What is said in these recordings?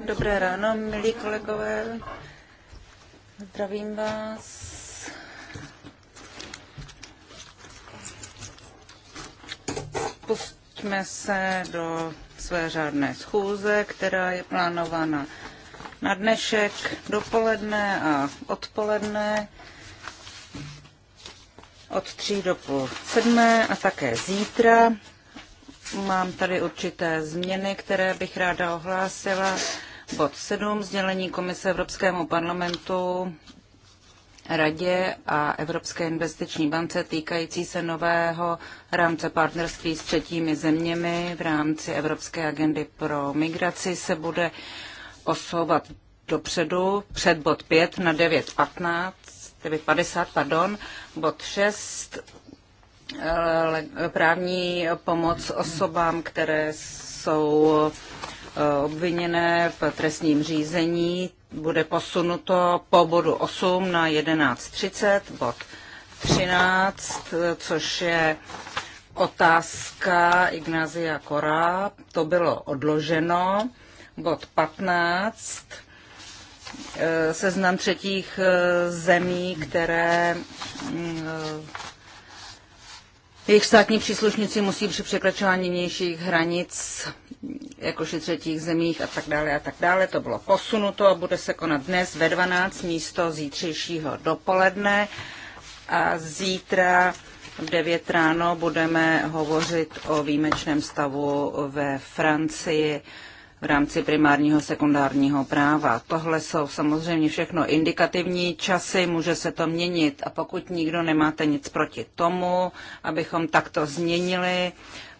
Dobré ráno, milí kolegové. Zdravím vás. Pustíme se do své řádné schůze, která je plánována na dnešek, dopoledne a odpoledne od 3 do půl sedmé a také zítra Mám tady určité změny, které bych ráda ohlásila. Bod 7, sdělení Komise Evropskému parlamentu, Radě a Evropské investiční bance týkající se nového rámce partnerství s třetími zeměmi v rámci Evropské agendy pro migraci se bude osouvat dopředu před bod 5 na 9.15, 50, pardon, bod 6 Eh, právní pomoc osobám, které jsou eh, obviněné v trestním řízení, bude posunuto po bodu 8 na 11.30, bod 13, což je otázka Ignazia Kora, to bylo odloženo, bod 15, eh, seznam třetích zemí, které mm, jejich státní příslušníci musí při překračování vnějších hranic, jakož i třetích zemích a tak dále a tak dále. To bylo posunuto a bude se konat dnes ve 12 místo zítřejšího dopoledne a zítra v 9 ráno budeme hovořit o výjimečném stavu ve Francii v rámci primárního sekundárního práva. Tohle jsou samozřejmě všechno indikativní časy, může se to měnit a pokud nikdo nemáte nic proti tomu, abychom takto změnili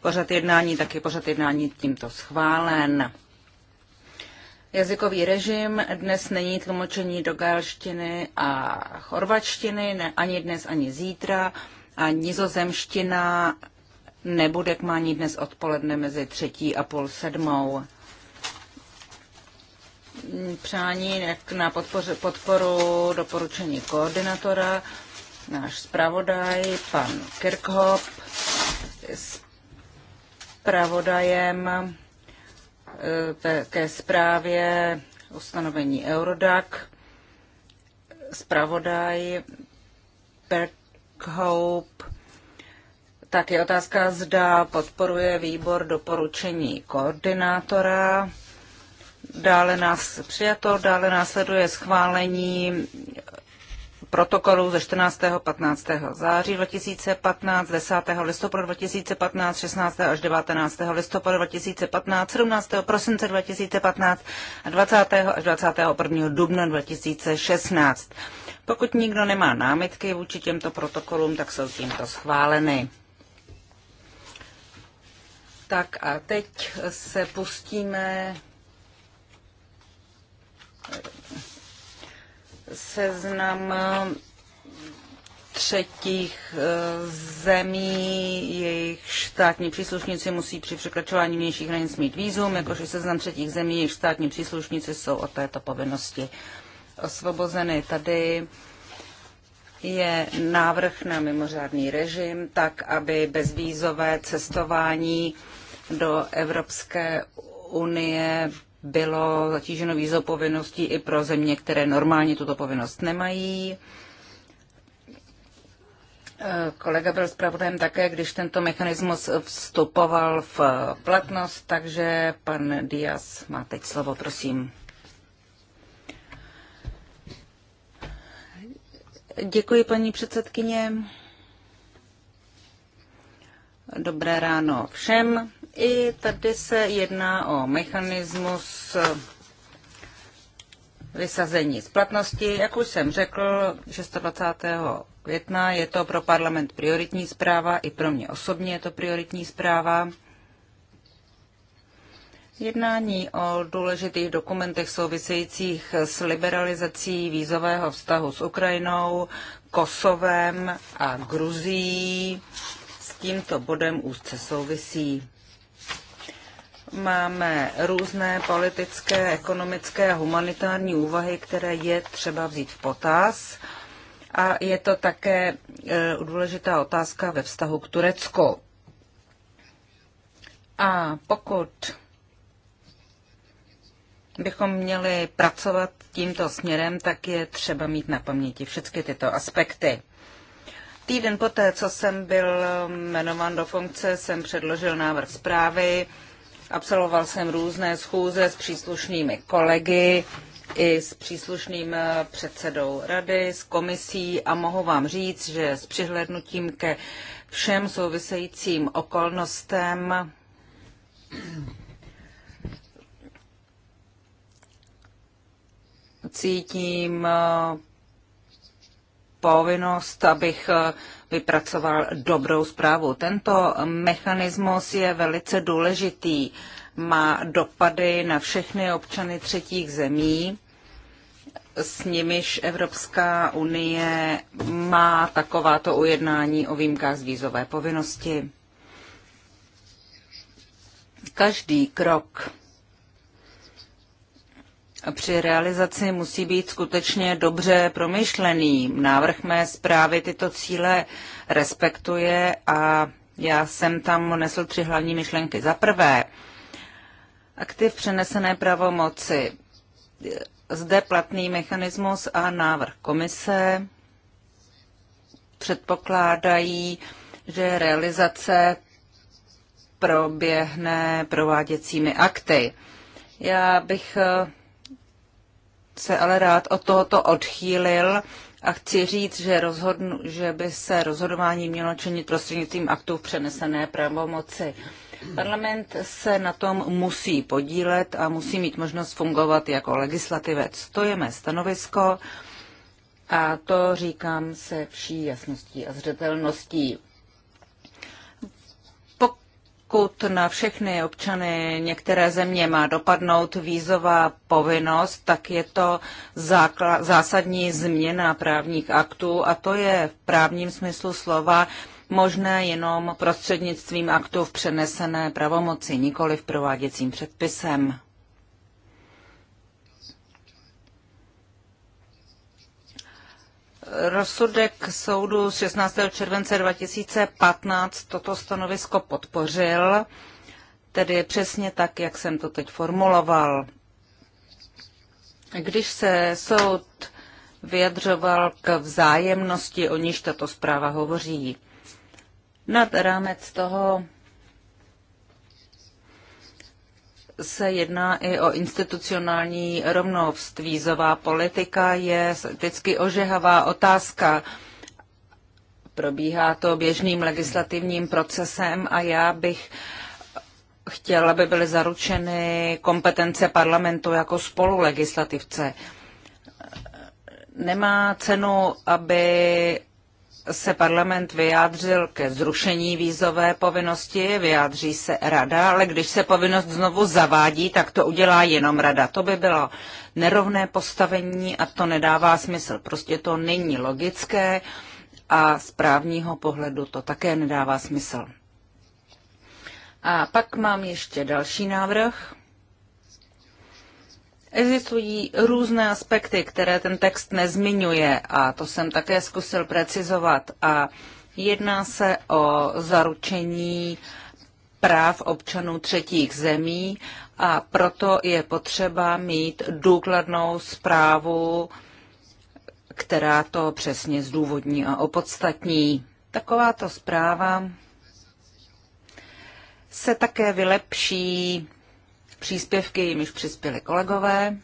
pořad jednání, tak je pořad jednání tímto schválen. Jazykový režim dnes není tlumočení do gálštiny a chorvačtiny, ne, ani dnes, ani zítra. A nizozemština nebude k mání dnes odpoledne mezi třetí a půl sedmou přání jak na podpoře, podporu doporučení koordinatora, náš zpravodaj, pan Kirkhop, pravodajem eh, ke zprávě ustanovení Eurodac, zpravodaj Kirkhope, tak je otázka, zda podporuje výbor doporučení koordinátora dále nás přijato, dále následuje schválení protokolu ze 14. 15. září 2015, 10. listopadu 2015, 16. až 19. listopadu 2015, 17. prosince 2015 a 20. až 21. dubna 2016. Pokud nikdo nemá námitky vůči těmto protokolům, tak jsou tímto schváleny. Tak a teď se pustíme seznam eh, třetích eh, zemí, jejich státní příslušníci musí při překračování vnějších hranic mít výzum, jakož i seznam třetích zemí, jejich státní příslušníci jsou od této povinnosti osvobozeny. Tady je návrh na mimořádný režim, tak aby bezvízové cestování do Evropské unie bylo zatíženo vízou povinností i pro země, které normálně tuto povinnost nemají. Kolega byl zpravodajem také, když tento mechanismus vstupoval v platnost, takže pan Díaz má teď slovo, prosím. Děkuji, paní předsedkyně. Dobré ráno všem. I tady se jedná o mechanismus vysazení z platnosti. Jak už jsem řekl, 26. května je to pro parlament prioritní zpráva, i pro mě osobně je to prioritní zpráva. Jednání o důležitých dokumentech souvisejících s liberalizací vízového vztahu s Ukrajinou, Kosovem a Gruzií tímto bodem úzce souvisí. Máme různé politické, ekonomické a humanitární úvahy, které je třeba vzít v potaz. A je to také e, důležitá otázka ve vztahu k Turecku. A pokud bychom měli pracovat tímto směrem, tak je třeba mít na paměti všechny tyto aspekty. Týden poté, co jsem byl um, jmenován do funkce, jsem předložil návrh zprávy. Absolvoval jsem různé schůze s příslušnými kolegy i s příslušným eh, předsedou rady, s komisí a mohu vám říct, že s přihlednutím ke všem souvisejícím okolnostem cítím eh, povinnost, abych eh, vypracoval dobrou zprávu. Tento mechanismus je velice důležitý. Má dopady na všechny občany třetích zemí, s nimiž Evropská unie má takováto ujednání o výjimkách z vízové povinnosti. Každý krok při realizaci musí být skutečně dobře promyšlený. Návrh mé zprávy tyto cíle respektuje a já jsem tam nesl tři hlavní myšlenky. Za prvé, aktiv přenesené pravomoci. Zde platný mechanismus a návrh komise předpokládají, že realizace proběhne prováděcími akty. Já bych eh, se ale rád od tohoto odchýlil a chci říct, že, rozhodnu, že by se rozhodování mělo činit prostřednictvím aktů v přenesené pravomoci. Parlament se na tom musí podílet a musí mít možnost fungovat jako legislativec. To je mé stanovisko a to říkám se vší jasností a zřetelností pokud na všechny občany některé země má dopadnout vízová povinnost, tak je to zásadní změna právních aktů a to je v právním smyslu slova možné jenom prostřednictvím aktu v přenesené pravomoci, nikoli v prováděcím předpisem. Rozsudek soudu z 16. července 2015 toto stanovisko podpořil, tedy přesně tak, jak jsem to teď formuloval. Když se soud vyjadřoval k vzájemnosti, o níž tato zpráva hovoří, nad rámec toho se jedná i o institucionální rovnost. Vízová politika je vždycky ožehavá otázka. Probíhá to běžným legislativním procesem a já bych chtěla, aby byly zaručeny kompetence parlamentu jako spolulegislativce. Nemá cenu, aby se parlament vyjádřil ke zrušení vízové povinnosti, vyjádří se rada, ale když se povinnost znovu zavádí, tak to udělá jenom rada. To by bylo nerovné postavení a to nedává smysl. Prostě to není logické a z právního pohledu to také nedává smysl. A pak mám ještě další návrh. Existují různé aspekty, které ten text nezmiňuje a to jsem také zkusil precizovat a jedná se o zaručení práv občanů třetích zemí a proto je potřeba mít důkladnou zprávu, která to přesně zdůvodní a opodstatní. Takováto zpráva se také vylepší příspěvky, jimiž přispěli kolegové.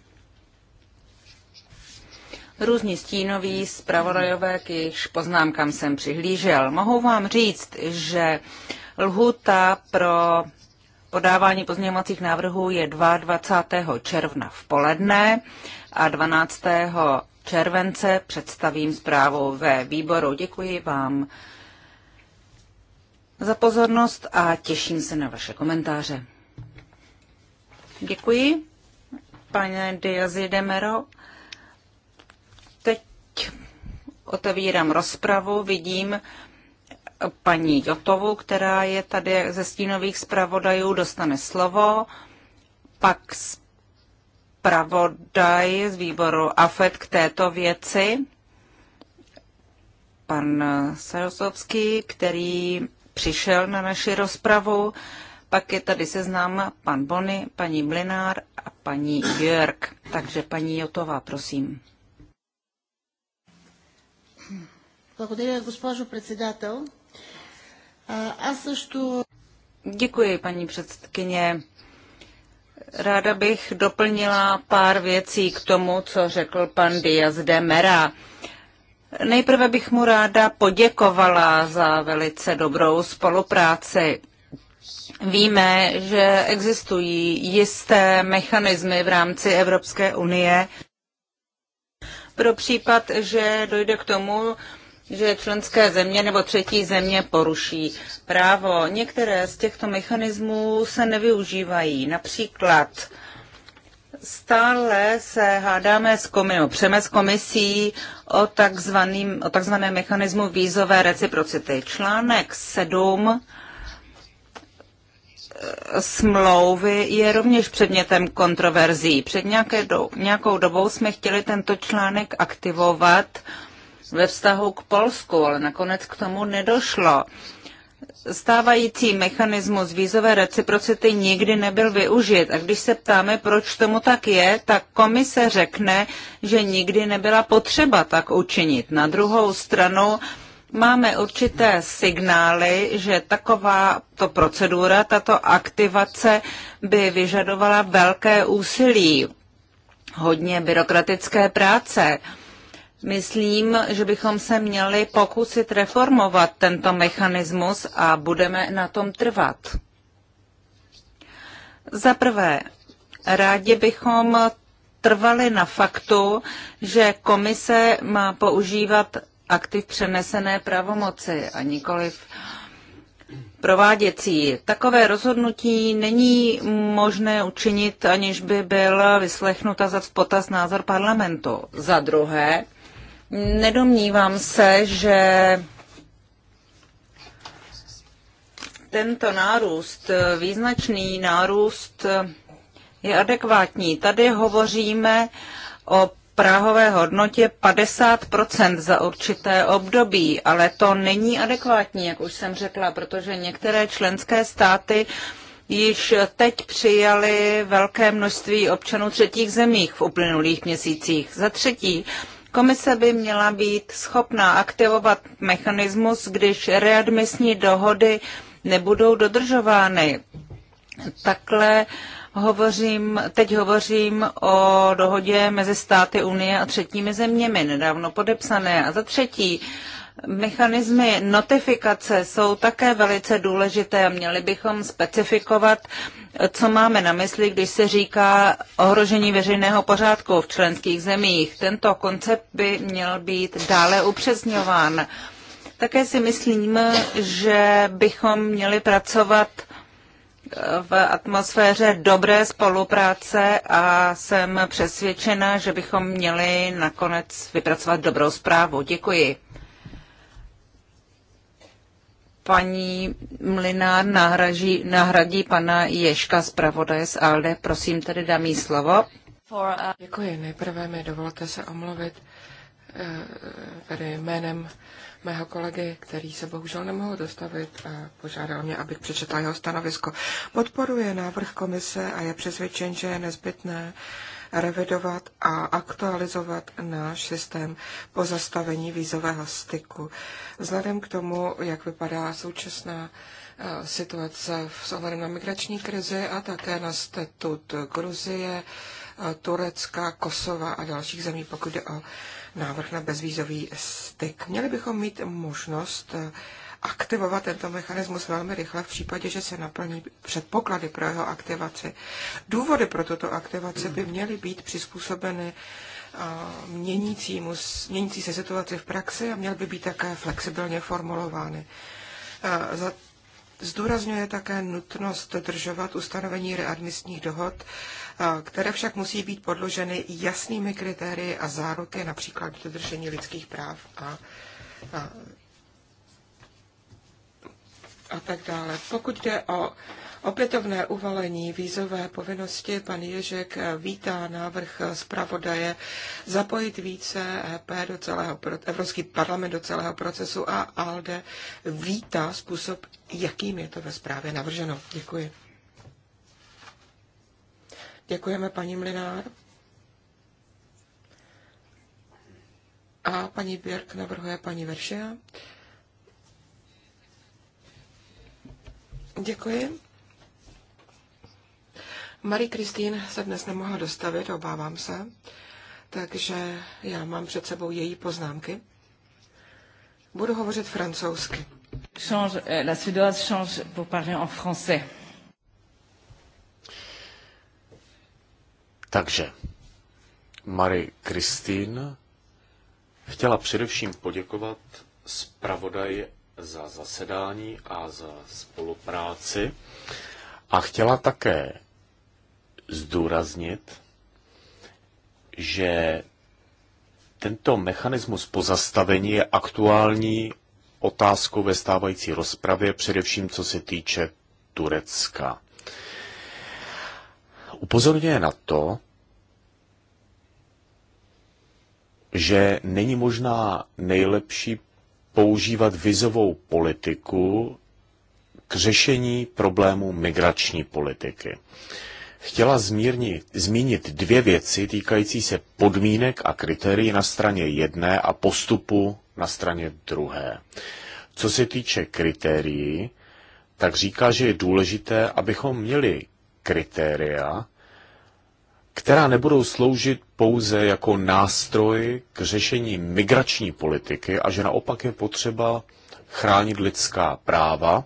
Různí stínoví zpravodajové, k jejichž poznámkám jsem přihlížel. Mohu vám říct, že lhuta pro podávání pozměňovacích návrhů je 22. června v poledne a 12. července představím zprávu ve výboru. Děkuji vám za pozornost a těším se na vaše komentáře. Děkuji. Pane Diazidemero, teď otevírám rozpravu. Vidím paní Jotovu, která je tady ze stínových zpravodajů, dostane slovo. Pak zpravodaj z výboru AFED k této věci, pan Sajosovský, který přišel na naši rozpravu. Pak je tady seznám pan Bony, paní Blinár a paní Jörg. Takže paní Jotová, prosím. Děkuji, paní předsedkyně. Ráda bych doplnila pár věcí k tomu, co řekl pan Diaz de Mera. Nejprve bych mu ráda poděkovala za velice dobrou spolupráci. Víme, že existují jisté mechanismy v rámci Evropské unie pro případ, že dojde k tomu, že členské země nebo třetí země poruší právo. Některé z těchto mechanismů se nevyužívají. Například stále se hádáme s komisí, přeme s komisí o, takzvaným, o takzvaném mechanismu vízové reciprocity. Článek 7 smlouvy je rovněž předmětem kontroverzí. Před nějaké do, nějakou dobou jsme chtěli tento článek aktivovat ve vztahu k Polsku, ale nakonec k tomu nedošlo. Stávající mechanismus vízové reciprocity nikdy nebyl využit a když se ptáme, proč tomu tak je, tak komise řekne, že nikdy nebyla potřeba tak učinit. Na druhou stranu, Máme určité signály, že taková to procedura, tato aktivace by vyžadovala velké úsilí, hodně byrokratické práce. Myslím, že bychom se měli pokusit reformovat tento mechanismus a budeme na tom trvat. Za prvé, rádi bychom trvali na faktu, že komise má používat aktiv přenesené pravomoci a nikoliv prováděcí. Takové rozhodnutí není možné učinit, aniž by byl vyslechnuta za potaz názor parlamentu. Za druhé, nedomnívám se, že tento nárůst, význačný nárůst je adekvátní. Tady hovoříme o práhové hodnotě 50% za určité období, ale to není adekvátní, jak už jsem řekla, protože některé členské státy již teď přijali velké množství občanů třetích zemích v uplynulých měsících. Za třetí, Komise by měla být schopná aktivovat mechanismus, když readmisní dohody nebudou dodržovány. Takhle uh, Hovořím, teď hovořím o dohodě mezi státy Unie a třetími zeměmi, nedávno podepsané. A za třetí, Mechanismy notifikace jsou také velice důležité a měli bychom specifikovat, co máme na mysli, když se říká ohrožení veřejného pořádku v členských zemích. Tento koncept by měl být dále upřesňován. Také si myslím, že bychom měli pracovat v atmosféře dobré spolupráce a jsem přesvědčena, že bychom měli nakonec vypracovat dobrou zprávu. Děkuji. Paní Mlinár nahradí, nahradí pana Ješka zpravodaje z ALDE. Prosím tedy, dám jí slovo. Uh, Děkuji. Nejprve mi dovolte se omluvit eh, tedy jménem mého kolegy, který se bohužel nemohl dostavit a požádal mě, abych přečetla jeho stanovisko. Podporuje návrh komise a je přesvědčen, že je nezbytné revidovat a aktualizovat náš systém pozastavení vízového styku. Vzhledem k tomu, jak vypadá současná eh, situace v ohledem na migrační krizi a také na statut Gruzie, eh, Turecka, Kosova a dalších zemí, pokud jde o návrh na bezvízový styk. Měli bychom mít možnost eh, aktivovat tento mechanismus velmi rychle v případě, že se naplní předpoklady pro jeho aktivaci. Důvody pro tuto aktivaci by měly být přizpůsobeny eh, měnícímu, měnící se situaci v praxi a měly by být také flexibilně formulovány. Eh, zdůrazňuje také nutnost dodržovat ustanovení readmisních dohod které však musí být podloženy jasnými kritérii a záruky, například dodržení lidských práv a, a, a tak dále. Pokud jde o Opětovné uvalení vízové povinnosti pan Ježek vítá návrh zpravodaje zapojit více EP do celého, Evropský parlament do celého procesu a ALDE vítá způsob, jakým je to ve zprávě navrženo. Děkuji. Děkujeme paní Mlinár. A paní Birk. navrhuje paní Veršia. Děkuji. Marie Kristýn se dnes nemohla dostavit, obávám se, takže já mám před sebou její poznámky. Budu hovořit francouzsky. Change, eh, la Suédoise change pour parler en français. Takže Marie Kristýn chtěla především poděkovat zpravodaji za zasedání a za spolupráci a chtěla také zdůraznit, že tento mechanismus pozastavení je aktuální otázkou ve stávající rozpravě, především co se týče Turecka upozorňuje na to, že není možná nejlepší používat vizovou politiku k řešení problému migrační politiky. Chtěla zmírnit, zmínit dvě věci týkající se podmínek a kritérií na straně jedné a postupu na straně druhé. Co se týče kritérií, tak říká, že je důležité, abychom měli kritéria, která nebudou sloužit pouze jako nástroj k řešení migrační politiky a že naopak je potřeba chránit lidská práva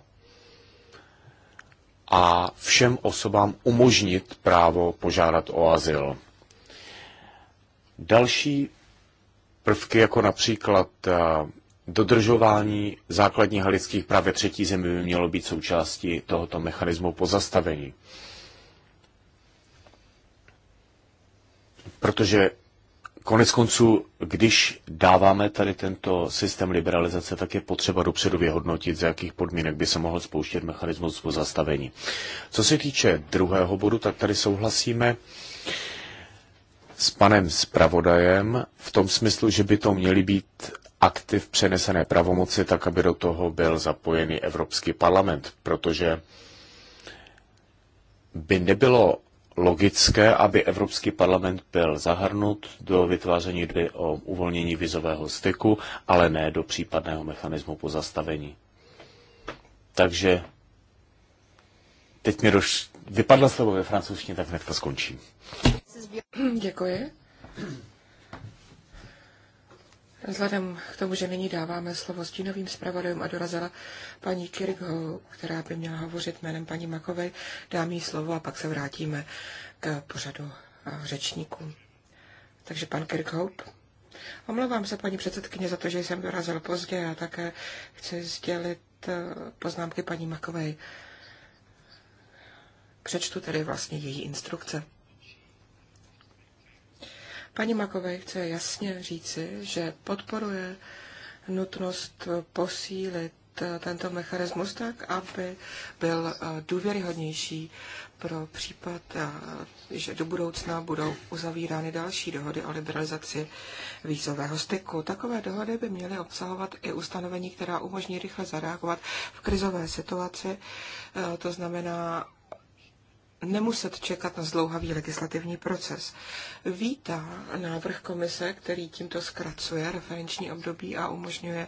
a všem osobám umožnit právo požádat o azyl. Další prvky, jako například eh, dodržování základních lidských práv ve třetí zemi, by mělo být součástí tohoto mechanismu pozastavení. Protože konec konců, když dáváme tady tento systém liberalizace, tak je potřeba dopředu vyhodnotit, za jakých podmínek by se mohl spouštět mechanismus po zastavení. Co se týče druhého bodu, tak tady souhlasíme s panem zpravodajem v tom smyslu, že by to měly být aktiv přenesené pravomoci, tak aby do toho byl zapojený Evropský parlament, protože by nebylo logické, aby Evropský parlament byl zahrnut do vytváření dvě o uvolnění vizového styku, ale ne do případného mechanismu pozastavení. Takže teď mi doš... vypadlo slovo ve francouzštině, tak hnedka skončím. Děkuji. Vzhledem k tomu, že nyní dáváme slovo stínovým zpravodajům a dorazila paní Kirkho, která by měla hovořit jménem paní Makovej, dám jí slovo a pak se vrátíme k pořadu eh, řečníků. Takže pan Kirkhoop. Omlouvám se, paní předsedkyně, za to, že jsem dorazil pozdě a také chci sdělit eh, poznámky paní Makovej. Přečtu tedy vlastně její instrukce. Paní Makovej chce jasně říci, že podporuje nutnost posílit eh, tento mechanismus tak, aby byl eh, důvěryhodnější pro případ, eh, že do budoucna budou uzavírány další dohody o liberalizaci vízového styku. Takové dohody by měly obsahovat i ustanovení, která umožní rychle zareagovat v krizové situaci, to znamená nemuset čekat na zdlouhavý legislativní proces. Vítá návrh komise, který tímto zkracuje referenční období a umožňuje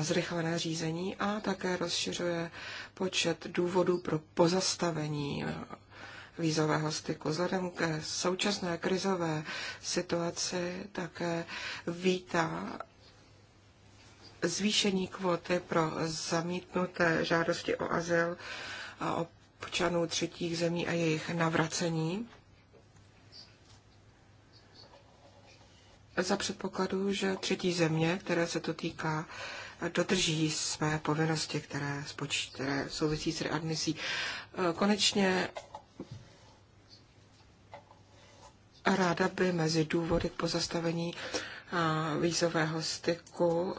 zrychlené řízení a také rozšiřuje počet důvodů pro pozastavení vízového styku. Vzhledem k současné krizové situaci také vítá zvýšení kvóty pro zamítnuté žádosti o azyl a o občanů třetích zemí a jejich navracení. Za předpokladu, že třetí země, které se to týká, dodrží své povinnosti, které, spočí, které souvisí s readmisí. Eh, konečně ráda by mezi důvody k pozastavení vízového styku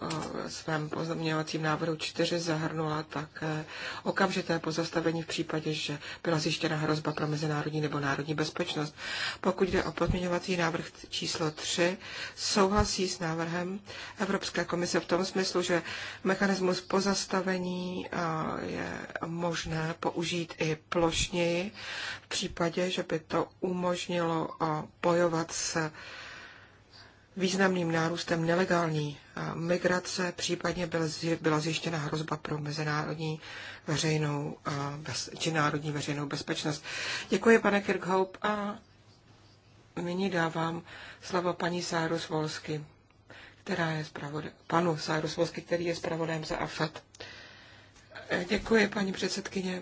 v svém pozměňovacím návrhu 4 zahrnula také okamžité pozastavení v případě, že byla zjištěna hrozba pro mezinárodní nebo národní bezpečnost. Pokud jde o pozměňovací návrh číslo 3, souhlasí s návrhem Evropské komise v tom smyslu, že mechanismus pozastavení je možné použít i plošněji v případě, že by to umožnilo bojovat s významným nárůstem nelegální eh, migrace, případně byla zjištěna hrozba pro mezinárodní veřejnou eh, či národní veřejnou bezpečnost. Děkuji, pane Kirkhope, a nyní dávám slovo paní Sárus Svolsky, která je zpravodaj, panu Sárus Svolsky, který je zpravodajem za AFAT. Eh, děkuji, paní předsedkyně.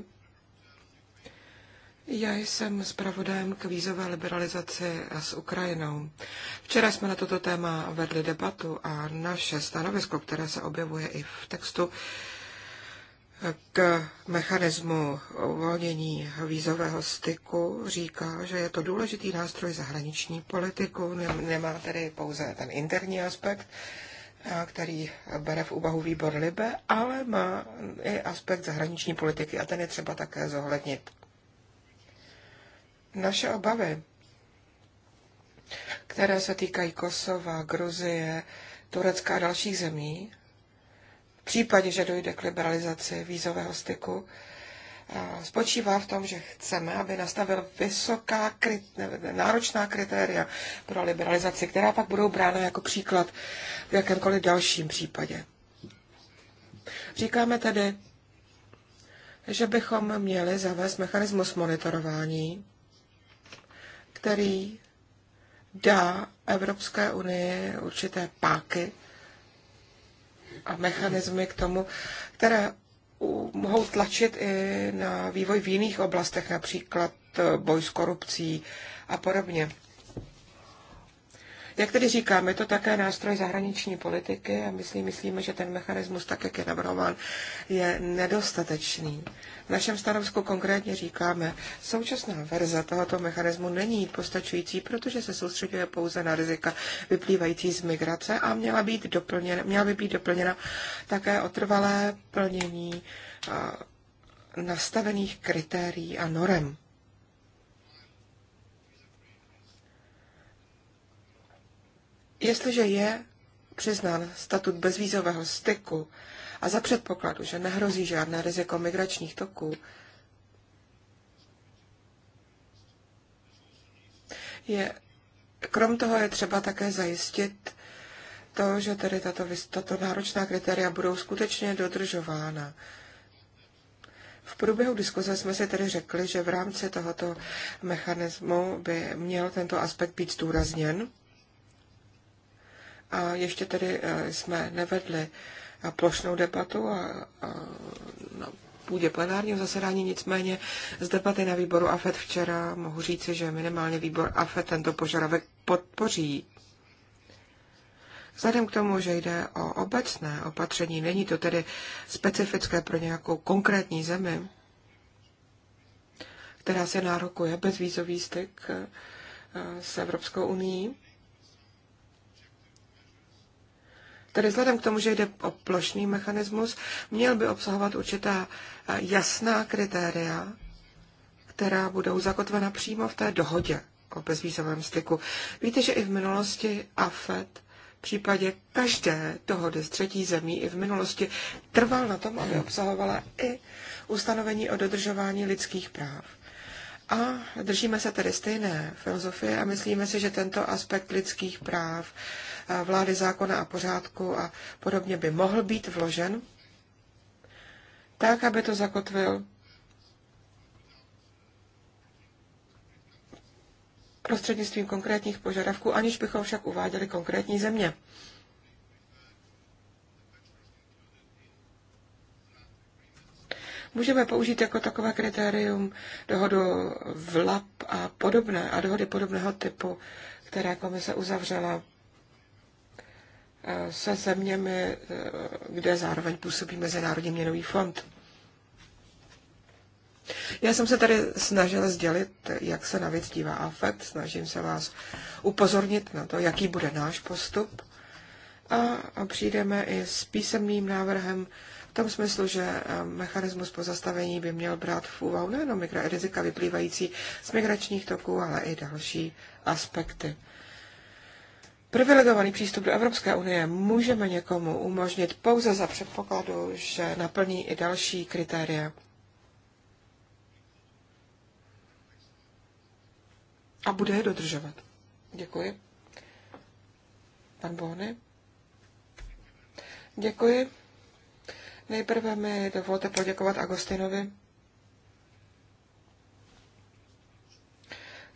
Já jsem zpravodajem k vízové liberalizaci s Ukrajinou. Včera jsme na toto téma vedli debatu a naše stanovisko, které se objevuje i v textu, k mechanismu uvolnění vízového styku říká, že je to důležitý nástroj zahraniční politiku, nemá tedy pouze ten interní aspekt, který bere v úvahu výbor Libe, ale má i aspekt zahraniční politiky a ten je třeba také zohlednit naše obavy, které se týkají Kosova, Gruzie, Turecka a dalších zemí, v případě, že dojde k liberalizaci vízového styku, spočívá v tom, že chceme, aby nastavil vysoká, krit, náročná kritéria pro liberalizaci, která pak budou brána jako příklad v jakémkoliv dalším případě. Říkáme tedy, že bychom měli zavést mechanismus monitorování který dá Evropské unii určité páky a mechanismy k tomu, které mohou tlačit i na vývoj v jiných oblastech, například boj s korupcí a podobně. Jak tedy říkám, je to také nástroj zahraniční politiky a myslí, myslíme, že ten mechanismus, tak jak je navrhován, je nedostatečný. V našem stanovisku konkrétně říkáme, současná verze tohoto mechanismu není postačující, protože se soustředuje pouze na rizika vyplývající z migrace a měla, být doplněna, měla by být doplněna také o trvalé plnění nastavených kritérií a norem. Jestliže je přiznán statut bezvízového styku a za předpokladu, že nehrozí žádné riziko migračních toků, je, krom toho je třeba také zajistit to, že tedy tato, tato náročná kritéria budou skutečně dodržována. V průběhu diskuze jsme si tedy řekli, že v rámci tohoto mechanismu by měl tento aspekt být zdůrazněn a ještě tedy eh, jsme nevedli eh, plošnou debatu a, a na půdě plenárního zasedání, nicméně z debaty na výboru AFET včera mohu říci, že minimálně výbor AFET tento požadavek podpoří. Vzhledem k tomu, že jde o obecné opatření, není to tedy specifické pro nějakou konkrétní zemi, která se nárokuje bezvízový styk eh, s Evropskou unii, Tedy vzhledem k tomu, že jde o plošný mechanismus, měl by obsahovat určitá eh, jasná kritéria, která budou zakotvena přímo v té dohodě o bezvízovém styku. Víte, že i v minulosti AFED v případě každé dohody s třetí zemí i v minulosti trval na tom, aby obsahovala i ustanovení o dodržování lidských práv. A držíme se tedy stejné filozofie a myslíme si, že tento aspekt lidských práv, vlády zákona a pořádku a podobně by mohl být vložen tak, aby to zakotvil prostřednictvím konkrétních požadavků, aniž bychom však uváděli konkrétní země. můžeme použít jako takové kritérium dohodu VLAP a podobné a dohody podobného typu, které komise uzavřela eh, se zeměmi, eh, kde zároveň působí Mezinárodní měnový fond. Já jsem se tady snažil sdělit, jak se na věc dívá AFED, snažím se vás upozornit na to, jaký bude náš postup a přijdeme i s písemným návrhem tom smyslu, že eh, mechanismus pozastavení by měl brát v úvahu nejenom rizika vyplývající z migračních toků, ale i další aspekty. Privilegovaný přístup do Evropské unie můžeme někomu umožnit pouze za předpokladu, že naplní i další kritéria. A bude je dodržovat. Děkuji. Pan Bony. Děkuji. Nejprve mi dovolte poděkovat Agostinovi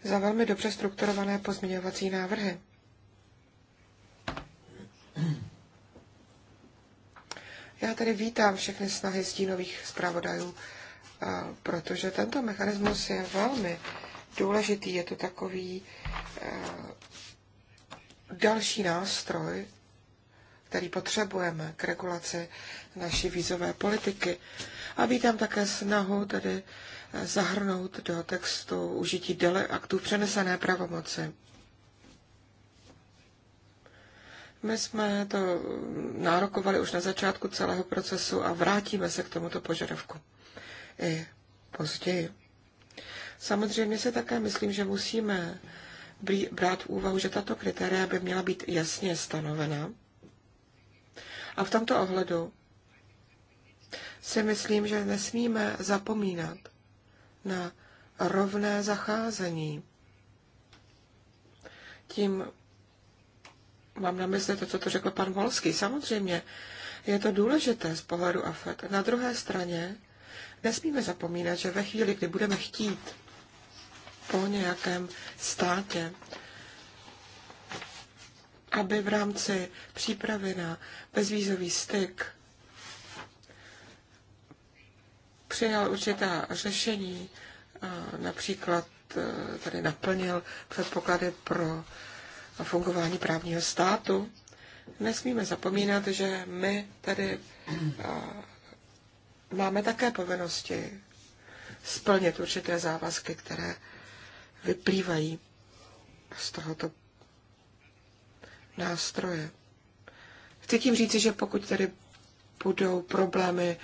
za velmi dobře strukturované pozměňovací návrhy. Já tedy vítám všechny snahy stínových zpravodajů, protože tento mechanismus je velmi důležitý. Je to takový další nástroj, který potřebujeme k regulaci naší vízové politiky. A vítám také snahu tedy eh, zahrnout do textu užití dele aktů přenesené pravomoci. My jsme to nárokovali už na začátku celého procesu a vrátíme se k tomuto požadavku i později. Samozřejmě se také myslím, že musíme brát v úvahu, že tato kritéria by měla být jasně stanovena a v tomto ohledu si myslím, že nesmíme zapomínat na rovné zacházení. Tím mám na mysli to, co to řekl pan Volský. Samozřejmě je to důležité z pohledu AFET. Na druhé straně nesmíme zapomínat, že ve chvíli, kdy budeme chtít po nějakém státě, aby v rámci přípravy na bezvízový styk přijal určitá řešení, například e, tady naplnil předpoklady pro fungování právního státu. Nesmíme zapomínat, že my tady e, máme také povinnosti splnit určité závazky, které vyplývají z tohoto nástroje. Chci tím říci, že pokud tedy budou problémy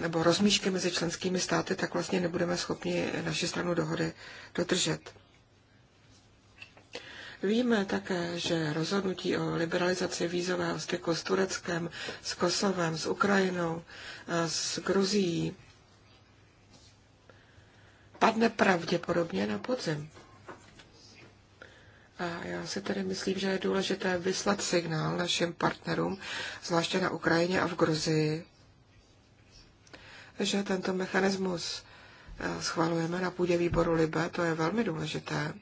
nebo rozmíšky mezi členskými státy, tak vlastně nebudeme schopni naši stranu dohody dodržet. Víme také, že rozhodnutí o liberalizaci vízového styku s Tureckem, s Kosovem, s Ukrajinou, s Gruzií padne pravděpodobně na podzim. A já si tedy myslím, že je důležité vyslat signál našim partnerům, zvláště na Ukrajině a v Gruzii, že tento mechanismus eh, schvalujeme na půdě výboru Libe, to je velmi důležité,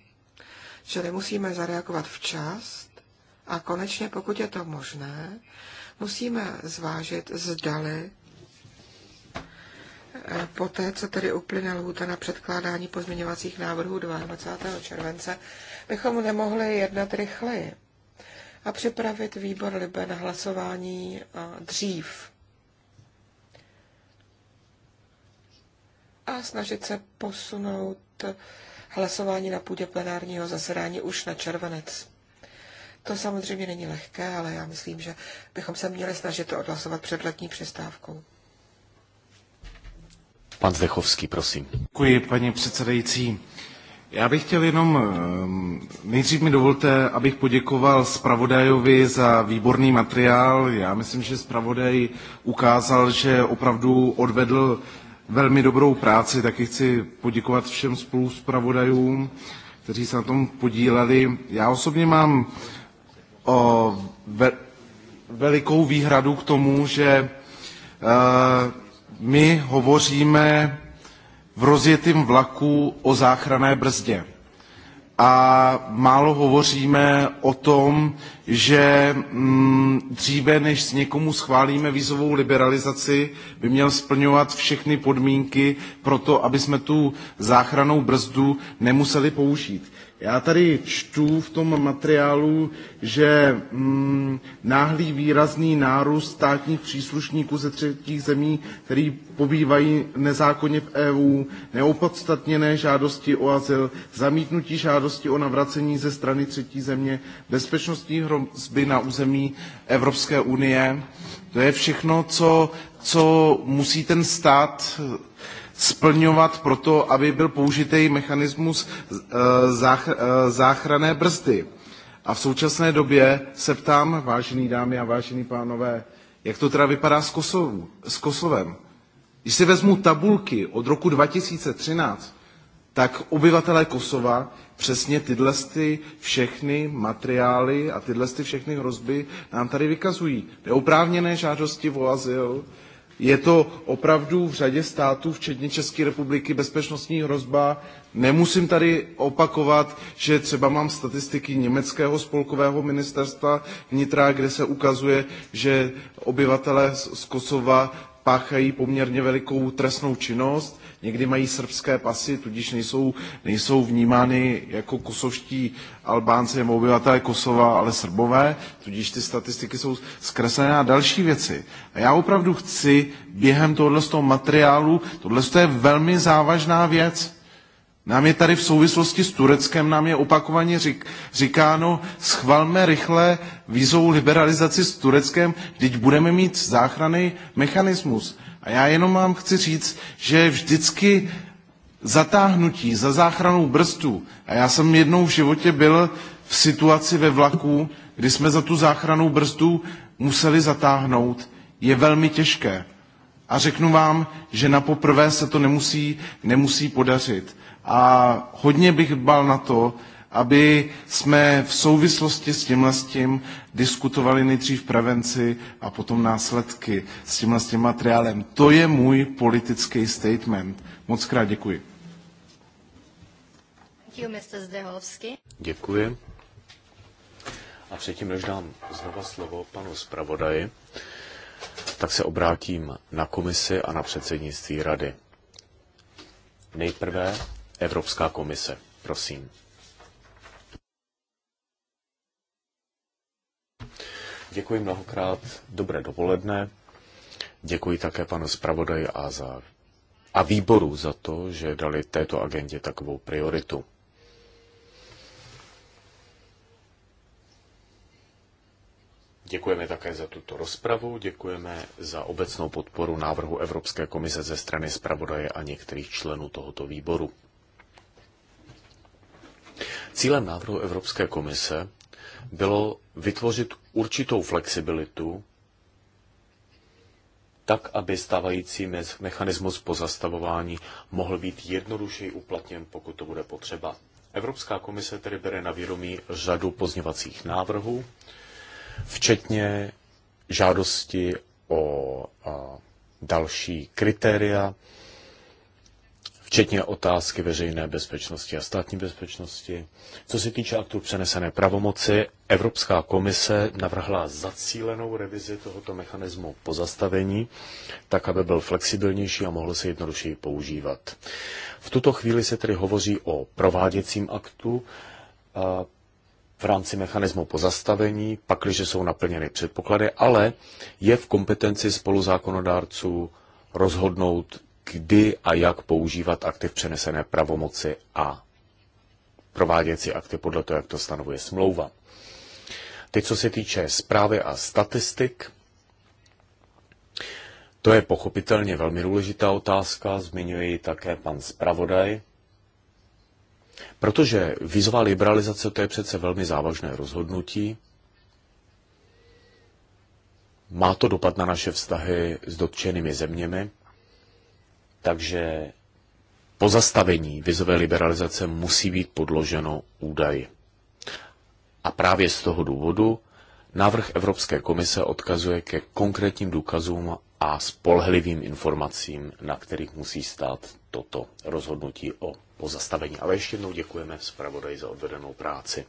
že musíme zareagovat včas a konečně, pokud je to možné, musíme zvážit, zdali eh, poté, co tedy uplyne lhůta na předkládání pozměňovacích návrhů 22. července, bychom nemohli jednat rychleji a připravit výbor Libe na hlasování dřív. A snažit se posunout hlasování na půdě plenárního zasedání už na červenec. To samozřejmě není lehké, ale já myslím, že bychom se měli snažit to odhlasovat před letní přestávkou. Pan Zdechovský, prosím. Děkuji, paní předsedající. Já bych chtěl jenom, eh, nejdřív mi dovolte, abych poděkoval zpravodajovi za výborný materiál. Já myslím, že zpravodaj ukázal, že opravdu odvedl velmi dobrou práci. Taky chci poděkovat všem spolu zpravodajům, kteří se na tom podíleli. Já osobně mám o, ve, velikou výhradu k tomu, že uh, my hovoříme v rozjetém vlaku o záchrané brzdě. A málo hovoříme o tom, že mm, dříve, než s někomu schválíme vízovou liberalizaci, by měl splňovat všechny podmínky pro to, aby jsme tu záchranou brzdu nemuseli použít. Já tady čtu v tom materiálu, že mm, náhlý výrazný nárůst státních příslušníků ze třetích zemí, který pobývají nezákonně v EU, neopodstatněné žádosti o azyl, zamítnutí žádosti o navracení ze strany třetí země, bezpečnostní hrozby na území Evropské unie. To je všechno, co, co musí ten stát splňovat proto, aby byl použitý mechanismus eh, eh, záchranné brzdy. A v současné době se ptám, vážený dámy a vážení pánové, jak to teda vypadá s, Kosovu, s Kosovem. Když si vezmu tabulky od roku 2013, tak obyvatelé Kosova přesně tyhle ty všechny materiály a tyhle ty všechny hrozby nám tady vykazují. Neoprávněné žádosti o azyl, je to opravdu v řadě států, včetně České republiky, bezpečnostní hrozba. Nemusím tady opakovat, že třeba mám statistiky německého spolkového ministerstva vnitra, kde se ukazuje, že obyvatelé z Kosova páchají poměrně velikou trestnou činnost, někdy mají srbské pasy, tudíž nejsou, nejsou vnímány jako kosovští Albánci nebo obyvatelé Kosova, ale Srbové, tudíž ty statistiky jsou zkreslené a další věci. A já opravdu chci během tohoto materiálu, tohle je velmi závažná věc, nám je tady v souvislosti s Tureckem, nám je opakovaně řík, říkáno, schvalme rychle vízovou liberalizaci s Tureckem, teď budeme mít záchranný mechanismus. A já jenom vám chci říct, že vždycky zatáhnutí za záchranou brzdu, a já jsem jednou v životě byl v situaci ve vlaku, kdy jsme za tu záchranou brzdu museli zatáhnout, je velmi těžké. A řeknu vám, že na poprvé se to nemusí, nemusí podařit a hodně bych dbal na to, aby jsme v souvislosti s tímhle s tím diskutovali nejdřív prevenci a potom následky s tímhle s tím materiálem. To je můj politický statement. Moc krát děkuji. Děkuji. A předtím, než dám znova slovo panu zpravodaji, tak se obrátím na komisi a na předsednictví rady. Nejprve Evropská komise. Prosím. Děkuji mnohokrát. Dobré dopoledne. Děkuji také panu zpravodaji a, za, a výboru za to, že dali této agendě takovou prioritu. Děkujeme také za tuto rozpravu, děkujeme za obecnou podporu návrhu Evropské komise ze strany zpravodaje a některých členů tohoto výboru. Cílem návrhu Evropské komise bylo vytvořit určitou flexibilitu, tak, aby stávající mechanismus pozastavování mohl být jednodušeji uplatněn, pokud to bude potřeba. Evropská komise tedy bere na vědomí řadu pozněvacích návrhů, včetně žádosti o další kritéria, včetně otázky veřejné bezpečnosti a státní bezpečnosti. Co se týče aktu přenesené pravomoci, Evropská komise navrhla zacílenou revizi tohoto mechanismu pozastavení, tak aby byl flexibilnější a mohl se jednodušeji používat. V tuto chvíli se tedy hovoří o prováděcím aktu v rámci mechanismu pozastavení, pakliže jsou naplněny předpoklady, ale je v kompetenci spoluzákonodárců rozhodnout, kdy a jak používat akty v přenesené pravomoci a prováděcí akty podle toho, jak to stanovuje smlouva. Ty, co se týče zprávy a statistik, to je pochopitelně velmi důležitá otázka, zmiňuje ji také pan zpravodaj. Protože vizová liberalizace to je přece velmi závažné rozhodnutí. Má to dopad na naše vztahy s dotčenými zeměmi. Takže pozastavení vizové liberalizace musí být podloženo údaji. A právě z toho důvodu návrh Evropské komise odkazuje ke konkrétním důkazům a spolehlivým informacím, na kterých musí stát toto rozhodnutí o pozastavení. Ale ještě jednou děkujeme zpravodaji za odvedenou práci.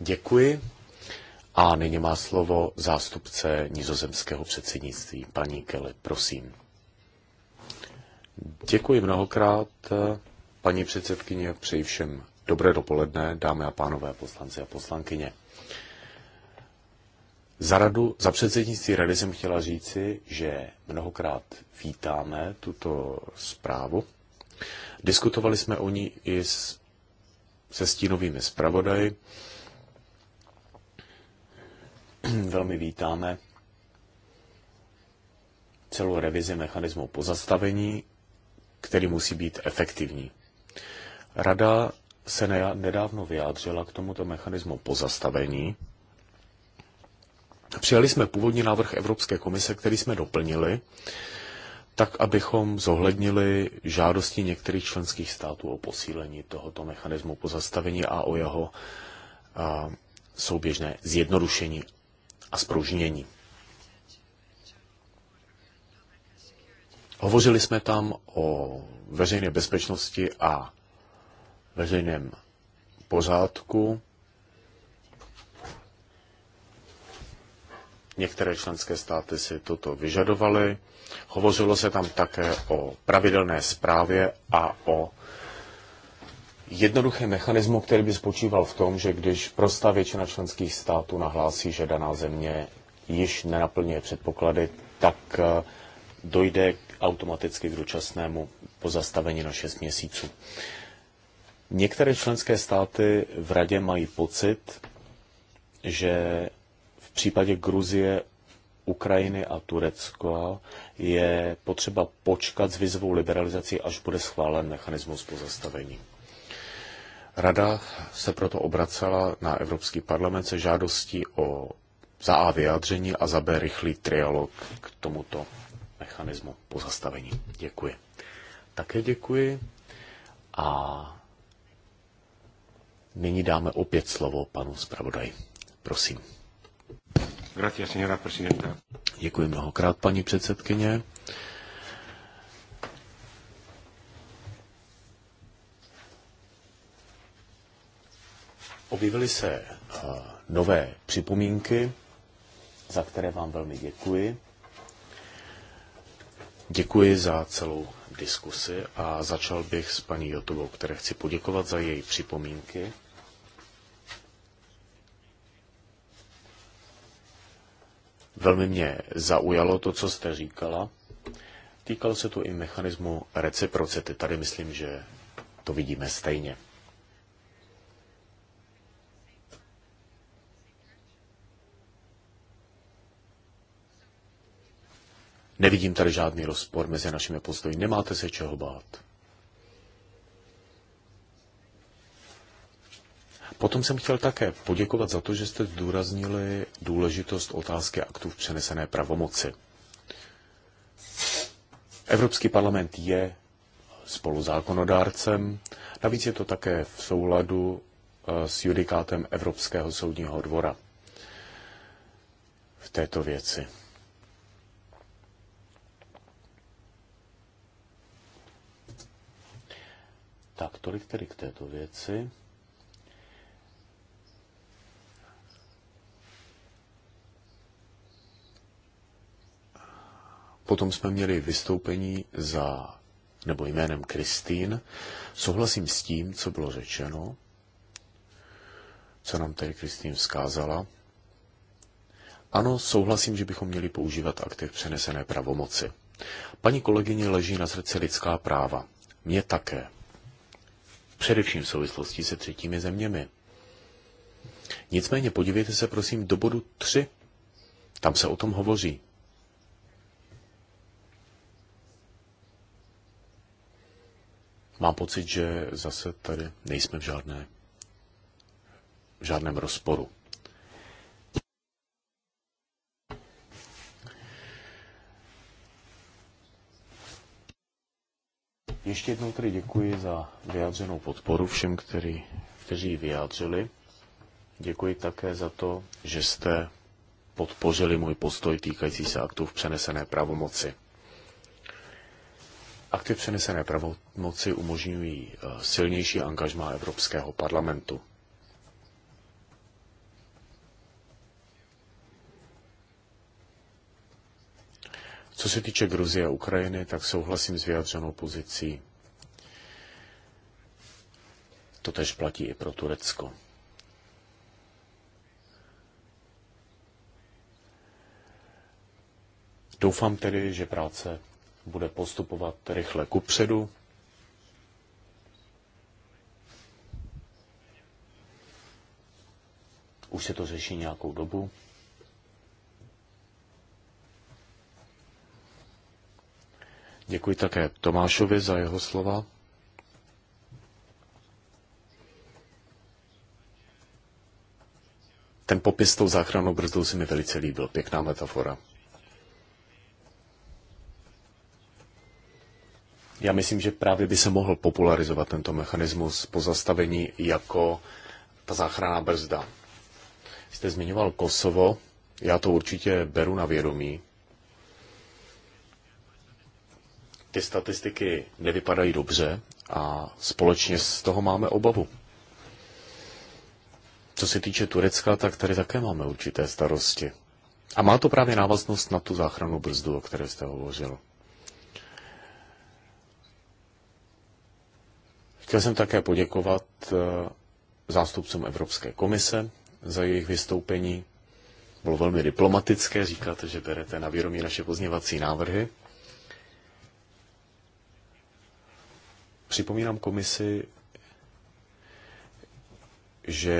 Děkuji. A nyní má slovo zástupce nizozemského předsednictví, paní Kelly, prosím. Děkuji mnohokrát, paní předsedkyně, přeji všem dobré dopoledne, dámy a pánové, poslanci a poslankyně. Za, radu, za předsednictví rady jsem chtěla říci, že mnohokrát vítáme tuto zprávu. Diskutovali jsme o ní i s, se stínovými zpravodaji. Velmi vítáme celou revizi mechanismu pozastavení který musí být efektivní. Rada se nedávno vyjádřila k tomuto mechanismu pozastavení. Přijali jsme původní návrh Evropské komise, který jsme doplnili, tak abychom zohlednili žádosti některých členských států o posílení tohoto mechanismu pozastavení a o jeho souběžné zjednodušení a zpružnění. Hovořili jsme tam o veřejné bezpečnosti a veřejném pořádku. Některé členské státy si toto vyžadovaly. Hovořilo se tam také o pravidelné zprávě a o jednoduchém mechanismu, který by spočíval v tom, že když prostá většina členských států nahlásí, že daná země již nenaplňuje předpoklady, tak eh, dojde automaticky k dočasnému pozastavení na 6 měsíců. Některé členské státy v radě mají pocit, že v případě Gruzie, Ukrajiny a Turecka je potřeba počkat s vyzvou liberalizací, až bude schválen mechanismus pozastavení. Rada se proto obracela na Evropský parlament se žádostí o za A vyjádření a za B rychlý trialog k tomuto mechanismu pozastavení. Děkuji. Také děkuji a nyní dáme opět slovo panu zpravodaji. Prosím. Gracias, señora presidenta. Děkuji mnohokrát, paní předsedkyně. Objevily se eh, nové připomínky, za které vám velmi děkuji. Děkuji za celou diskusi a začal bych s paní Jotovou, které chci poděkovat za její připomínky. Velmi mě zaujalo to, co jste říkala. Týkalo se to i mechanismu reciprocity. Tady myslím, že to vidíme stejně. Nevidím tady žádný rozpor mezi našimi postoji. Nemáte se čeho bát. Potom jsem chtěl také poděkovat za to, že jste zdůraznili důležitost otázky aktů v přenesené pravomoci. Evropský parlament je spoluzákonodárcem, navíc je to také v souladu eh, s judikátem Evropského soudního dvora v této věci. Tak, tolik tedy k této věci. Potom jsme měli vystoupení za, nebo jménem Kristýn. Souhlasím s tím, co bylo řečeno, co nám tady Kristýn vzkázala. Ano, souhlasím, že bychom měli používat aktiv přenesené pravomoci. Paní kolegyně leží na srdce lidská práva. mě také především v souvislosti se třetími zeměmi. Nicméně podívejte se prosím do bodu 3. Tam se o tom hovoří. Mám pocit, že zase tady nejsme v žádné v žádném rozporu. Ještě jednou tedy děkuji za vyjádřenou podporu všem, který, kteří ji vyjádřili. Děkuji také za to, že jste podpořili můj postoj týkající se aktů v přenesené pravomoci. Akty v přenesené pravomoci umožňují eh, silnější angažmá Evropského parlamentu. Co se týče Gruzie a Ukrajiny, tak souhlasím s vyjadřenou pozicí. To tež platí i pro Turecko. Doufám tedy, že práce bude postupovat rychle kupředu. Už se to řeší nějakou dobu. Děkuji také Tomášovi za jeho slova. Ten popis tou záchranou brzdou se mi velice líbil. Pěkná metafora. Já myslím, že právě by se mohl popularizovat tento mechanismus pozastavení jako ta záchranná brzda. Jste zmiňoval Kosovo, já to určitě beru na vědomí. ty statistiky nevypadají dobře a společně z toho máme obavu. Co se týče Turecka, tak tady také máme určité starosti. A má to právě návaznost na tu záchranu brzdu, o které jste hovořil. Chtěl jsem také poděkovat eh, zástupcům Evropské komise za jejich vystoupení. Bylo velmi diplomatické, říkáte, že berete na vědomí naše pozněvací návrhy. Připomínám komisi, že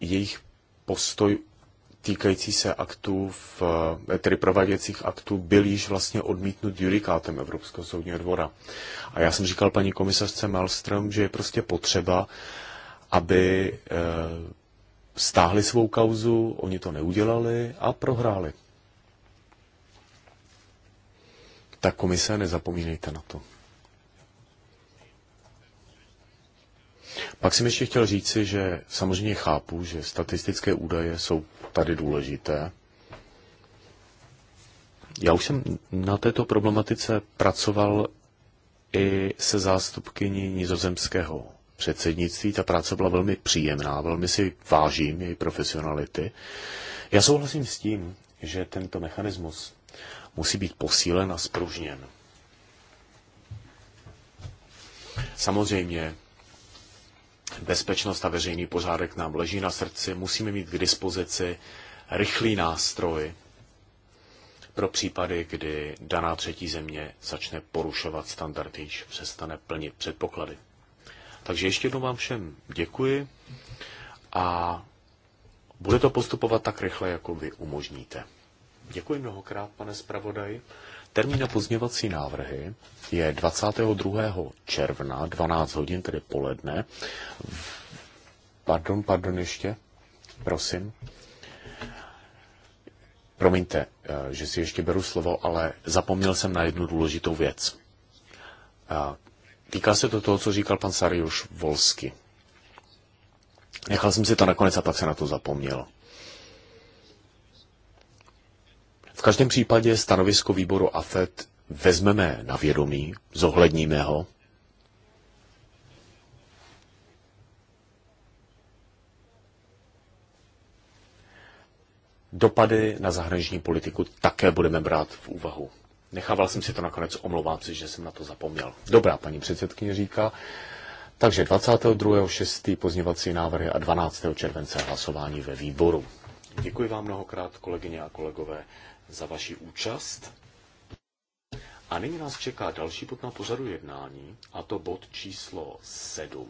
jejich postoj týkající se aktů, v, eh, tedy prováděcích aktů, byl již vlastně odmítnut judikátem Evropského soudního dvora. A já jsem říkal paní komisařce Malström, že je prostě potřeba, aby eh, stáhli svou kauzu, oni to neudělali a prohráli. Tak komise, nezapomínejte na to. Pak jsem ještě chtěl říci, že samozřejmě chápu, že statistické údaje jsou tady důležité. Já už jsem na této problematice pracoval i se zástupkyní nizozemského předsednictví. Ta práce byla velmi příjemná, velmi si vážím její profesionality. Já souhlasím s tím, že tento mechanismus musí být posílen a spružněn. Samozřejmě bezpečnost a veřejný pořádek nám leží na srdci, musíme mít k dispozici rychlý nástroj pro případy, kdy daná třetí země začne porušovat standardy, již přestane plnit předpoklady. Takže ještě jednou vám všem děkuji a bude to postupovat tak rychle, jako vy umožníte. Děkuji mnohokrát, pane zpravodaji. Termín na pozměvací návrhy je 22. června, 12 hodin, tedy poledne. Pardon, pardon ještě, prosím. Promiňte, eh, že si ještě beru slovo, ale zapomněl jsem na jednu důležitou věc. Eh, týká se to toho, co říkal pan Sariuš Volsky. Nechal jsem si to nakonec a pak se na to zapomněl. V každém případě stanovisko výboru AFET vezmeme na vědomí, zohledníme ho. Dopady na zahraniční politiku také budeme brát v úvahu. Nechával jsem si to nakonec, omlouvám si, že jsem na to zapomněl. Dobrá, paní předsedkyně říká. Takže 22.6. pozněvací návrhy a 12. července hlasování ve výboru. Děkuji vám mnohokrát, kolegyně a kolegové za vaši účast. A nyní nás čeká další bod na pořadu jednání, a to bod číslo 7.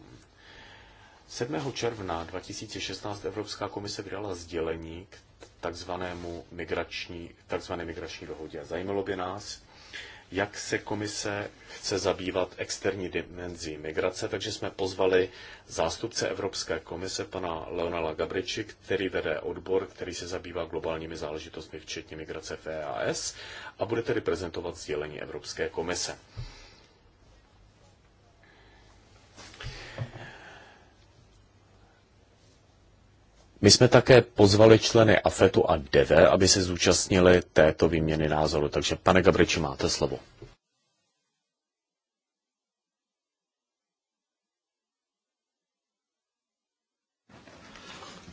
7. června 2016 Evropská komise vydala sdělení k takzvanému migrační, takzvané migrační dohodě. Zajímalo by nás, jak se komise chce zabývat externí dimenzí migrace, takže jsme pozvali zástupce Evropské komise, pana Leonela Gabriči, který vede odbor, který se zabývá globálními záležitostmi, včetně migrace v EAS, a bude tedy prezentovat sdělení Evropské komise. My jsme také pozvali členy AFETu a DV, aby se zúčastnili této výměny názoru. Takže pane Gabriči, máte slovo.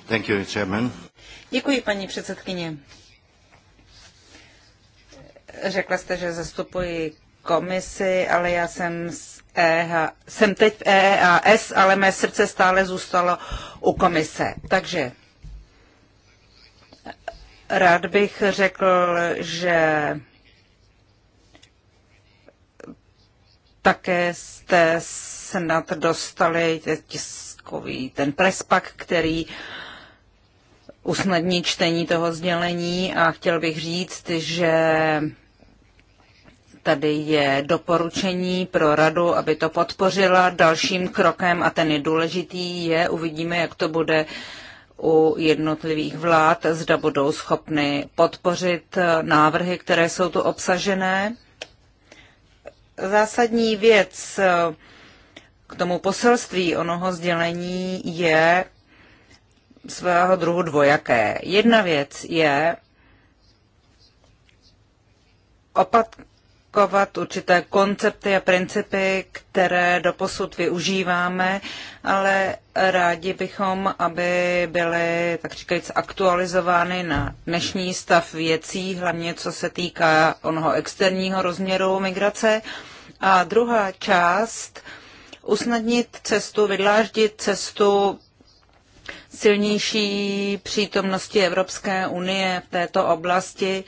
Thank you, chairman. Děkuji, paní předsedkyně. Řekla jste, že zastupuji komisi, ale já jsem z EH, jsem teď v EAS, e ale mé srdce stále zůstalo u komise. Takže Rád bych řekl, že také jste snad dostali tiskový ten prespak, který usnadní čtení toho sdělení a chtěl bych říct, že tady je doporučení pro radu, aby to podpořila dalším krokem a ten je důležitý, je uvidíme, jak to bude uh, u jednotlivých vlád, zda budou schopny podpořit návrhy, které jsou tu obsažené. Zásadní věc k tomu poselství onoho sdělení je svého druhu dvojaké. Jedna věc je, opat, aplikovat určité koncepty a principy, které doposud využíváme, ale rádi bychom, aby byly, tak říkajíc, aktualizovány na dnešní stav věcí, hlavně co se týká onoho externího rozměru migrace. A druhá část, usnadnit cestu, vydláždit cestu silnější přítomnosti Evropské unie v této oblasti,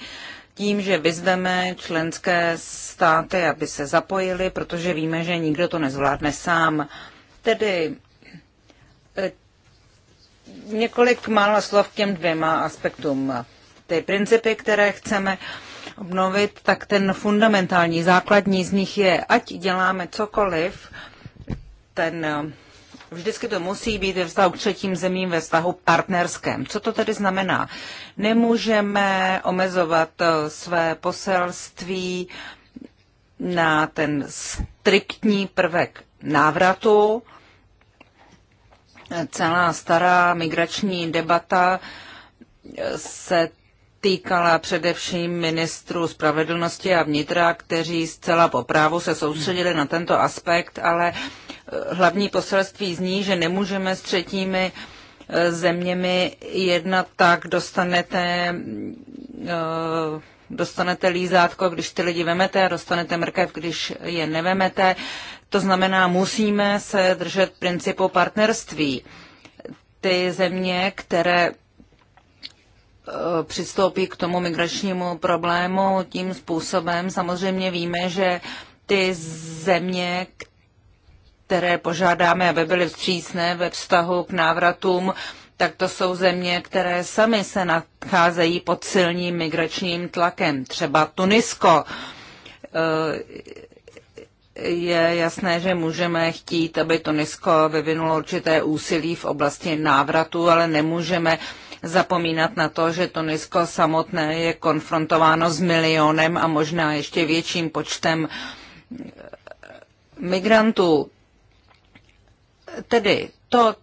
tím, že vyzveme členské státy, aby se zapojili, protože víme, že nikdo to nezvládne sám. Tedy eh, několik málo slov k těm dvěma aspektům. Ty principy, které chceme obnovit, tak ten fundamentální, základní z nich je, ať děláme cokoliv, ten Vždycky to musí být ve vztahu k třetím zemím ve vztahu partnerském. Co to tedy znamená? Nemůžeme omezovat eh, své poselství na ten striktní prvek návratu. Celá stará migrační debata eh, se týkala především ministrů spravedlnosti a vnitra, kteří zcela po právu se soustředili na tento aspekt, ale eh, hlavní poselství zní, že nemůžeme s třetími eh, zeměmi jednat tak, dostanete, mm, eh, dostanete lízátko, když ty lidi vemete, dostanete mrkev, když je nevemete. To znamená, musíme se držet principu partnerství. Ty země, které Eh, přistoupí k tomu migračnímu problému tím způsobem. Samozřejmě víme, že ty země, které požádáme, aby byly vstřícné ve vztahu k návratům, tak to jsou země, které sami se nacházejí pod silným migračním tlakem. Třeba Tunisko. Eh, je jasné, že můžeme chtít, aby Tunisko vyvinulo určité úsilí v oblasti návratu, ale nemůžeme zapomínat na to, že Tunisko samotné je konfrontováno s milionem a možná ještě větším počtem eh, migrantů. Tedy to,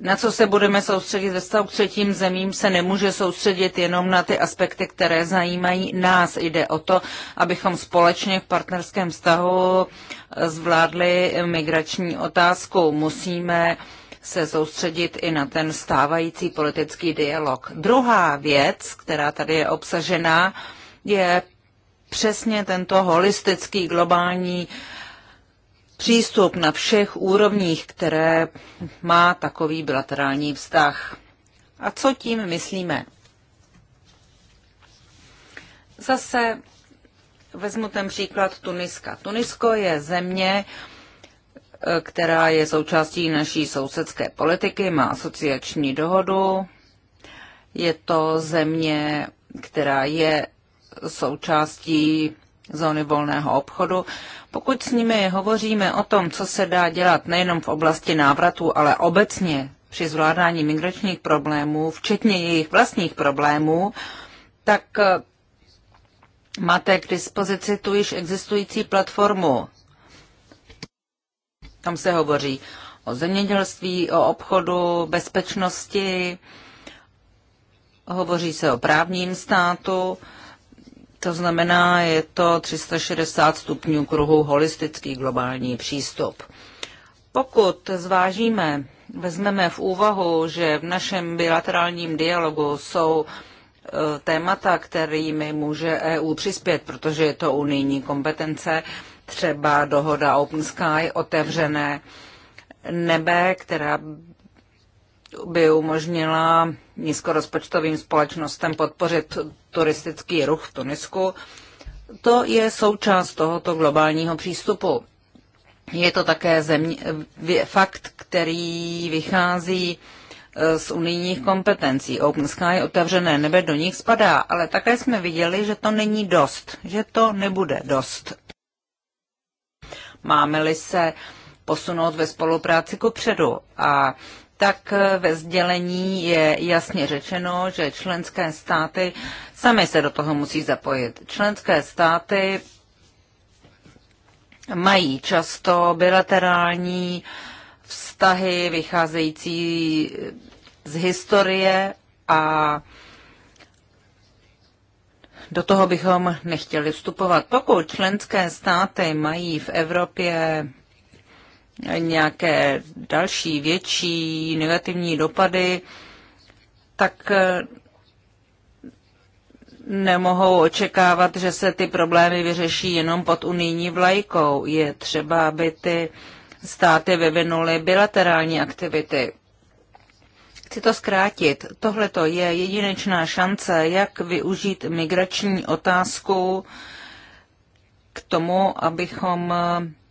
na co se budeme soustředit ve vztahu k třetím zemím, se nemůže soustředit jenom na ty aspekty, které zajímají nás. Jde o to, abychom společně v partnerském vztahu zvládli migrační otázku. Musíme uh, se soustředit i na ten stávající politický dialog. Druhá věc, která tady je obsažená, je přesně tento holistický globální přístup na všech úrovních, které má takový bilaterální vztah. A co tím myslíme? Zase vezmu ten příklad Tuniska. Tunisko je země, která je součástí naší sousedské politiky, má asociační dohodu. Je to země, která je součástí zóny volného obchodu. Pokud s nimi hovoříme o tom, co se dá dělat nejenom v oblasti návratu, ale obecně při zvládání migračních problémů, včetně jejich vlastních problémů, tak máte k dispozici tu již existující platformu tam se hovoří o zemědělství, o obchodu, bezpečnosti, hovoří se o právním státu, to znamená, je to 360 stupňů kruhu holistický globální přístup. Pokud zvážíme, vezmeme v úvahu, že v našem bilaterálním dialogu jsou e, témata, kterými může EU přispět, protože je to unijní kompetence, třeba dohoda Open Sky, otevřené nebe, která by umožnila nízkorozpočtovým společnostem podpořit turistický ruch v Tunisku. To je součást tohoto globálního přístupu. Je to také země, fakt, který vychází eh, z unijních kompetencí. Open Sky, otevřené nebe, do nich spadá, ale také jsme viděli, že to není dost, že to nebude dost máme-li se posunout ve spolupráci ku předu. A tak ve sdělení je jasně řečeno, že členské státy sami se do toho musí zapojit. Členské státy mají často bilaterální vztahy vycházející z historie a do toho bychom nechtěli vstupovat. Pokud členské státy mají v Evropě nějaké další větší negativní dopady, tak eh, nemohou očekávat, že se ty problémy vyřeší jenom pod unijní vlajkou. Je třeba, aby ty státy vyvinuly bilaterální aktivity. Chci to zkrátit. Tohle je jedinečná šance, jak využít migrační otázku k tomu, abychom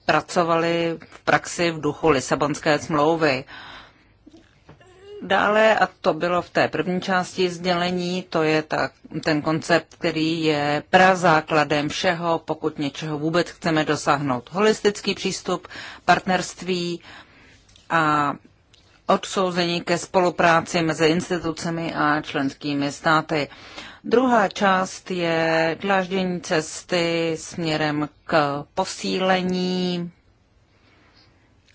pracovali v praxi v duchu Lisabonské smlouvy. Dále, a to bylo v té první části sdělení, to je ta, ten koncept, který je prazákladem všeho, pokud něčeho vůbec chceme dosáhnout. Holistický přístup, partnerství a odsouzení ke spolupráci mezi institucemi a členskými státy. Druhá část je dláždění cesty směrem k posílení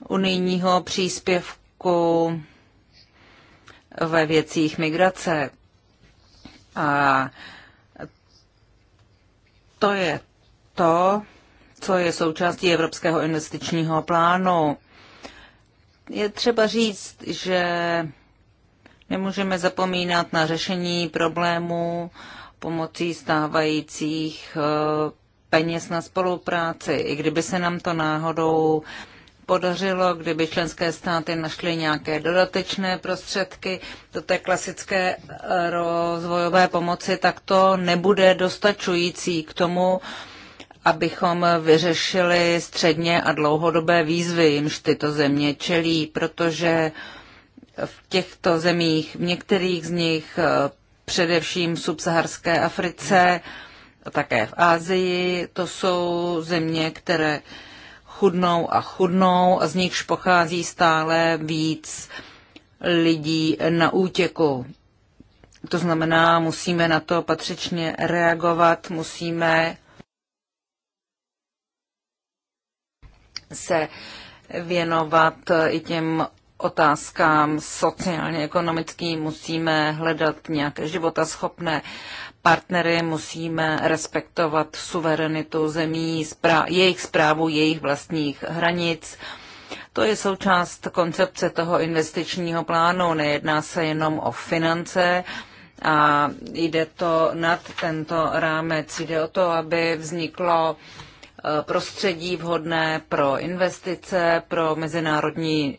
unijního příspěvku ve věcích migrace. A to je to, co je součástí Evropského investičního plánu. Je třeba říct, že nemůžeme zapomínat na řešení problémů pomocí stávajících eh, peněz na spolupráci. I kdyby se nám to náhodou podařilo, kdyby členské státy našly nějaké dodatečné prostředky do té klasické eh, rozvojové pomoci, tak to nebude dostačující k tomu, abychom vyřešili středně a dlouhodobé výzvy, jimž tyto země čelí, protože v těchto zemích, v některých z nich, eh, především v subsaharské Africe, také v Ázii, to jsou země, které chudnou a chudnou a z nichž pochází stále víc lidí na útěku. To znamená, musíme na to patřičně reagovat, musíme se věnovat i těm otázkám sociálně-ekonomickým, musíme hledat nějaké životaschopné partnery, musíme respektovat suverenitu zemí, jejich zprávu, jejich vlastních hranic. To je součást koncepce toho investičního plánu. Nejedná se jenom o finance a jde to nad tento rámec. Jde o to, aby vzniklo uh, Eh, prostředí vhodné pro investice, pro mezinárodní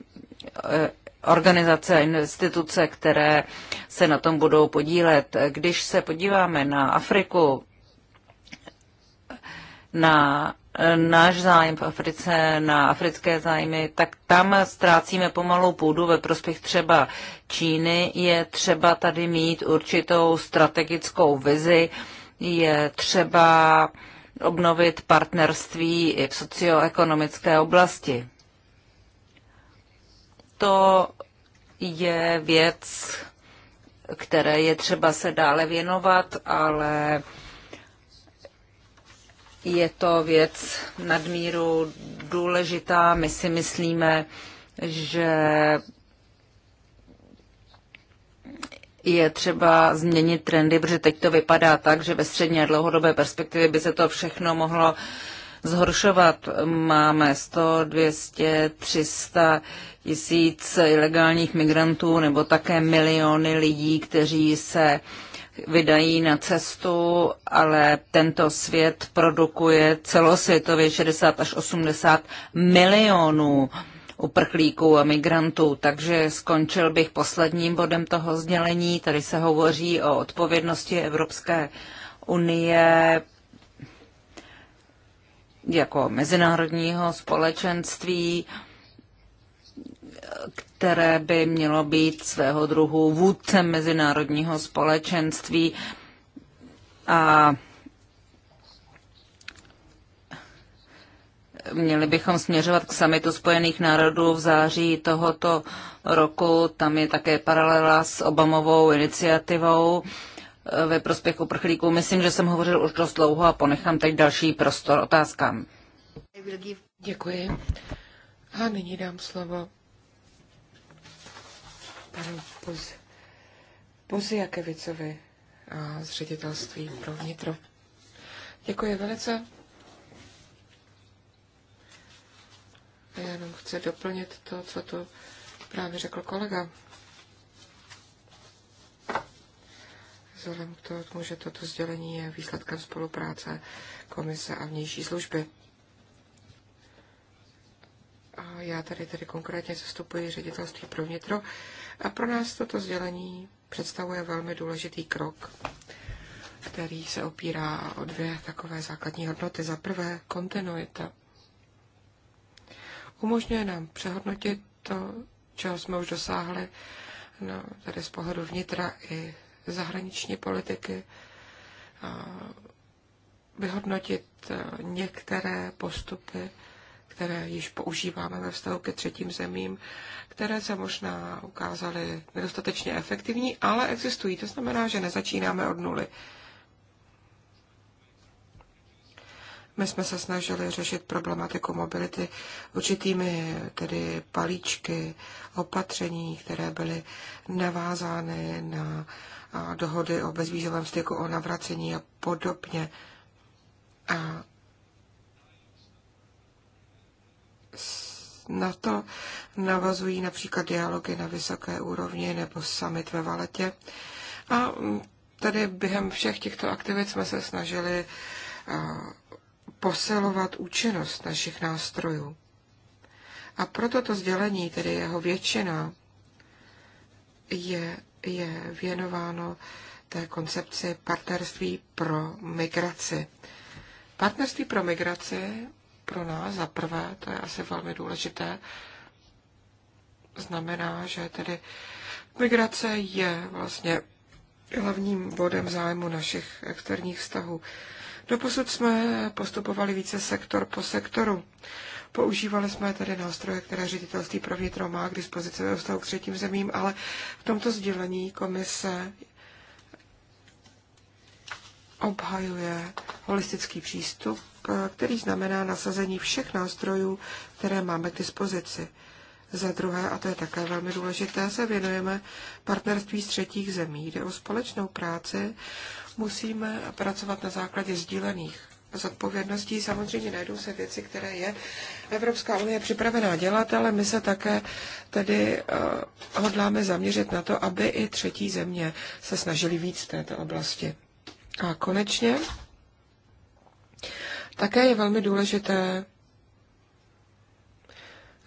eh, organizace a instituce, které se na tom budou podílet. Když se podíváme na Afriku, na eh, náš zájem v Africe, na africké zájmy, tak tam ztrácíme pomalou půdu ve prospěch třeba Číny. Je třeba tady mít určitou strategickou vizi, je třeba uh, obnovit partnerství i v socioekonomické oblasti. To je věc, které je třeba se dále věnovat, ale je to věc nadmíru důležitá. My si myslíme, že je třeba změnit trendy, protože teď to vypadá tak, že ve střední a dlouhodobé perspektivě by se to všechno mohlo zhoršovat. Máme 100, 200, 300 tisíc ilegálních migrantů nebo také miliony lidí, kteří se vydají na cestu, ale tento svět produkuje celosvětově 60 až 80 milionů uprchlíků a migrantů. Takže skončil bych posledním bodem toho sdělení. Tady se hovoří o odpovědnosti Evropské unie jako mezinárodního společenství, které by mělo být svého druhu vůdcem mezinárodního společenství a Měli bychom směřovat k samitu Spojených národů v září tohoto roku. Tam je také paralela s Obamovou iniciativou ve prospěch uprchlíků. Myslím, že jsem hovořil už dost dlouho a ponechám teď další prostor otázkám. Děkuji. A nyní dám slovo panu Poz... Poziakevicovi z ředitelství pro vnitro. Děkuji velice. Já jenom chci doplnit to, co tu právě řekl kolega. Vzhledem k tomu, že toto sdělení je výsledkem spolupráce komise a vnější služby. A já tady tedy konkrétně zastupuji ředitelství pro vnitro a pro nás toto sdělení představuje velmi důležitý krok, který se opírá o dvě takové základní hodnoty. Za prvé kontinuita Umožňuje nám přehodnotit to, čeho jsme už dosáhli, no, tady z pohledu vnitra i zahraniční politiky, vyhodnotit e, některé postupy, které již používáme ve vztahu ke třetím zemím, které se možná ukázaly nedostatečně efektivní, ale existují. To znamená, že nezačínáme od nuly. My jsme se snažili řešit problematiku mobility určitými tedy palíčky, opatření, které byly navázány na dohody o bezvízovém styku, o navracení a podobně. A na to navazují například dialogy na vysoké úrovni nebo summit ve Valetě. A tady během všech těchto aktivit jsme se snažili posilovat účinnost našich nástrojů. A proto to sdělení, tedy jeho většina, je, je věnováno té koncepci partnerství pro migraci. Partnerství pro migraci pro nás za prvé, to je asi velmi důležité, znamená, že tedy migrace je vlastně hlavním bodem zájmu našich externích vztahů. Doposud jsme postupovali více sektor po sektoru. Používali jsme tedy nástroje, které ředitelství pro vnitro má k dispozici ve vztahu k třetím zemím, ale v tomto sdělení komise obhajuje holistický přístup, eh, který znamená nasazení všech nástrojů, které máme k dispozici. Za druhé, a to je také velmi důležité, se věnujeme partnerství z třetích zemí. Jde o společnou práci. Musíme pracovat na základě sdílených zodpovědností. Samozřejmě najdou se věci, které je Evropská unie připravená dělat, ale my se také tedy uh, hodláme zaměřit na to, aby i třetí země se snažili víc v této oblasti. A konečně také je velmi důležité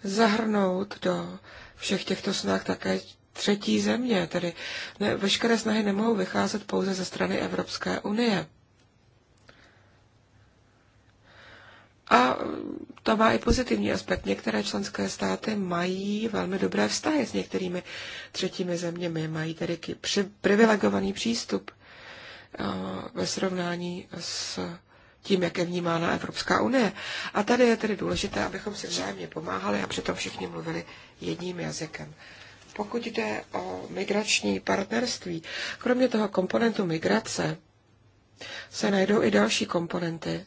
zahrnout do všech těchto snah také třetí země, tedy ne, veškeré snahy nemohou vycházet pouze ze strany Evropské unie. A to má i pozitivní aspekt. Některé členské státy mají velmi dobré vztahy s některými třetími zeměmi, mají tedy privilegovaný přístup eh, ve srovnání s tím, jak je vnímána Evropská unie. A tady je tedy důležité, abychom si vzájemně pomáhali a přitom všichni mluvili jedním jazykem. Pokud jde o migrační partnerství, kromě toho komponentu migrace se najdou i další komponenty,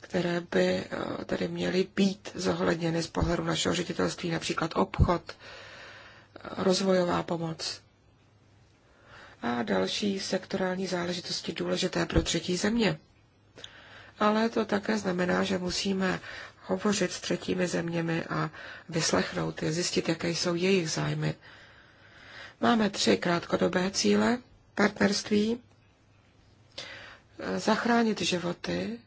které by eh, tady měly být zohledněny z pohledu našeho ředitelství, například obchod, eh, rozvojová pomoc a další sektorální záležitosti důležité pro třetí země ale to také znamená, že musíme hovořit s třetími zeměmi a vyslechnout je, zjistit, jaké jsou jejich zájmy. Máme tři krátkodobé cíle partnerství, eh, zachránit životy,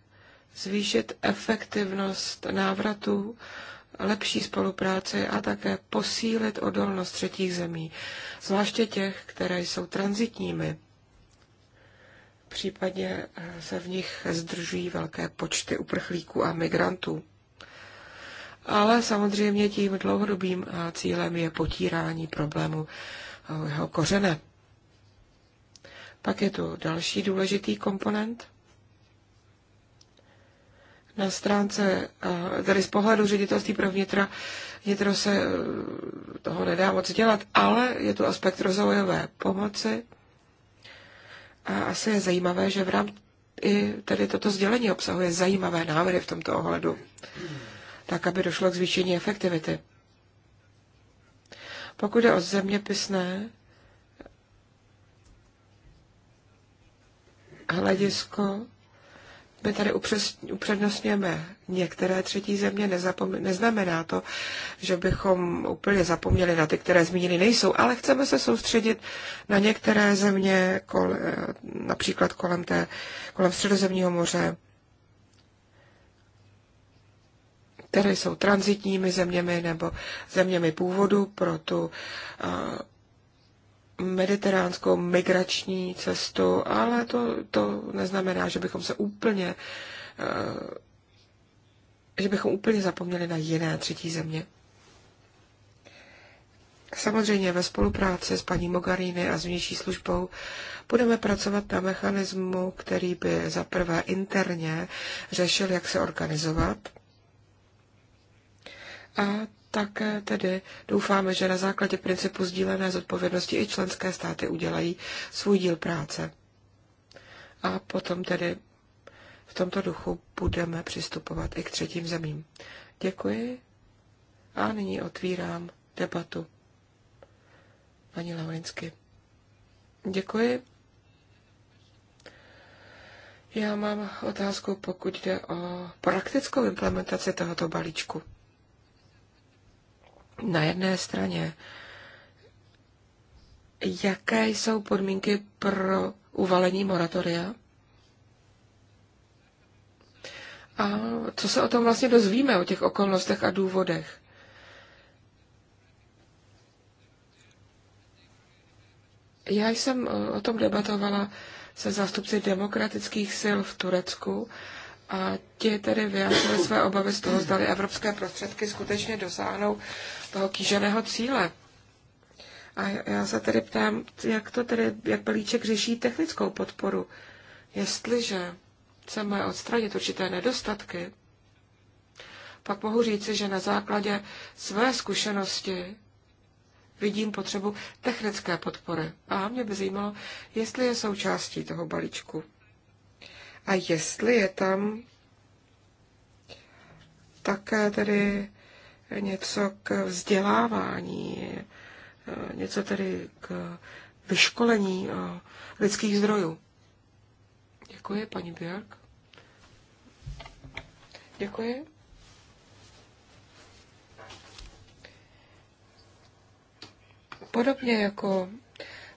zvýšit efektivnost návratu, lepší spolupráci a také posílit odolnost třetích zemí, zvláště těch, které jsou transitními případně eh, se v nich zdržují velké počty uprchlíků a migrantů. Ale samozřejmě tím dlouhodobým eh, cílem je potírání problému eh, jeho kořene. Pak je tu další důležitý komponent. Na stránce, tedy z pohledu ředitelství pro vnitra, vnitro se toho nedá moc dělat, ale je tu aspekt rozvojové pomoci, a asi je zajímavé, že v rámci i tady toto sdělení obsahuje zajímavé návrhy v tomto ohledu, tak aby došlo k zvýšení efektivity. Pokud je o zeměpisné hledisko, my tady upřednostňujeme některé třetí země, nezapom- neznamená to, že bychom úplně zapomněli na ty, které zmíněny nejsou, ale chceme se soustředit na některé země, kol- eh, například kolem, té, kolem Středozemního moře, které jsou transitními zeměmi nebo zeměmi původu pro tu eh, mediteránskou migrační cestu, ale to, to neznamená, že bychom se úplně eh, že bychom úplně zapomněli na jiné třetí země. Samozřejmě ve spolupráci s paní Mogarini a s vnější službou budeme pracovat na mechanismu, který by zaprvé interně řešil, jak se organizovat a tak tedy doufáme, že na základě principu sdílené zodpovědnosti i členské státy udělají svůj díl práce. A potom tedy v tomto duchu budeme přistupovat i k třetím zemím. Děkuji a nyní otvírám debatu. Paní Laurinsky. Děkuji. Já mám otázku, pokud jde o praktickou implementaci tohoto balíčku na jedné straně, jaké jsou podmínky pro uvalení moratoria a co se o tom vlastně dozvíme, o těch okolnostech a důvodech. Já jsem eh, o tom debatovala se zástupci demokratických sil v Turecku a ti tedy vyjádřili své obavy z toho, zdali evropské prostředky skutečně dosáhnou toho kýženého cíle. A já se tedy ptám, jak to tedy, jak balíček řeší technickou podporu. Jestliže se chceme odstranit určité nedostatky, pak mohu říci, že na základě své zkušenosti vidím potřebu technické podpory. A mě by zajímalo, jestli je součástí toho balíčku a jestli je tam také tedy něco k vzdělávání, eh, něco tedy k vyškolení eh, lidských zdrojů. Děkuji, paní Björk. Děkuji. Podobně jako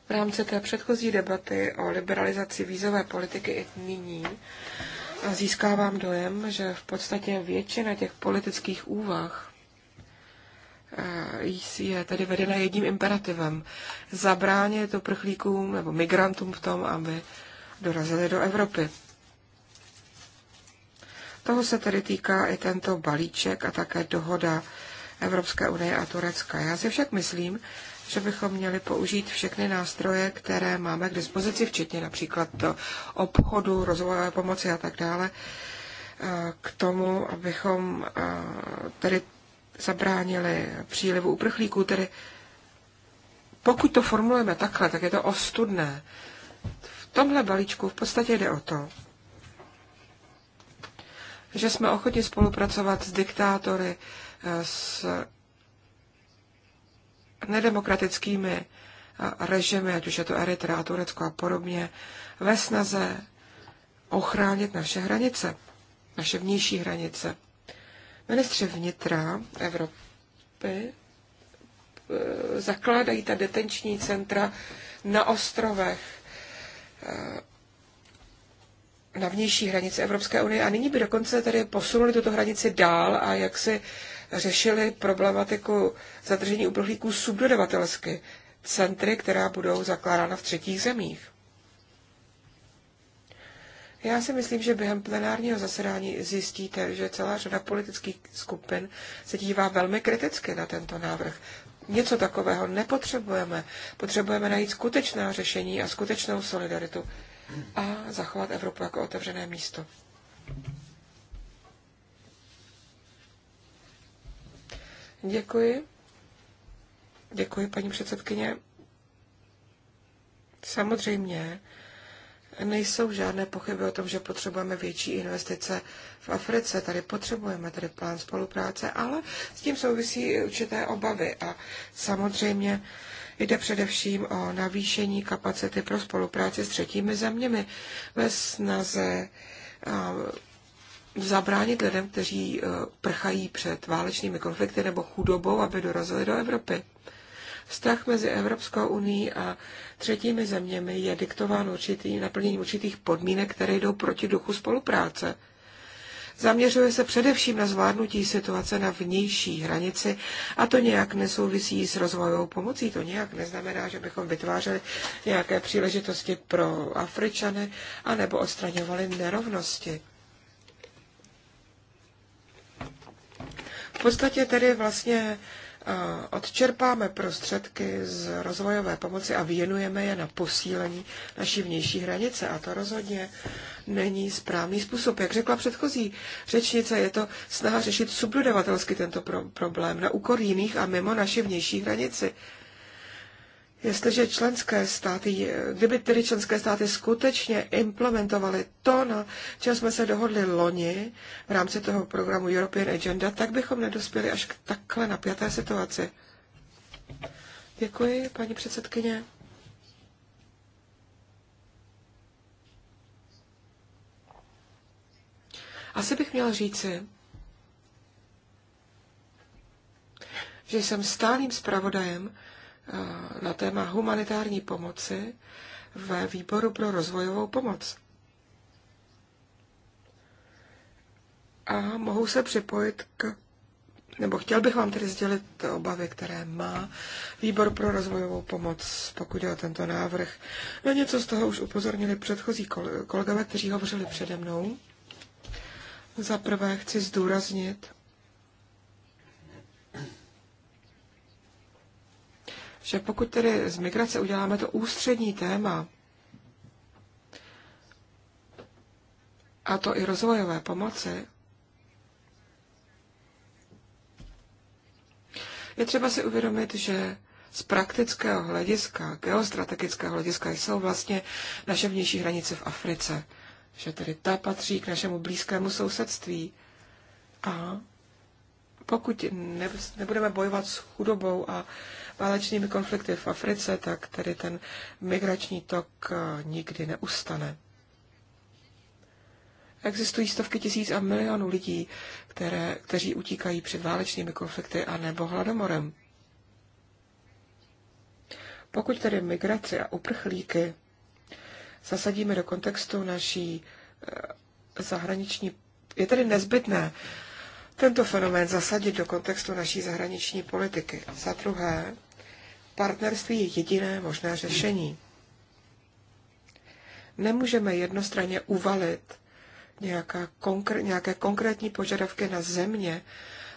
v rámci té předchozí debaty o liberalizaci vízové politiky i nyní získávám dojem, že v podstatě většina těch politických úvah eh, je tedy vedena jedním imperativem. Zabránit uprchlíkům nebo migrantům v tom, aby dorazili do Evropy. Toho se tedy týká i tento balíček a také dohoda Evropské unie a Turecka. Já si však myslím, že bychom měli použít všechny nástroje, které máme k dispozici, včetně například obchodu, rozvojové pomoci a tak dále, k tomu, abychom tedy zabránili přílivu uprchlíků. Tedy pokud to formulujeme takhle, tak je to ostudné. V tomhle balíčku v podstatě jde o to, že jsme ochotni spolupracovat s diktátory, s nedemokratickými eh, režimy, ať už je to Eritrea, Turecko a podobně, ve snaze ochránit naše hranice, naše vnější hranice. Ministři vnitra Evropy eh, zakládají ta detenční centra na ostrovech eh, na vnější hranici Evropské unie a nyní by dokonce tedy posunuli tuto hranici dál a jak si řešili problematiku zadržení uprchlíků subdodavatelsky, centry, která budou zakládána v třetích zemích. Já si myslím, že během plenárního zasedání zjistíte, že celá řada politických skupin se dívá velmi kriticky na tento návrh. Něco takového nepotřebujeme. Potřebujeme najít skutečná řešení a skutečnou solidaritu a zachovat Evropu jako otevřené místo. Děkuji. Děkuji, paní předsedkyně. Samozřejmě nejsou žádné pochyby o tom, že potřebujeme větší investice v Africe. Tady potřebujeme tady plán spolupráce, ale s tím souvisí určité obavy. A samozřejmě jde především o navýšení kapacity pro spolupráci s třetími zeměmi ve snaze zabránit lidem, kteří eh, prchají před válečnými konflikty nebo chudobou, aby dorazili do Evropy. Vztah mezi Evropskou unii a třetími zeměmi je diktován určitý, naplněním určitých podmínek, které jdou proti duchu spolupráce. Zaměřuje se především na zvládnutí situace na vnější hranici a to nějak nesouvisí s rozvojovou pomocí. To nějak neznamená, že bychom vytvářeli nějaké příležitosti pro Afričany anebo odstraňovali nerovnosti. V podstatě tedy vlastně eh, odčerpáme prostředky z rozvojové pomoci a věnujeme je na posílení naší vnější hranice. A to rozhodně není správný způsob. Jak řekla předchozí řečnice, je to snaha řešit subdodavatelsky tento pro- problém na úkor jiných a mimo naši vnější hranici. Jestliže členské státy, kdyby tedy členské státy skutečně implementovaly to, na čem jsme se dohodli loni v rámci toho programu European Agenda, tak bychom nedospěli až k takhle napjaté situaci. Děkuji, paní předsedkyně. Asi bych měl říci, že jsem stálým zpravodajem na téma humanitární pomoci ve výboru pro rozvojovou pomoc. A mohu se připojit k nebo chtěl bych vám tedy sdělit obavy, které má Výbor pro rozvojovou pomoc, pokud je o tento návrh. No něco z toho už upozornili předchozí kolegové, kteří hovořili přede mnou. Za prvé chci zdůraznit, že pokud tedy z migrace uděláme to ústřední téma, a to i rozvojové pomoci, je třeba si uvědomit, že z praktického hlediska, geostrategického hlediska jsou vlastně naše vnější hranice v Africe, že tedy ta patří k našemu blízkému sousedství. A pokud nebudeme bojovat s chudobou a válečnými konflikty v Africe, tak tedy ten migrační tok eh, nikdy neustane. Existují stovky tisíc a milionů lidí, které, kteří utíkají před válečnými konflikty a nebo hladomorem. Pokud tedy migraci a uprchlíky zasadíme do kontextu naší eh, zahraniční, je tedy nezbytné tento fenomén zasadit do kontextu naší zahraniční politiky. Za druhé, Partnerství je jediné možné řešení. Nemůžeme jednostranně uvalit nějaká konkr- nějaké konkrétní požadavky na země,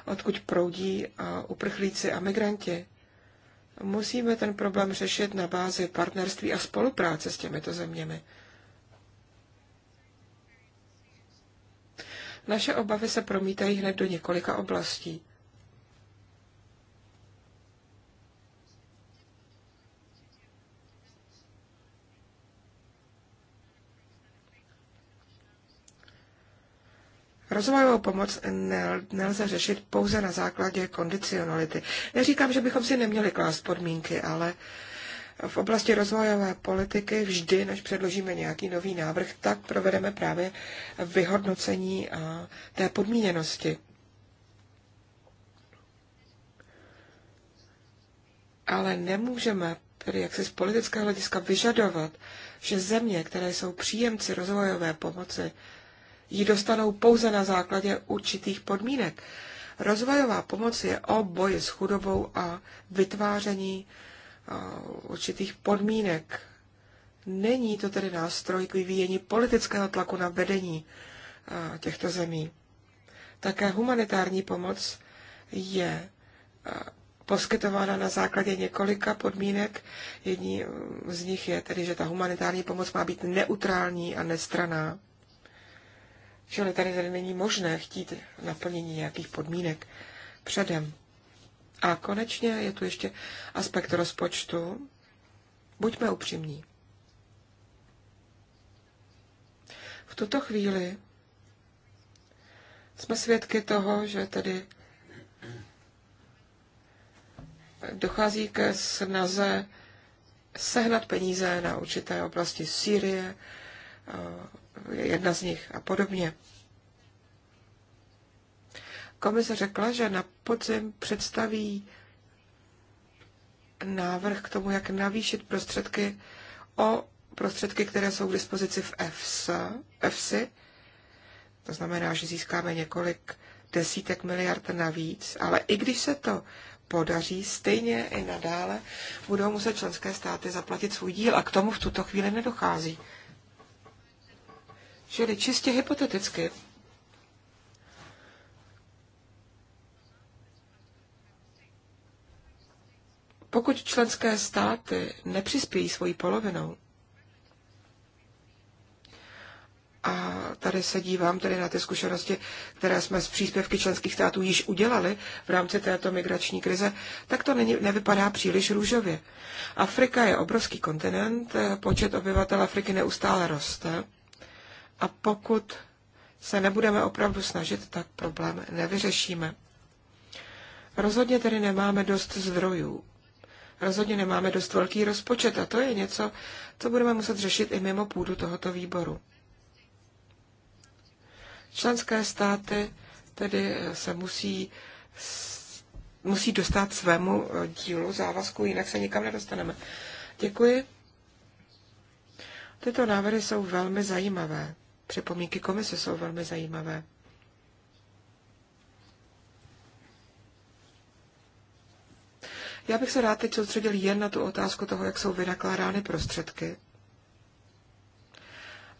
odkud proudí uprchlíci a migranti. Musíme ten problém řešit na bázi partnerství a spolupráce s těmito zeměmi. Naše obavy se promítají hned do několika oblastí. Rozvojovou pomoc nelze řešit pouze na základě kondicionality. Neříkám, že bychom si neměli klást podmínky, ale v oblasti rozvojové politiky vždy, než předložíme nějaký nový návrh, tak provedeme právě vyhodnocení té podmíněnosti. Ale nemůžeme tedy jaksi z politického hlediska vyžadovat, že země, které jsou příjemci rozvojové pomoci, ji dostanou pouze na základě určitých podmínek. Rozvojová pomoc je o boji s chudobou a vytváření určitých podmínek. Není to tedy nástroj k vyvíjení politického tlaku na vedení těchto zemí. Také humanitární pomoc je poskytována na základě několika podmínek. Jední mm, z nich je tedy, že ta humanitární pomoc má být neutrální a nestraná. Čili tady, tady není možné chtít naplnění nějakých podmínek předem. A konečně je tu ještě aspekt rozpočtu. Buďme upřímní. V tuto chvíli jsme svědky toho, že tedy dochází ke snaze sehnat peníze na určité oblasti Sýrie, jedna z nich a podobně. Komise řekla, že na podzim představí návrh k tomu, jak navýšit prostředky o prostředky, které jsou k dispozici v EFSA, EFSI. To znamená, že získáme několik desítek miliard navíc, ale i když se to podaří, stejně i nadále budou muset členské státy zaplatit svůj díl a k tomu v tuto chvíli nedochází. Čili čistě hypoteticky. Pokud členské státy nepřispějí svojí polovinou, a tady se dívám tedy na ty zkušenosti, které jsme z příspěvky členských států již udělali v rámci této migrační krize, tak to není, nevypadá příliš růžově. Afrika je obrovský kontinent, počet obyvatel Afriky neustále roste. A pokud se nebudeme opravdu snažit, tak problém nevyřešíme. Rozhodně tedy nemáme dost zdrojů. Rozhodně nemáme dost velký rozpočet a to je něco, co budeme muset řešit i mimo půdu tohoto výboru. Členské státy tedy eh, se musí, musí dostat svému eh, dílu závazku, jinak se nikam nedostaneme. Děkuji. Tyto návrhy jsou velmi zajímavé připomínky komise jsou velmi zajímavé. Já bych se rád teď soustředil jen na tu otázku toho, jak jsou vynakládány prostředky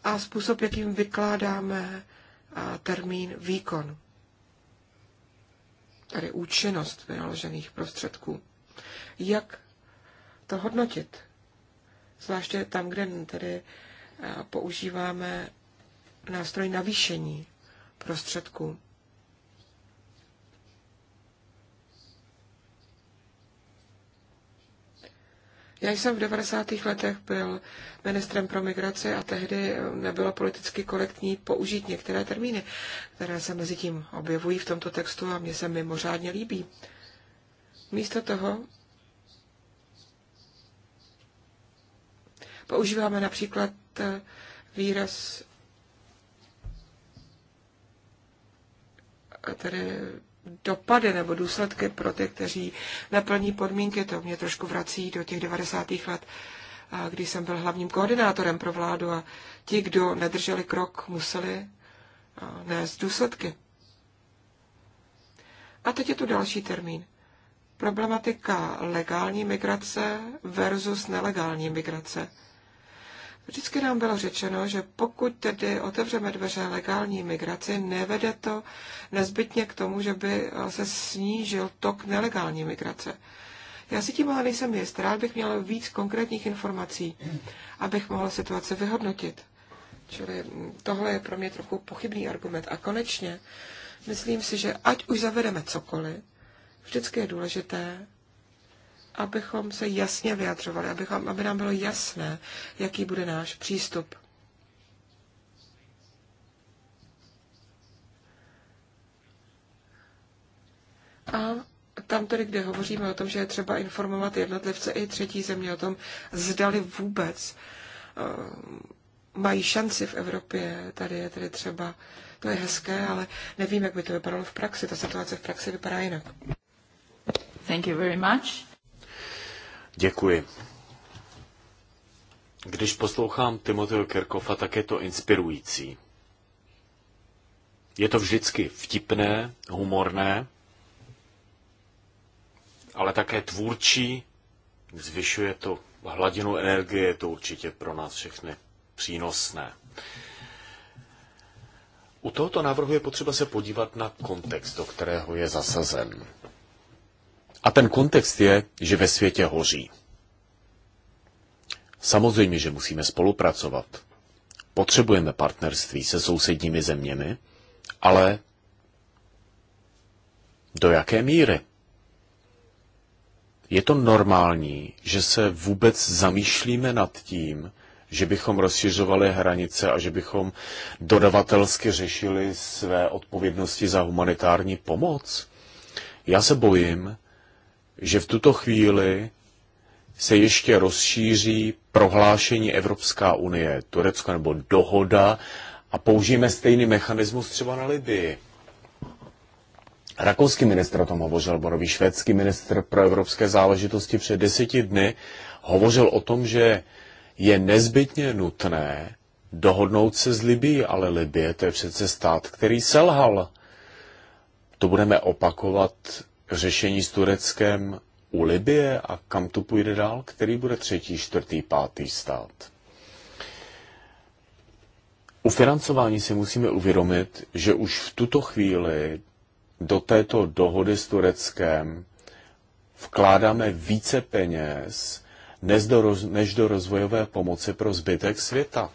a způsob, jakým vykládáme termín výkon, tedy účinnost vynaložených prostředků. Jak to hodnotit? Zvláště tam, kde tedy eh, používáme nástroj navýšení prostředků. Já jsem v 90. letech byl ministrem pro migraci a tehdy nebylo politicky korektní použít některé termíny, které se mezi tím objevují v tomto textu a mě se mimořádně líbí. Místo toho používáme například výraz tedy dopady nebo důsledky pro ty, kteří neplní podmínky. To mě trošku vrací do těch 90. let, kdy jsem byl hlavním koordinátorem pro vládu a ti, kdo nedrželi krok, museli nést důsledky. A teď je tu další termín. Problematika legální migrace versus nelegální migrace. Vždycky nám bylo řečeno, že pokud tedy otevřeme dveře legální migraci, nevede to nezbytně k tomu, že by se snížil tok nelegální migrace. Já si tím ale nejsem jist. Rád bych měl víc konkrétních informací, abych mohl situaci vyhodnotit. Čili tohle je pro mě trochu pochybný argument. A konečně, myslím si, že ať už zavedeme cokoliv, vždycky je důležité abychom se jasně vyjadřovali, abychom, aby nám bylo jasné, jaký bude náš přístup. A tam tedy, kde hovoříme o tom, že je třeba informovat jednotlivce i třetí země o tom, zdali vůbec eh, mají šanci v Evropě. Tady je tedy třeba, to je hezké, ale nevím, jak by to vypadalo v praxi. Ta situace v praxi vypadá jinak. Thank you very much. Děkuji. Když poslouchám Timothyho Kerkova, tak je to inspirující. Je to vždycky vtipné, humorné, ale také tvůrčí, zvyšuje to hladinu energie, je to určitě pro nás všechny přínosné. U tohoto návrhu je potřeba se podívat na kontext, do kterého je zasazen. A ten kontext je, že ve světě hoří. Samozřejmě, že musíme spolupracovat. Potřebujeme partnerství se sousedními zeměmi, ale do jaké míry? Je to normální, že se vůbec zamýšlíme nad tím, že bychom rozšiřovali hranice a že bychom dodavatelsky řešili své odpovědnosti za humanitární pomoc? Já se bojím, že v tuto chvíli se ještě rozšíří prohlášení Evropská unie, Turecko nebo dohoda a použijeme stejný mechanismus třeba na Libii. Rakouský ministr o tom hovořil, Borový švédský ministr pro evropské záležitosti před deseti dny hovořil o tom, že je nezbytně nutné dohodnout se s Libií, ale Libie to je přece stát, který selhal. To budeme opakovat řešení s Tureckem u Libie a kam to půjde dál, který bude třetí, čtvrtý, pátý stát. U financování si musíme uvědomit, že už v tuto chvíli do této dohody s Tureckem vkládáme více peněz než do, roz, než do rozvojové pomoci pro zbytek světa.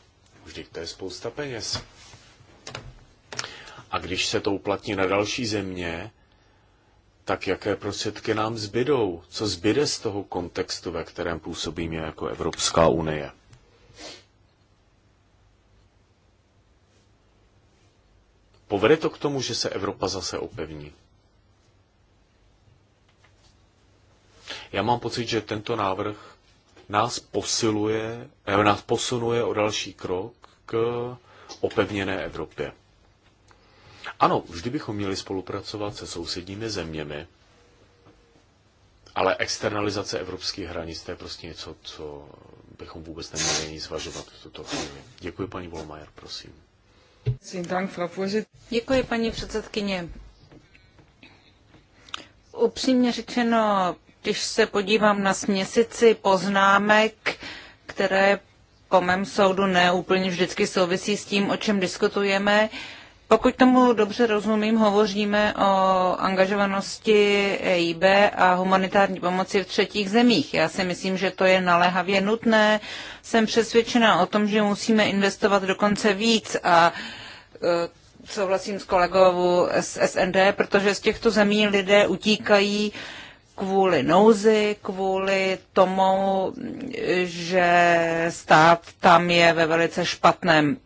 Vždyť to je spousta peněz. A když se to uplatní na další země, tak jaké prostředky nám zbydou? Co zbyde z toho kontextu, ve kterém působíme jako Evropská unie? Povede to k tomu, že se Evropa zase opevní? Já mám pocit, že tento návrh nás posiluje, eh, nás posunuje o další krok k opevněné Evropě. Ano, vždy bychom měli spolupracovat se sousedními zeměmi, ale externalizace evropských hranic, to je prostě něco, co bychom vůbec neměli ani zvažovat v tuto chvíli. Děkuji, paní Volmajer, prosím. Děkuji, paní předsedkyně. Upřímně řečeno, když se podívám na směsici poznámek, které po mém soudu neúplně vždycky souvisí s tím, o čem diskutujeme, pokud tomu dobře rozumím, hovoříme o angažovanosti EIB a humanitární pomoci v třetích zemích. Já si myslím, že to je naléhavě nutné. Jsem přesvědčena o tom, že musíme investovat dokonce víc a e, souhlasím s kolegou z SND, protože z těchto zemí lidé utíkají kvůli nouzi, kvůli tomu, že stát tam je ve velice špatném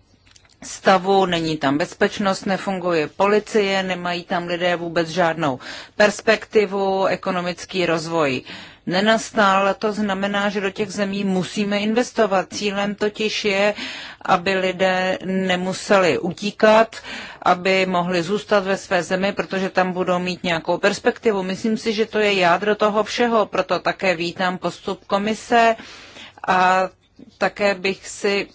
stavu, není tam bezpečnost, nefunguje policie, nemají tam lidé vůbec žádnou perspektivu, ekonomický rozvoj nenastal. To znamená, že do těch zemí musíme investovat. Cílem totiž je, aby lidé nemuseli utíkat, aby mohli zůstat ve své zemi, protože tam budou mít nějakou perspektivu. Myslím si, že to je jádro toho všeho, proto také vítám postup komise a také bych si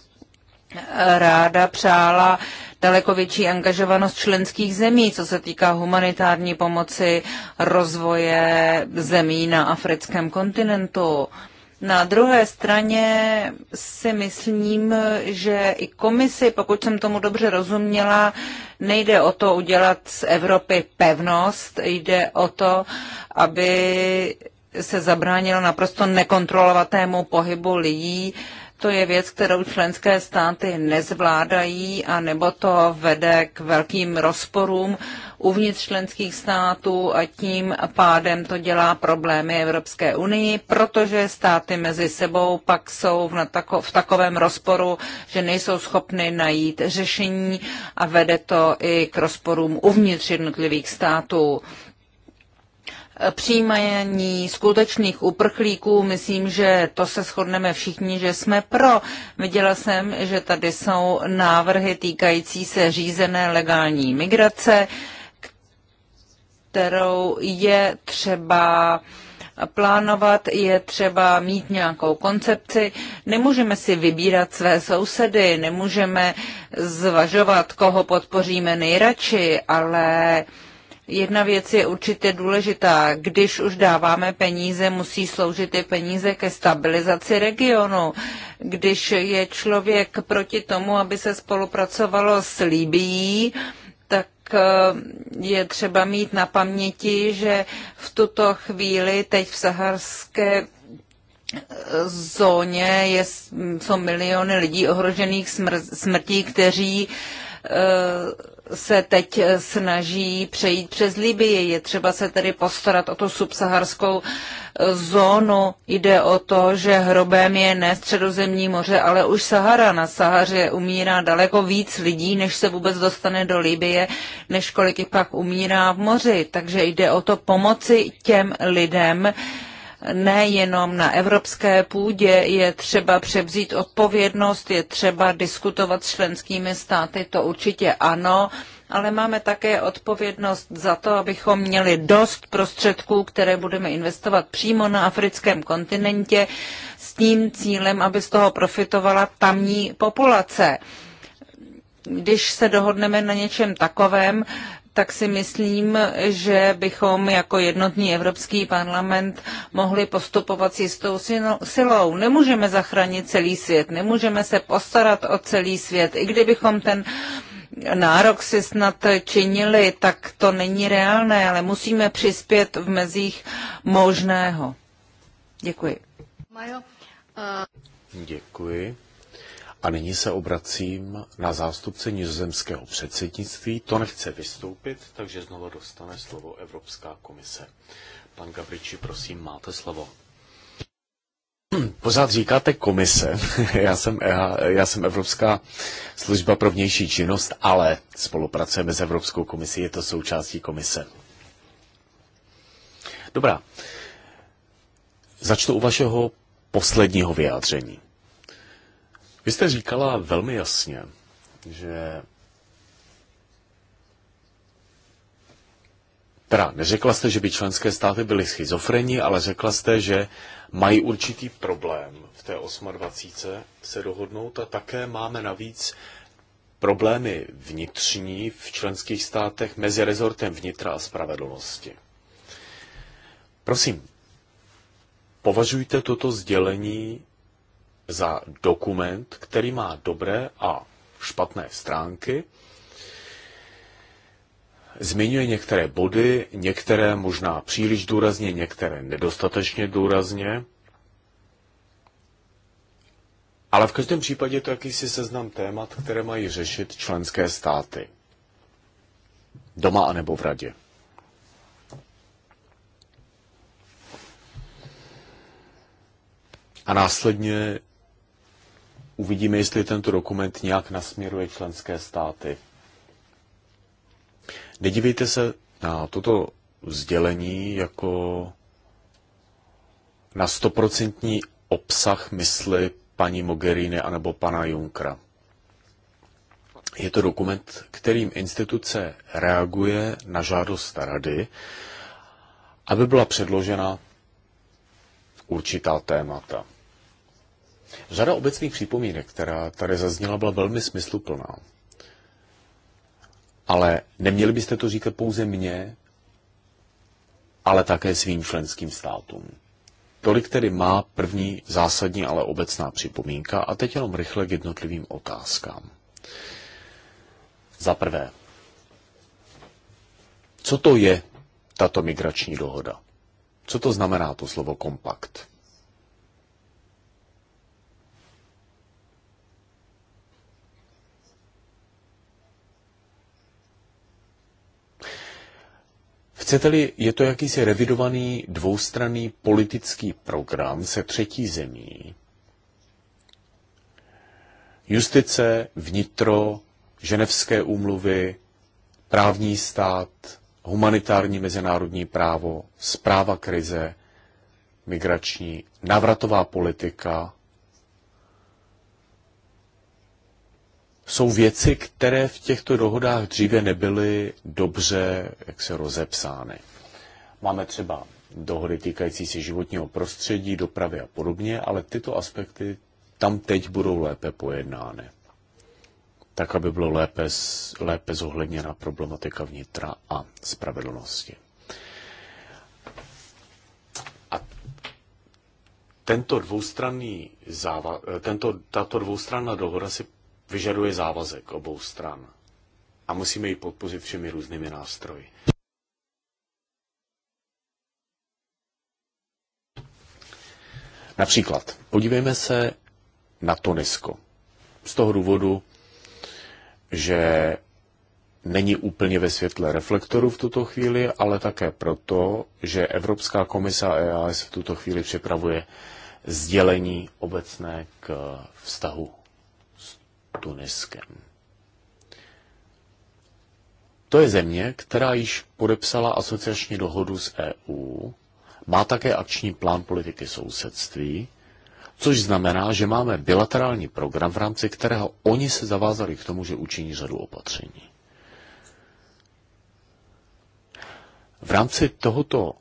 ráda přála daleko větší angažovanost členských zemí, co se týká humanitární pomoci rozvoje zemí na africkém kontinentu. Na druhé straně si myslím, že i komisi, pokud jsem tomu dobře rozuměla, nejde o to udělat z Evropy pevnost, jde o to, aby se zabránilo naprosto nekontrolovatému pohybu lidí, to je věc, kterou členské státy nezvládají a nebo to vede k velkým rozporům uvnitř členských států a tím pádem to dělá problémy Evropské unii, protože státy mezi sebou pak jsou v, natako, v takovém rozporu, že nejsou schopny najít řešení a vede to i k rozporům uvnitř jednotlivých států přijímání skutečných uprchlíků, myslím, že to se shodneme všichni, že jsme pro. Viděla jsem, že tady jsou návrhy týkající se řízené legální migrace, kterou je třeba plánovat, je třeba mít nějakou koncepci. Nemůžeme si vybírat své sousedy, nemůžeme zvažovat, koho podpoříme nejradši, ale uh, Jedna věc je určitě důležitá. Když už dáváme peníze, musí sloužit ty peníze ke stabilizaci regionu. Když je člověk proti tomu, aby se spolupracovalo s Libií, tak eh, je třeba mít na paměti, že v tuto chvíli teď v saharské eh, zóně je, jsou miliony lidí ohrožených smr- smrtí, kteří uh, se teď snaží přejít přes Libii. Je třeba se tedy postarat o tu subsaharskou zónu. Jde o to, že hrobem je ne středozemní moře, ale už Sahara. Na Sahaře umírá daleko víc lidí, než se vůbec dostane do Libie, než kolik pak umírá v moři. Takže jde o to pomoci těm lidem, nejenom na evropské půdě, je třeba převzít odpovědnost, je třeba diskutovat s členskými státy, to určitě ano, ale máme také odpovědnost za to, abychom měli dost prostředků, které budeme investovat přímo na africkém kontinentě s tím cílem, aby z toho profitovala tamní populace když se dohodneme na něčem takovém, tak si myslím, že bychom jako jednotný Evropský parlament mohli postupovat s jistou silou. Nemůžeme zachránit celý svět, nemůžeme se postarat o celý svět, i kdybychom ten nárok si snad činili, tak to není reálné, ale musíme přispět v mezích možného. Děkuji. Majo, uh... Děkuji. A nyní se obracím na zástupce nizozemského předsednictví. To nechce vystoupit, takže znovu dostane slovo Evropská komise. Pan Gabriči, prosím, máte slovo. Pořád říkáte komise, já jsem, e já jsem Evropská služba pro vnější činnost, ale spolupracujeme s Evropskou komisí, je to součástí komise. Dobrá, začnu u vašeho posledního vyjádření. Vy jste říkala velmi jasně, že Teda neřekla jste, že by členské státy byly schizofreni, ale řekla jste, že mají určitý problém v té 28 se dohodnout a také máme navíc problémy vnitřní v členských státech mezi rezortem vnitra a spravedlnosti. Prosím, považujte toto sdělení za dokument, který má dobré a špatné stránky, zmiňuje některé body, některé možná příliš důrazně, některé nedostatečně důrazně, ale v každém případě je to jakýsi seznam témat, které mají řešit členské státy. Doma anebo v radě. A následně uvidíme, jestli tento dokument nějak nasměruje členské státy. Nedívejte se na toto sdělení jako na stoprocentní obsah mysli paní Mogherini anebo pana Junkra. Je to dokument, kterým instituce reaguje na žádost rady, aby byla předložena určitá témata. Řada obecných připomínek, která tady zazněla, byla velmi smysluplná. Ale neměli byste to říkat pouze mně, ale také svým členským státům. Tolik tedy má první zásadní, ale obecná připomínka a teď jenom rychle k jednotlivým otázkám. Za prvé, co to je tato migrační dohoda? Co to znamená to slovo kompakt? Chcete-li, je to jakýsi revidovaný dvoustranný politický program se třetí zemí. Justice, vnitro, ženevské úmluvy, právní stát, humanitární mezinárodní právo, zpráva krize, migrační, návratová politika, jsou věci, které v těchto dohodách dříve nebyly dobře jak se rozepsány. Máme třeba dohody týkající se životního prostředí, dopravy a podobně, ale tyto aspekty tam teď budou lépe pojednány. Tak, aby bylo lépe, lépe zohledněna problematika vnitra a spravedlnosti. A tento dvoustranný záva, tento, tato dvoustranná dohoda si vyžaduje závazek obou stran a musíme ji podpořit všemi různými nástroji. Například, podívejme se na Tonisko. Z toho důvodu, že není úplně ve světle reflektoru v tuto chvíli, ale také proto, že Evropská komise a EAS v tuto chvíli připravuje sdělení obecné k vztahu Tuniskem. To je země, která již podepsala asociační dohodu s EU, má také akční plán politiky sousedství, což znamená, že máme bilaterální program, v rámci kterého oni se zavázali k tomu, že učiní řadu opatření. V rámci tohoto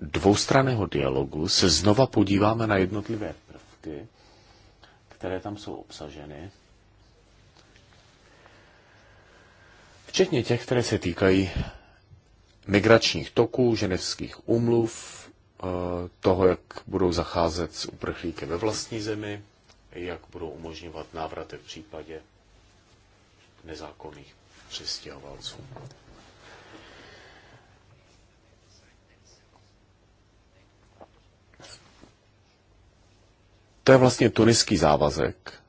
dvoustraného dialogu se znova podíváme na jednotlivé prvky, které tam jsou obsaženy včetně těch, které se týkají migračních toků, ženevských umluv, eh, toho, jak budou zacházet s uprchlíky ve vlastní zemi, jak budou umožňovat návraty v případě nezákonných přistěhovalců. To je vlastně tuniský závazek,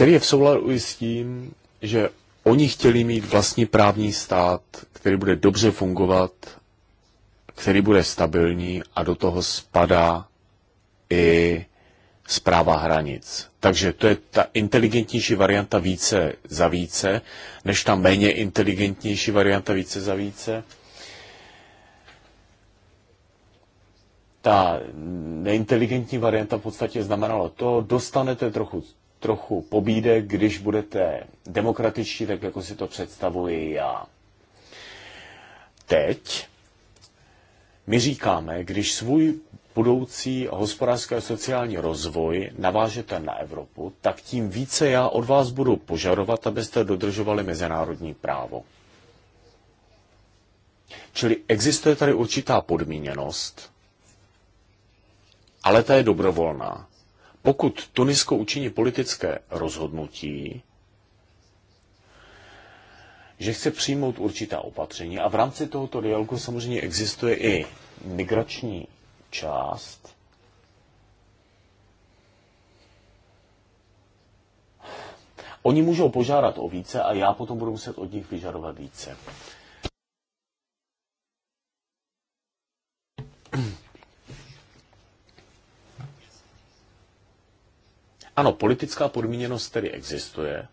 který je v souladu i s tím, že oni chtěli mít vlastní právní stát, který bude dobře fungovat, který bude stabilní a do toho spadá i zpráva hranic. Takže to je ta inteligentnější varianta více za více, než ta méně inteligentnější varianta více za více. Ta neinteligentní varianta v podstatě znamenala to, dostanete trochu trochu pobídek, když budete demokratičtí, tak jako si to představuji já. Teď my říkáme, když svůj budoucí hospodářský a sociální rozvoj navážete na Evropu, tak tím více já od vás budu požadovat, abyste dodržovali mezinárodní právo. Čili existuje tady určitá podmíněnost, ale ta je dobrovolná pokud Tunisko učiní politické rozhodnutí, že chce přijmout určitá opatření a v rámci tohoto dialogu samozřejmě existuje i migrační část, Oni můžou požádat o více a já potom budu muset od nich vyžadovat více. Ano, politická podmíněnost tedy existuje.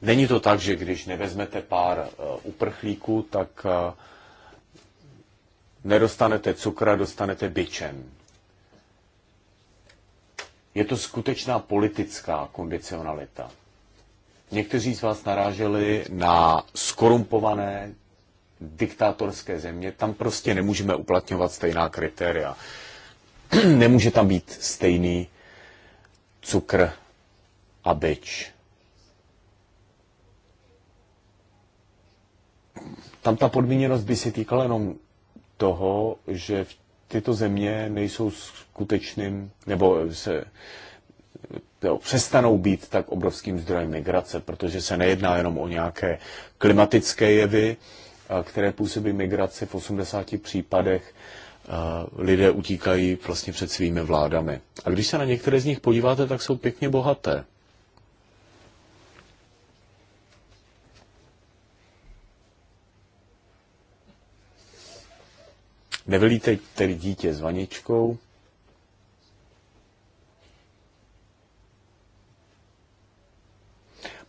Není to tak, že když nevezmete pár eh, uprchlíků, tak eh, nedostanete cukra, dostanete byčem. Je to skutečná politická kondicionalita. Někteří z vás naráželi na skorumpované diktátorské země, tam prostě nemůžeme uplatňovat stejná kritéria. Nemůže tam být stejný cukr a byč. Tam ta podmíněnost by se týkala jenom toho, že v tyto země nejsou skutečným, nebo se jo, přestanou být tak obrovským zdrojem migrace, protože se nejedná jenom o nějaké klimatické jevy, které působí migraci v 80 případech, lidé utíkají vlastně před svými vládami. A když se na některé z nich podíváte, tak jsou pěkně bohaté. Nevylíte tedy dítě s vaničkou.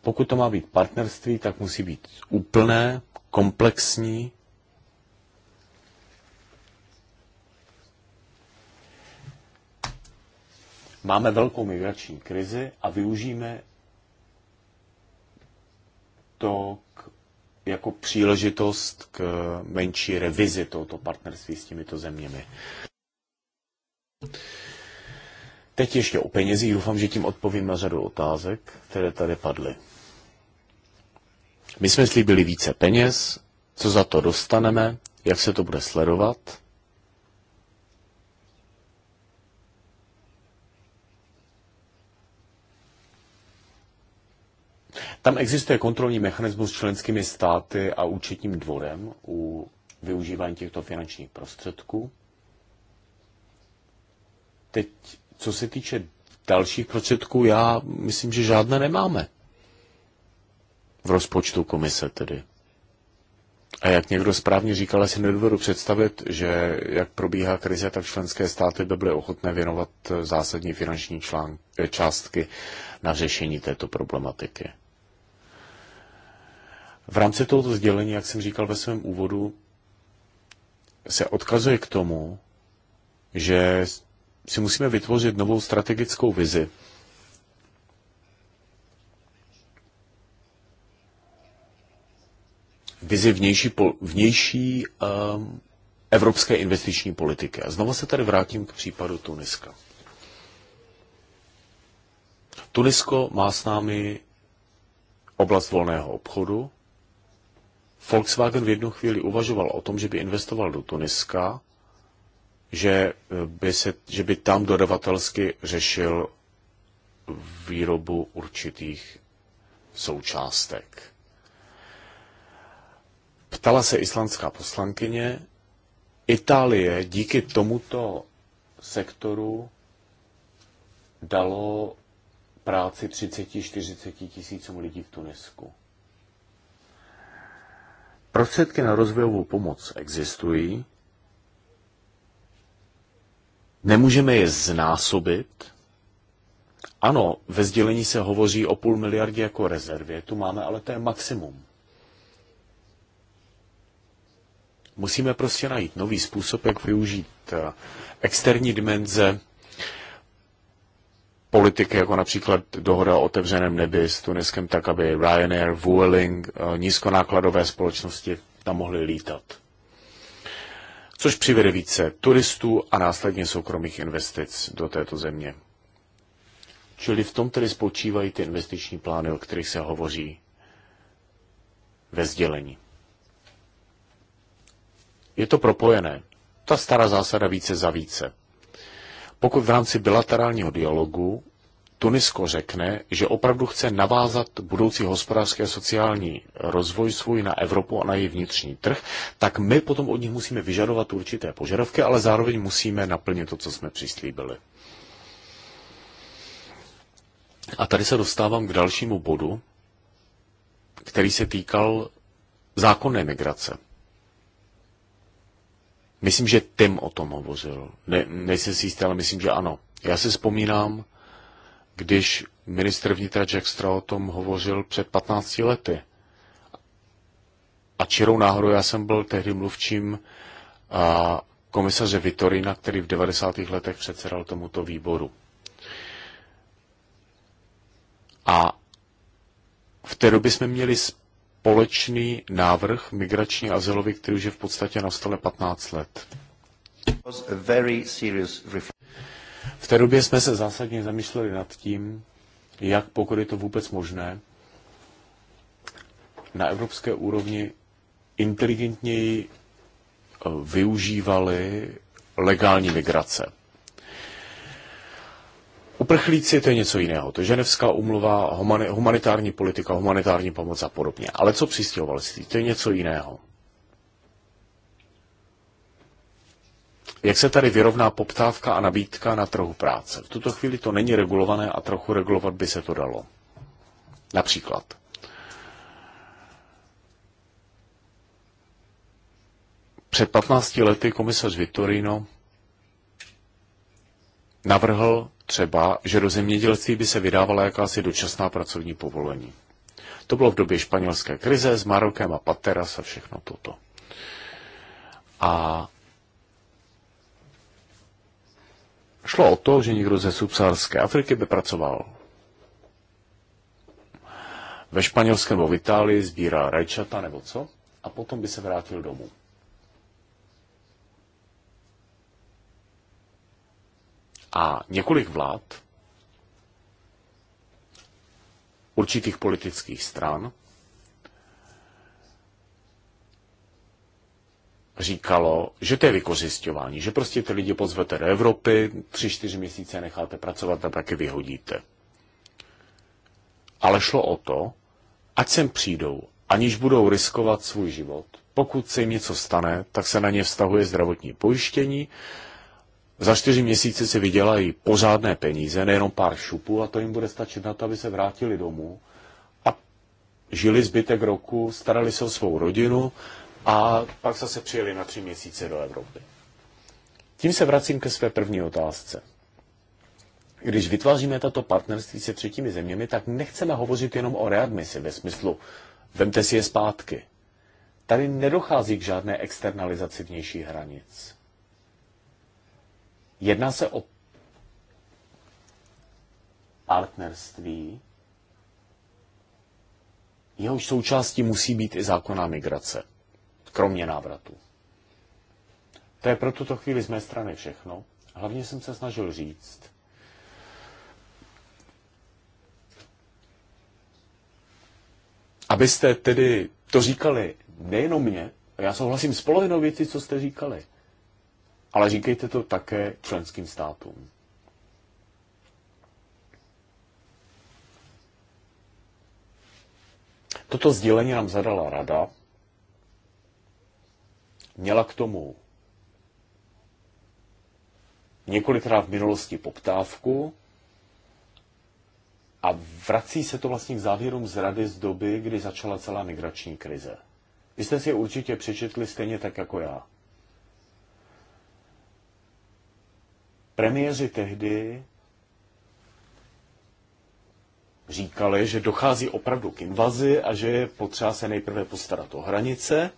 Pokud to má být partnerství, tak musí být úplné, komplexní. Máme velkou migrační krizi a využijeme to k, jako příležitost k menší revizi tohoto partnerství s těmito zeměmi. Teď ještě o penězích. Doufám, že tím odpovím na řadu otázek, které tady padly. My jsme slíbili více peněz, co za to dostaneme, jak se to bude sledovat. Tam existuje kontrolní mechanismus s členskými státy a účetním dvorem u využívání těchto finančních prostředků. Teď, co se týče dalších prostředků, já myslím, že žádné nemáme. V rozpočtu komise tedy. A jak někdo správně říkal, si nedovedu představit, že jak probíhá krize, tak členské státy by byly ochotné věnovat zásadní finanční člán, eh, částky na řešení této problematiky. V rámci tohoto sdělení, jak jsem říkal ve svém úvodu, se odkazuje k tomu, že si musíme vytvořit novou strategickou vizi vizi vnější, vnější um, evropské investiční politiky. A znovu se tady vrátím k případu Tuniska. Tunisko má s námi oblast volného obchodu. Volkswagen v jednu chvíli uvažoval o tom, že by investoval do Tuniska, že eh, by, se, že by tam dodavatelsky řešil výrobu určitých součástek. Ptala se islandská poslankyně, Itálie díky tomuto sektoru dalo práci 30-40 tisícům lidí v Tunisku. Prostředky na rozvojovou pomoc existují, nemůžeme je znásobit. Ano, ve sdělení se hovoří o půl miliardy jako rezervě, tu máme ale to je maximum. Musíme prostě najít nový způsob, jak využít eh, externí dimenze politiky, jako například dohoda o otevřeném nebi s Tuniskem, tak aby Ryanair, Vueling, eh, nízkonákladové společnosti tam mohly lítat. Což přivede více turistů a následně soukromých investic do této země. Čili v tom tedy spočívají ty investiční plány, o kterých se hovoří ve sdělení je to propojené. Ta stará zásada více za více. Pokud v rámci bilaterálního dialogu Tunisko řekne, že opravdu chce navázat budoucí hospodářské a sociální rozvoj svůj na Evropu a na její vnitřní trh, tak my potom od nich musíme vyžadovat určité požadavky, ale zároveň musíme naplnit to, co jsme přislíbili. A tady se dostávám k dalšímu bodu, který se týkal zákonné migrace. Myslím, že Tim o tom hovořil. Ne, nejsem si jistý, ale myslím, že ano. Já si vzpomínám, když ministr vnitra Jack Straw o tom hovořil před 15 lety. A čirou náhodou já jsem byl tehdy mluvčím a komisaře Vitorina, který v 90. letech předsedal tomuto výboru. A v té době jsme měli společný návrh migrační azylový, který už je v podstatě na stole 15 let. V té době jsme se zásadně zamýšleli nad tím, jak pokud je to vůbec možné, na evropské úrovni inteligentněji eh, využívali legální migrace. Uprchlíci to je něco jiného, to je ženevská umluva, humanitární politika, humanitární pomoc a podobně. Ale co přistěhovalství, to je něco jiného. Jak se tady vyrovná poptávka a nabídka na trhu práce? V tuto chvíli to není regulované a trochu regulovat by se to dalo. Například. Před 15 lety komisař Vittorino navrhl třeba, že do zemědělství by se vydávala jakási dočasná pracovní povolení. To bylo v době španělské krize s Marokem a Pateras a všechno toto. A šlo o to, že někdo ze subsaharské Afriky by pracoval ve španělském nebo v Itálii, sbíral rajčata nebo co, a potom by se vrátil domů. a několik vlád, určitých politických stran, říkalo, že to je vykořišťování, že prostě ty lidi pozvete do Evropy, tři, čtyři měsíce necháte pracovat a pak je vyhodíte. Ale šlo o to, ať sem přijdou, aniž budou riskovat svůj život. Pokud se jim něco stane, tak se na ně vztahuje zdravotní pojištění, za čtyři měsíce si vydělají pořádné peníze, nejenom pár šupů, a to jim bude stačit na to, aby se vrátili domů a žili zbytek roku, starali se o svou rodinu a pak zase přijeli na tři měsíce do Evropy. Tím se vracím ke své první otázce. Když vytváříme tato partnerství se třetími zeměmi, tak nechceme hovořit jenom o readmisi ve smyslu vemte si je zpátky. Tady nedochází k žádné externalizaci vnějších hranic. Jedná se o partnerství, jehož součástí musí být i zákonná migrace, kromě návratu. To je pro tuto chvíli z mé strany všechno. Hlavně jsem se snažil říct, abyste tedy to říkali nejenom mě, já souhlasím s polovinou věcí, co jste říkali, ale říkejte to také členským státům. Toto sdělení nám zadala rada. Měla k tomu několikrát v minulosti poptávku a vrací se to vlastně k závěrům z rady z doby, kdy začala celá migrační krize. Vy jste si je určitě přečetli stejně tak jako já. Premiéři tehdy říkali, že dochází opravdu k invazi a že je potřeba se nejprve postarat o hranice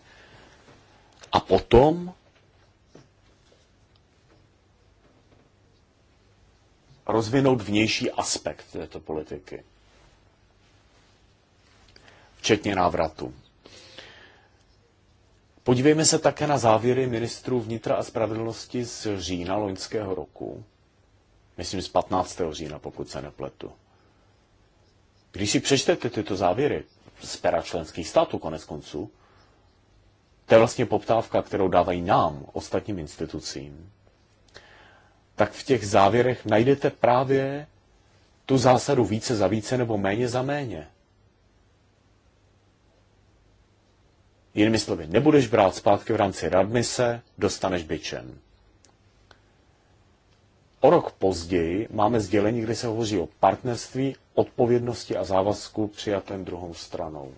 a potom rozvinout vnější aspekt této politiky, včetně návratu. Podívejme se také na závěry ministrů vnitra a spravedlnosti z října loňského roku. Myslím z 15. října, pokud se nepletu. Když si přečtete tyto závěry z pera členských států konec konců, to je vlastně poptávka, kterou dávají nám, ostatním institucím, tak v těch závěrech najdete právě tu zásadu více za více nebo méně za méně. Jinými slovy, nebudeš brát zpátky v rámci radmise, dostaneš byčem. O rok později máme sdělení, kde se hovoří o partnerství, odpovědnosti a závazku přijatém druhou stranou.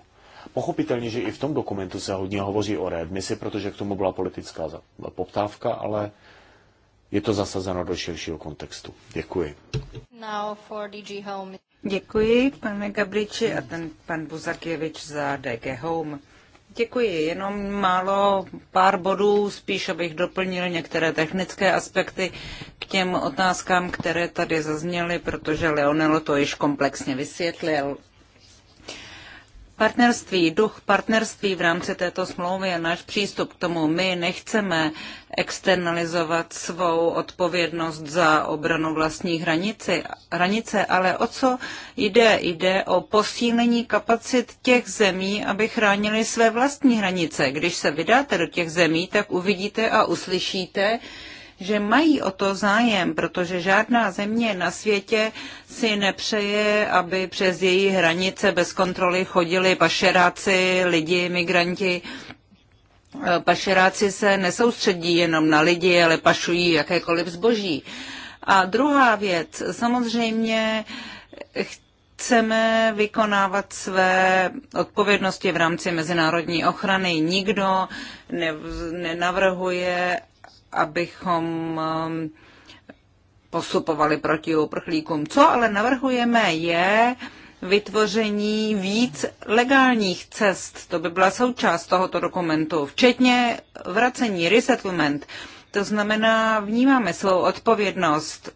Pochopitelně, že i v tom dokumentu se hodně hovoří o readmisi, protože k tomu byla politická poptávka, ale je to zasazeno do širšího kontextu. Děkuji. Now for DG Home. Děkuji, pane Gabriči, a ten pan Buzakěvič za DG Home. Děkuji. Jenom málo pár bodů, spíš abych doplnil některé technické aspekty k těm otázkám, které tady zazněly, protože Leonelo to již komplexně vysvětlil. Partnerství, duch partnerství v rámci této smlouvy je náš přístup k tomu. My nechceme externalizovat svou odpovědnost za obranu vlastní hranici, hranice, ale o co jde? Jde o posílení kapacit těch zemí, aby chránili své vlastní hranice. Když se vydáte do těch zemí, tak uvidíte a uslyšíte, že mají o to zájem, protože žádná země na světě si nepřeje, aby přes její hranice bez kontroly chodili pašeráci, lidi, migranti. Pašeráci se nesoustředí jenom na lidi, ale pašují jakékoliv zboží. A druhá věc, samozřejmě chceme vykonávat své odpovědnosti v rámci mezinárodní ochrany. Nikdo nenavrhuje, abychom um, postupovali proti uprchlíkům. Co ale navrhujeme je vytvoření víc legálních cest. To by byla součást tohoto dokumentu, včetně vracení, resettlement. To znamená, vnímáme svou odpovědnost.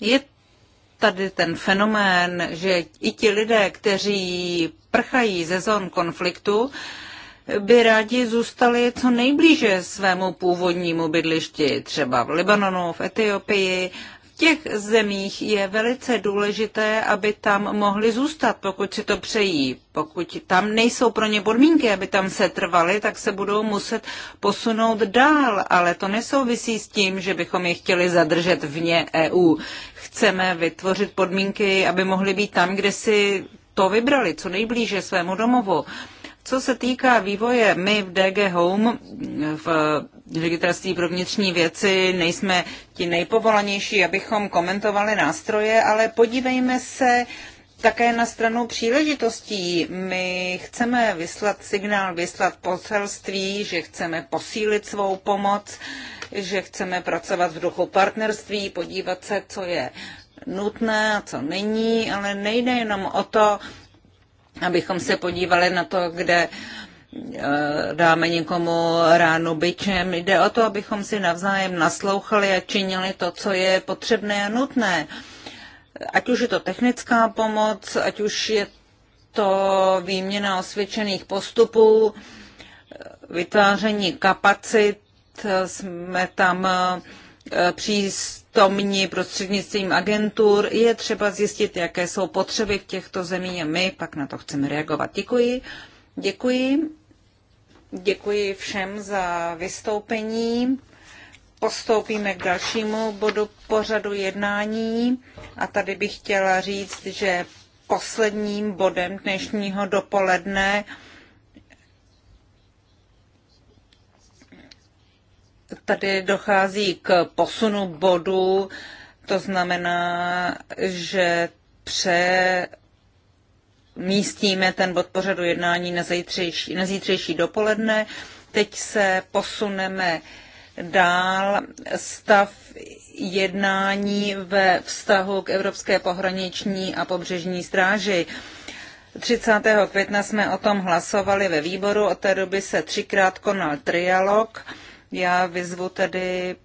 Je tady ten fenomén, že i ti lidé, kteří prchají ze zón konfliktu, by rádi zůstali co nejblíže svému původnímu bydlišti, třeba v Libanonu, v Etiopii. V těch zemích je velice důležité, aby tam mohli zůstat, pokud si to přejí. Pokud tam nejsou pro ně podmínky, aby tam se trvali, tak se budou muset posunout dál, ale to nesouvisí s tím, že bychom je chtěli zadržet vně EU. Chceme vytvořit podmínky, aby mohli být tam, kde si to vybrali, co nejblíže svému domovu. Co se týká vývoje, my v DG Home, v ředitelství pro vnitřní věci, nejsme ti nejpovolanější, abychom komentovali nástroje, ale podívejme se také na stranu příležitostí. My chceme vyslat signál, vyslat poselství, že chceme posílit svou pomoc, že chceme pracovat v duchu partnerství, podívat se, co je nutné a co není, ale nejde jenom o to abychom se podívali na to, kde eh, dáme někomu ránu byčem. Jde o to, abychom si navzájem naslouchali a činili to, co je potřebné a nutné. Ať už je to technická pomoc, ať už je to výměna osvědčených postupů, vytváření kapacit, jsme tam eh, příst přítomní prostřednictvím agentur. Je třeba zjistit, jaké jsou potřeby v těchto zemích. a my pak na to chceme reagovat. Děkuji. Děkuji. Děkuji všem za vystoupení. Postoupíme k dalšímu bodu pořadu jednání a tady bych chtěla říct, že posledním bodem dnešního dopoledne Tady dochází k posunu bodu, to znamená, že pře místíme ten bod pořadu jednání na zítřejší, na zítřejší dopoledne. Teď se posuneme dál. Stav jednání ve vztahu k Evropské pohraniční a pobřežní stráži. 30. května jsme o tom hlasovali ve výboru, od té doby se třikrát konal trialog. Já vyzvu tedy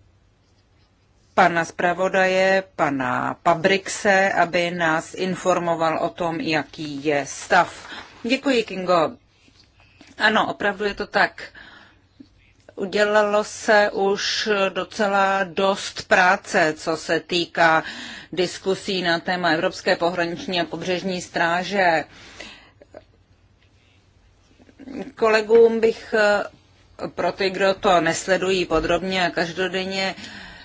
pana zpravodaje, pana Pabrikse, aby nás informoval o tom, jaký je stav. Děkuji, Kingo. Ano, opravdu je to tak. Udělalo se už docela dost práce, co se týká diskusí na téma Evropské pohraniční a pobřežní stráže. Kolegům bych pro ty, kdo to nesledují podrobně a každodenně,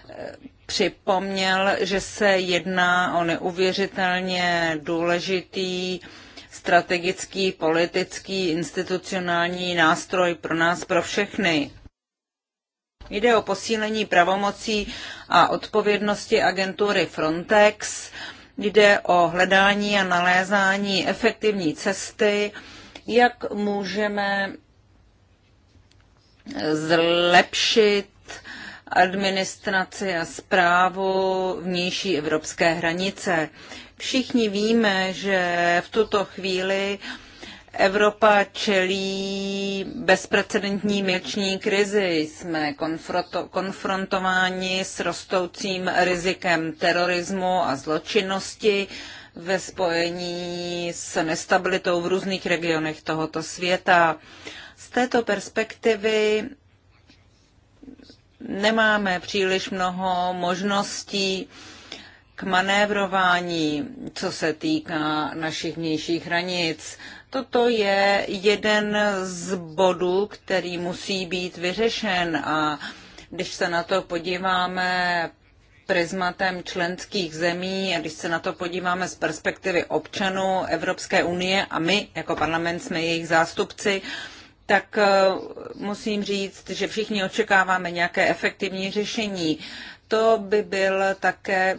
eh, připomněl, že se jedná o neuvěřitelně důležitý strategický, politický, institucionální nástroj pro nás, pro všechny. Jde o posílení pravomocí a odpovědnosti agentury Frontex, jde o hledání a nalézání efektivní cesty, jak můžeme zlepšit administraci a zprávu vnější evropské hranice. Všichni víme, že v tuto chvíli Evropa čelí bezprecedentní migrační krizi. Jsme konfrontováni s rostoucím rizikem terorismu a zločinnosti ve spojení s nestabilitou v různých regionech tohoto světa této perspektivy nemáme příliš mnoho možností k manévrování, co se týká našich vnějších hranic. Toto je jeden z bodů, který musí být vyřešen a když se na to podíváme prismatem členských zemí a když se na to podíváme z perspektivy občanů Evropské unie a my jako parlament jsme jejich zástupci, tak eh, musím říct, že všichni očekáváme nějaké efektivní řešení. To by byl také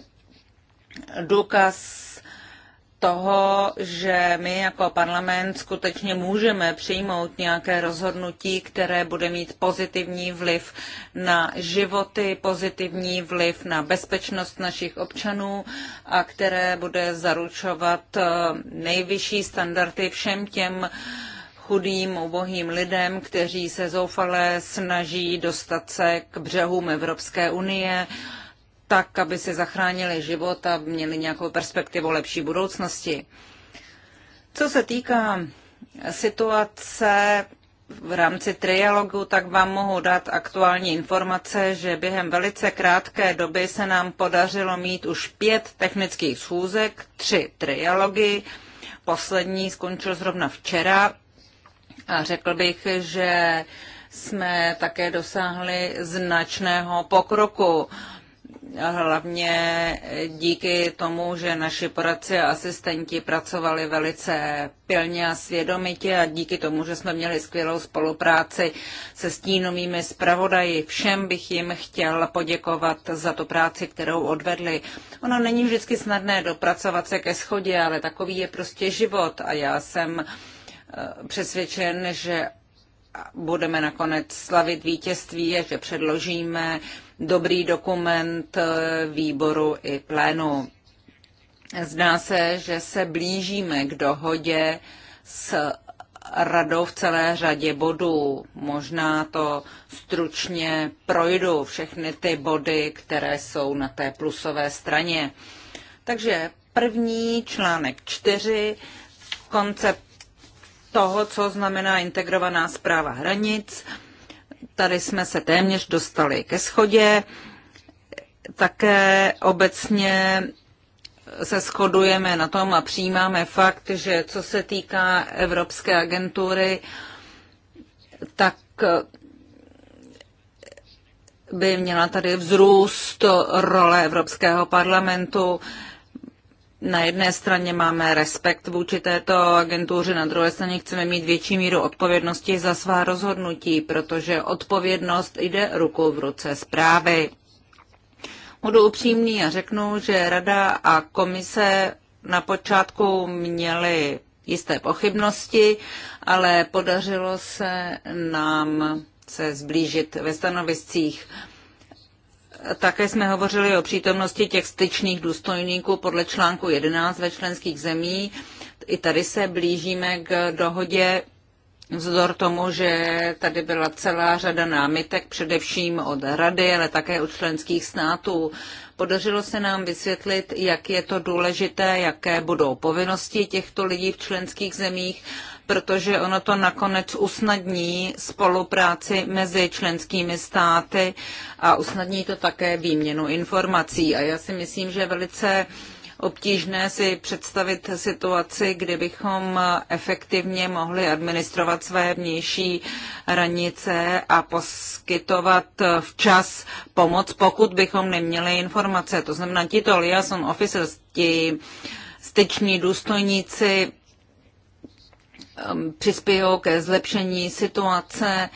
důkaz toho, že my jako parlament skutečně můžeme přijmout nějaké rozhodnutí, které bude mít pozitivní vliv na životy, pozitivní vliv na bezpečnost našich občanů a které bude zaručovat eh, nejvyšší standardy všem těm chudým, ubohým lidem, kteří se zoufale snaží dostat se k břehům Evropské unie, tak, aby se zachránili život a měli nějakou perspektivu lepší budoucnosti. Co se týká situace v rámci trialogu, tak vám mohu dát aktuální informace, že během velice krátké doby se nám podařilo mít už pět technických schůzek, tři trialogy. Poslední skončil zrovna včera a řekl bych, že jsme také dosáhli značného pokroku. Hlavně díky tomu, že naši poradci a asistenti pracovali velice pilně a svědomitě a díky tomu, že jsme měli skvělou spolupráci se stínovými zpravodaji. Všem bych jim chtěl poděkovat za tu práci, kterou odvedli. Ono není vždycky snadné dopracovat se ke schodě, ale takový je prostě život a já jsem Eh, přesvědčen, že budeme nakonec slavit vítězství a že předložíme dobrý dokument eh, výboru i plénu. Zdá se, že se blížíme k dohodě s radou v celé řadě bodů. Možná to stručně projdu, všechny ty body, které jsou na té plusové straně. Takže první článek čtyři, koncept toho, co znamená integrovaná zpráva hranic. Tady jsme se téměř dostali ke schodě. Také obecně se shodujeme na tom a přijímáme fakt, že co se týká Evropské agentury, tak by měla tady vzrůst role Evropského parlamentu na jedné straně máme respekt vůči této agentuře, na druhé straně chceme mít větší míru odpovědnosti za svá rozhodnutí, protože odpovědnost jde ruku v ruce zprávy. Budu upřímný a řeknu, že Rada a komise na počátku měly jisté pochybnosti, ale podařilo se nám se zblížit ve stanoviscích. Také jsme hovořili o přítomnosti těch styčných důstojníků podle článku 11 ve členských zemí. I tady se blížíme k dohodě vzdor tomu, že tady byla celá řada námitek, především od Rady, ale také od členských států. Podařilo se nám vysvětlit, jak je to důležité, jaké budou povinnosti těchto lidí v členských zemích protože ono to nakonec usnadní spolupráci mezi členskými státy a usnadní to také výměnu informací. A já si myslím, že velice obtížné si představit situaci, kdy bychom efektivně mohli administrovat své vnější hranice a poskytovat včas pomoc, pokud bychom neměli informace. To znamená, tito liaison officers, ti styční důstojníci Um, přispějí ke zlepšení situace.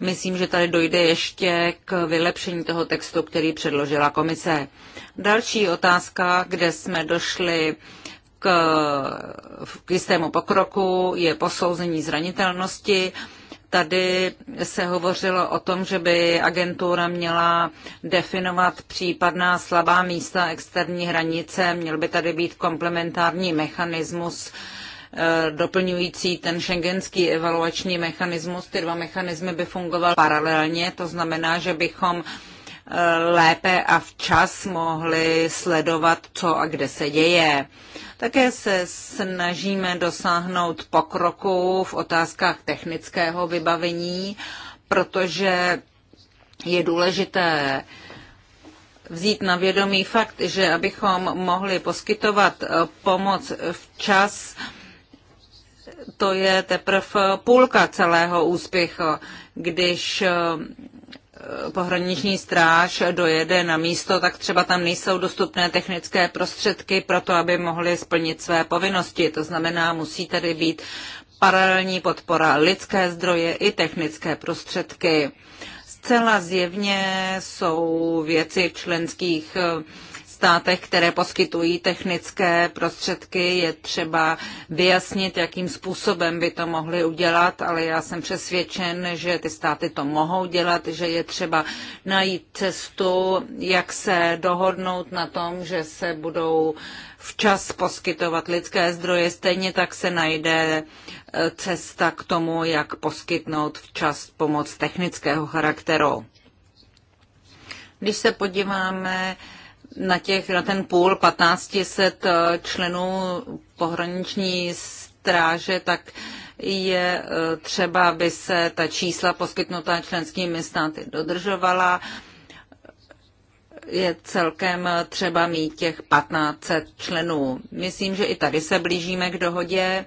Myslím, že tady dojde ještě k vylepšení toho textu, který předložila komise. Další otázka, kde jsme došli k, k jistému pokroku, je posouzení zranitelnosti. Tady se hovořilo o tom, že by agentura měla definovat případná slabá místa externí hranice, měl by tady být komplementární mechanismus uh, Eh, doplňující ten šengenský evaluační mechanismus. Ty dva mechanismy by fungovaly paralelně, to znamená, že bychom eh, lépe a včas mohli sledovat, co a kde se děje. Také se snažíme dosáhnout pokroku v otázkách technického vybavení, protože je důležité vzít na vědomí fakt, že abychom mohli poskytovat eh, pomoc včas, to je teprve půlka celého úspěchu, když eh, pohraniční stráž dojede na místo, tak třeba tam nejsou dostupné technické prostředky pro to, aby mohli splnit své povinnosti. To znamená, musí tady být paralelní podpora lidské zdroje i technické prostředky. Zcela zjevně jsou věci v členských eh, státech, které poskytují technické prostředky. Je třeba vyjasnit, jakým způsobem by to mohli udělat, ale já jsem přesvědčen, že ty státy to mohou dělat, že je třeba najít cestu, jak se dohodnout na tom, že se budou včas poskytovat lidské zdroje. Stejně tak se najde eh, cesta k tomu, jak poskytnout včas pomoc technického charakteru. Když se podíváme na, těch, na ten půl 1500 eh, členů pohraniční stráže, tak je eh, třeba, aby se ta čísla poskytnutá členskými státy dodržovala. Je celkem eh, třeba mít těch 1500 členů. Myslím, že i tady se blížíme k dohodě.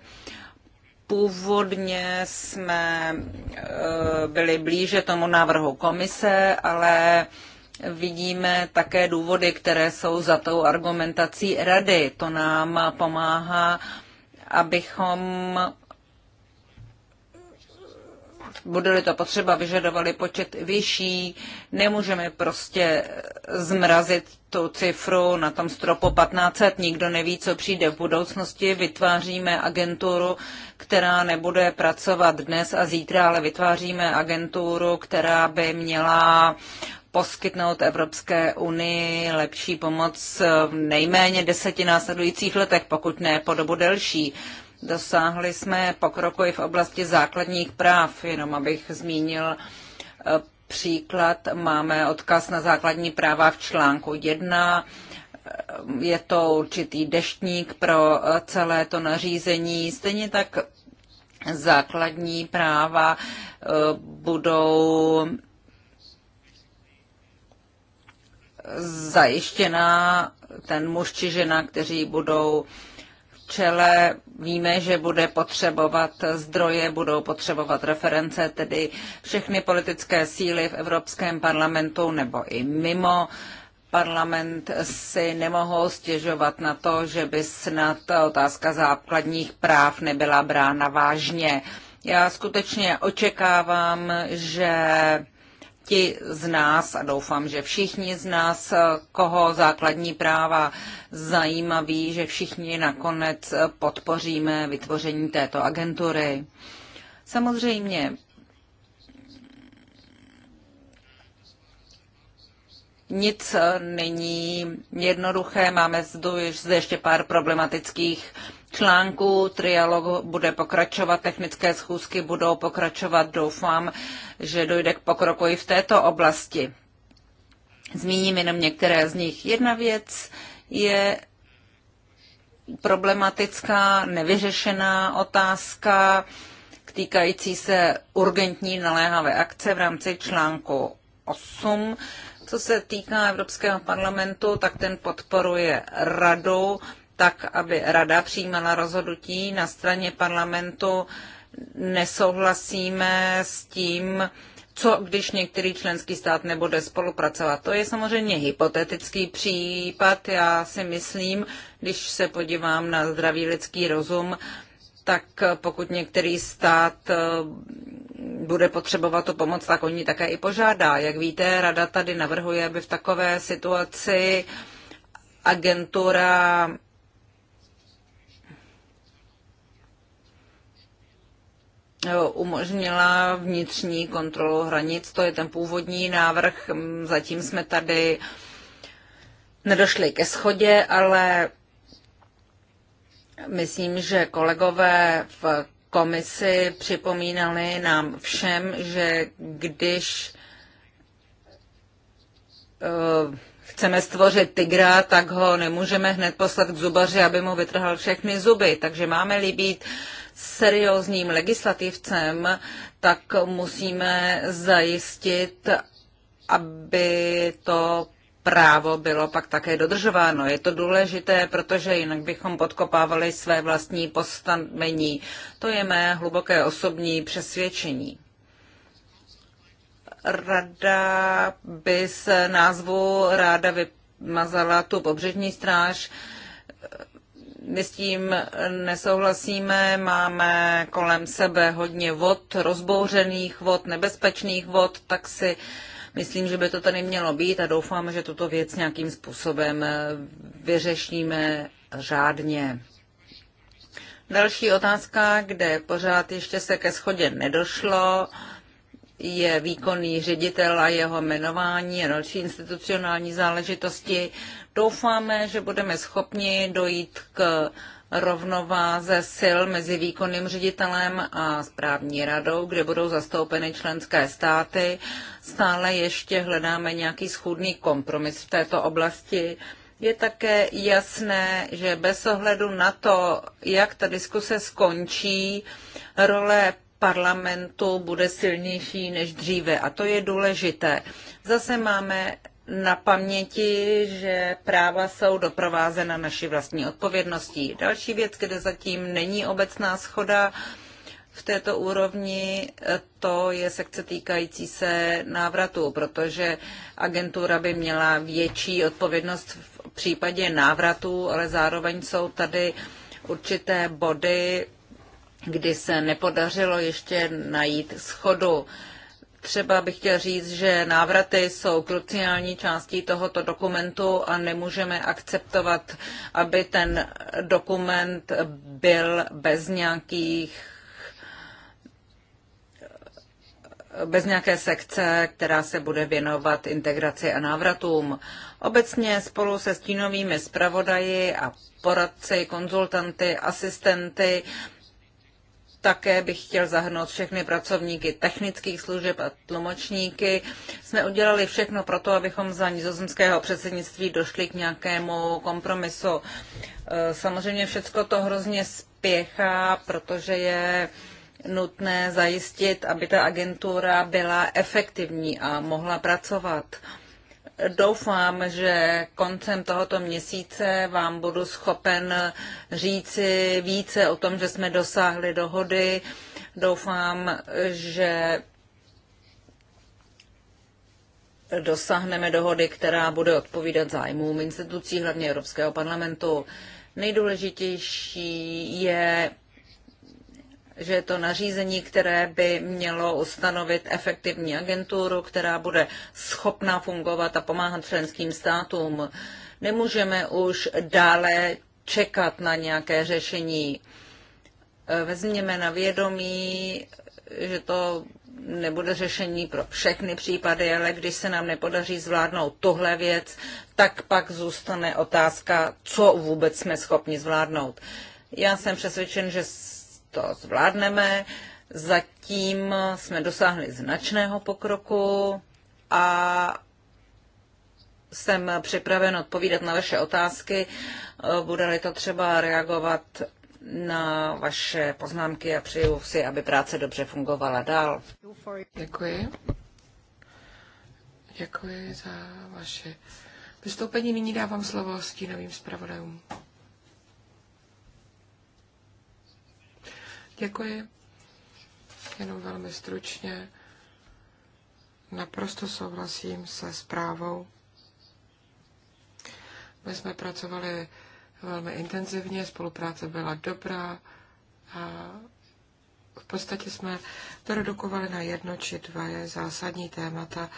Původně jsme byli blíže tomu návrhu komise, ale vidíme také důvody, které jsou za tou argumentací rady. To nám pomáhá, abychom bude-li to potřeba, vyžadovali počet vyšší. Nemůžeme prostě zmrazit tu cifru na tom stropu 1500, nikdo neví, co přijde v budoucnosti. Vytváříme agenturu, která nebude pracovat dnes a zítra, ale vytváříme agenturu, která by měla poskytnout Evropské unii lepší pomoc v nejméně deseti následujících letech, pokud ne po dobu delší. Dosáhli jsme pokroku i v oblasti základních práv, jenom abych zmínil eh, příklad. Máme odkaz na základní práva v článku 1. Eh, je to určitý deštník pro eh, celé to nařízení. Stejně tak základní práva budou zajištěná, ten muž či žena, kteří budou v čele. Víme, že bude potřebovat zdroje, budou potřebovat reference, tedy všechny politické síly v Evropském parlamentu nebo i mimo parlament si nemohou stěžovat na to, že by snad otázka základních práv nebyla brána vážně. Já skutečně očekávám, že ti z nás, a doufám, že všichni z nás, eh, koho základní práva zajímaví, že všichni nakonec eh, podpoříme vytvoření této agentury. Samozřejmě nic eh, není jednoduché, máme zde ještě pár problematických Článku Trialog bude pokračovat, technické schůzky budou pokračovat. Doufám, že dojde k pokroku i v této oblasti. Zmíním jenom některé z nich. Jedna věc je problematická, nevyřešená otázka týkající se urgentní naléhavé akce v rámci článku 8. Co se týká Evropského parlamentu, tak ten podporuje radu tak, aby rada přijímala rozhodnutí. Na straně parlamentu nesouhlasíme s tím, co když některý členský stát nebude spolupracovat. To je samozřejmě hypotetický případ. Já si myslím, když se podívám na zdravý lidský rozum, tak pokud některý stát eh, bude potřebovat tu pomoc, tak oni také i požádá. Jak víte, rada tady navrhuje, aby v takové situaci agentura umožnila vnitřní kontrolu hranic. To je ten původní návrh. Zatím jsme tady nedošli ke schodě, ale myslím, že kolegové v komisi připomínali nám všem, že když eh, chceme stvořit tygra, tak ho nemůžeme hned poslat k zubaři, aby mu vytrhal všechny zuby. Takže máme-li být uh, seriózním legislativcem, tak musíme zajistit, aby to právo bylo pak také dodržováno. Je to důležité, protože jinak bychom podkopávali své vlastní postavení. To je mé hluboké osobní přesvědčení. Rada by se názvu ráda vymazala tu pobřežní stráž. My s tím nesouhlasíme, máme kolem sebe hodně vod, rozbouřených vod, nebezpečných vod, tak si myslím, že by to tady mělo být a doufáme, že tuto věc nějakým způsobem eh, vyřešíme řádně. Další otázka, kde pořád ještě se ke schodě nedošlo, je výkonný ředitel a jeho jmenování a další institucionální záležitosti. Doufáme, že budeme schopni dojít k rovnováze sil mezi výkonným ředitelem a správní radou, kde budou zastoupeny členské státy. Stále ještě hledáme nějaký schůdný kompromis v této oblasti. Je také jasné, že bez ohledu na to, jak ta diskuse skončí, role parlamentu bude silnější než dříve a to je důležité. Zase máme na paměti, že práva jsou doprovázena naší vlastní odpovědností. Další věc, kde zatím není obecná schoda v této úrovni, to je sekce týkající se návratu, protože agentura by měla větší odpovědnost v případě návratu, ale zároveň jsou tady určité body, kdy se nepodařilo ještě najít schodu. Třeba bych chtěl říct, že návraty jsou kruciální částí tohoto dokumentu a nemůžeme akceptovat, aby ten dokument byl bez nějakých bez nějaké sekce, která se bude věnovat integraci a návratům. Obecně spolu se stínovými zpravodaji a poradci, konzultanty, asistenty také bych chtěl zahrnout všechny pracovníky technických služeb a tlumočníky. Jsme udělali všechno pro to, abychom za nizozemského předsednictví došli k nějakému kompromisu. E, samozřejmě všechno to hrozně spěchá, protože je nutné zajistit, aby ta agentura byla efektivní a mohla pracovat. Doufám, že koncem tohoto měsíce vám budu schopen říci více o tom, že jsme dosáhli dohody. Doufám, že dosáhneme dohody, která bude odpovídat zájmům institucí, hlavně Evropského parlamentu. Nejdůležitější je že je to nařízení, které by mělo ustanovit efektivní agenturu, která bude schopná fungovat a pomáhat členským státům. Nemůžeme už dále čekat na nějaké řešení. Vezměme na vědomí, že to nebude řešení pro všechny případy, ale když se nám nepodaří zvládnout tuhle věc, tak pak zůstane otázka, co vůbec jsme schopni zvládnout. Já jsem přesvědčen, že to zvládneme. Zatím jsme dosáhli značného pokroku a jsem připraven odpovídat na vaše otázky. Bude-li to třeba reagovat na vaše poznámky a přeju si, aby práce dobře fungovala dál. Děkuji. Děkuji za vaše vystoupení. Nyní dávám slovo stínovým zpravodajům. Děkuji. Jenom velmi stručně. Naprosto souhlasím se zprávou. My jsme pracovali velmi intenzivně, spolupráce byla dobrá a v podstatě jsme to redukovali na jedno či dva je zásadní témata,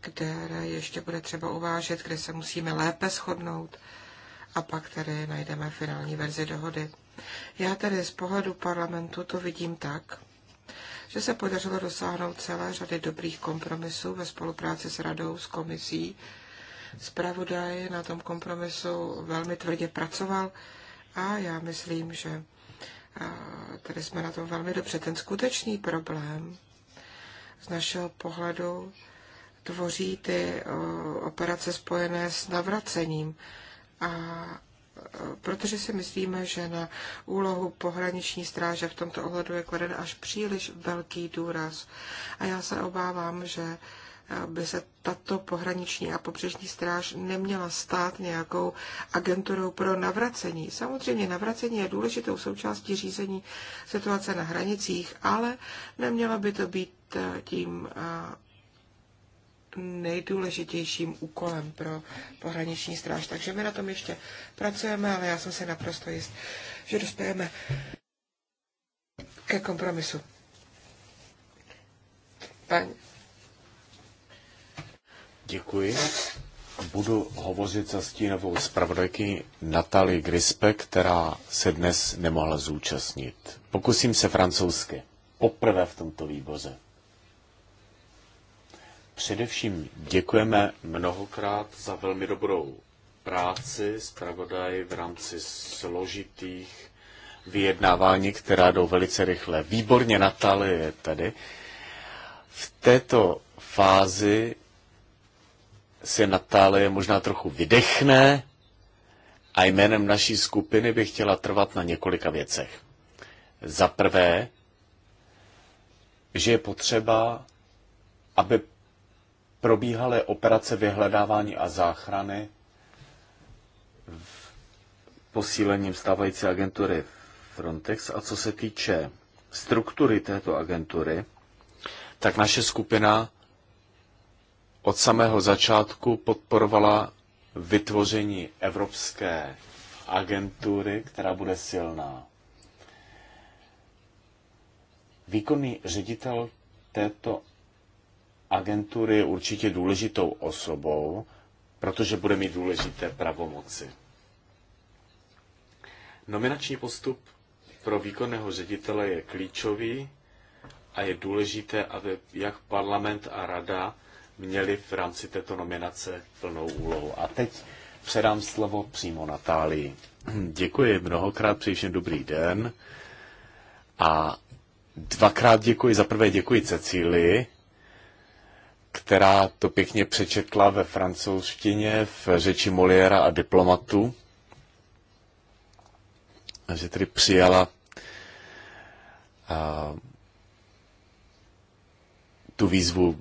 které ještě bude třeba uvážit, kde se musíme lépe shodnout a pak tedy najdeme finální verzi dohody. Já tedy z pohledu parlamentu to vidím tak, že se podařilo dosáhnout celé řady dobrých kompromisů ve spolupráci s radou, s komisí. Spravodaj na tom kompromisu velmi tvrdě pracoval a já myslím, že tady jsme na tom velmi dobře. Ten skutečný problém z našeho pohledu tvoří ty operace spojené s navracením a protože si myslíme, že na úlohu pohraniční stráže v tomto ohledu je kladen až příliš velký důraz. A já se obávám, že by se tato pohraniční a pobřežní stráž neměla stát nějakou agenturou pro navracení. Samozřejmě navracení je důležitou součástí řízení situace na hranicích, ale neměla by to být eh, tím eh, nejdůležitějším úkolem pro pohraniční stráž. Takže my na tom ještě pracujeme, ale já jsem si naprosto jist, že dospějeme ke kompromisu. Pan. Děkuji. Budu hovořit za stínovou zpravodajky Natalie Grispe, která se dnes nemohla zúčastnit. Pokusím se francouzsky. Poprvé v tomto výboze. Především děkujeme mnohokrát za velmi dobrou práci zpravodaj v rámci složitých vyjednávání, která jdou velice rychle. Výborně Natálie je tady. V této fázi se Natálie možná trochu vydechne a jménem naší skupiny bych chtěla trvat na několika věcech. Za prvé, že je potřeba, aby probíhaly operace vyhledávání a záchrany v posílením stávající agentury Frontex. A co se týče struktury této agentury, tak naše skupina od samého začátku podporovala vytvoření evropské agentury, která bude silná. Výkonný ředitel této Agentury je určitě důležitou osobou, protože bude mít důležité pravomoci. Nominační postup pro výkonného ředitele je klíčový a je důležité, aby jak parlament a rada měli v rámci této nominace plnou úlohu. A teď předám slovo přímo Natálii. Děkuji mnohokrát, přeji všem dobrý den. A dvakrát děkuji. Za prvé děkuji Cecílii, která to pěkně přečetla ve francouzštině v řeči Moliéra a diplomatu, a že tedy přijala a, tu výzvu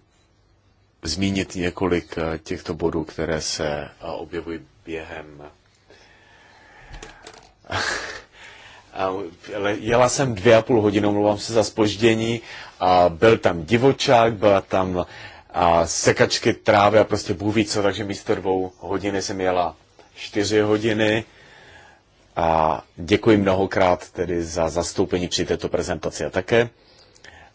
zmínit několik těchto bodů, které se objevují během. Jela jsem dvě a půl hodinu, mluvám se za spoždění. A byl tam divočák, byla tam a sekačky trávy a prostě bůh ví co, takže místo dvou hodiny jsem jela čtyři hodiny. A děkuji mnohokrát tedy za zastoupení při této prezentaci a také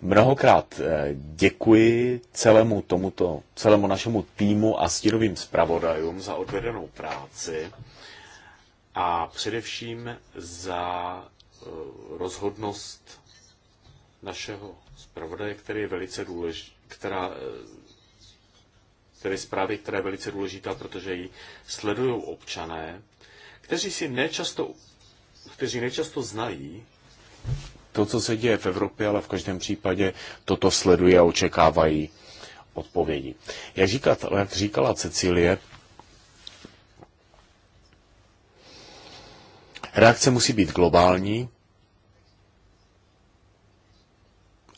mnohokrát eh, děkuji celému tomuto, celému našemu týmu a stínovým zpravodajům za odvedenou práci a především za eh, rozhodnost našeho zpravodaje, který je velice důležitý, která eh, tedy zprávy, která je velice důležitá, protože ji sledují občané, kteří si nečasto, kteří nečasto znají to, co se děje v Evropě, ale v každém případě toto sledují a očekávají odpovědi. Jak, říkat, jak říkala Cecílie, reakce musí být globální.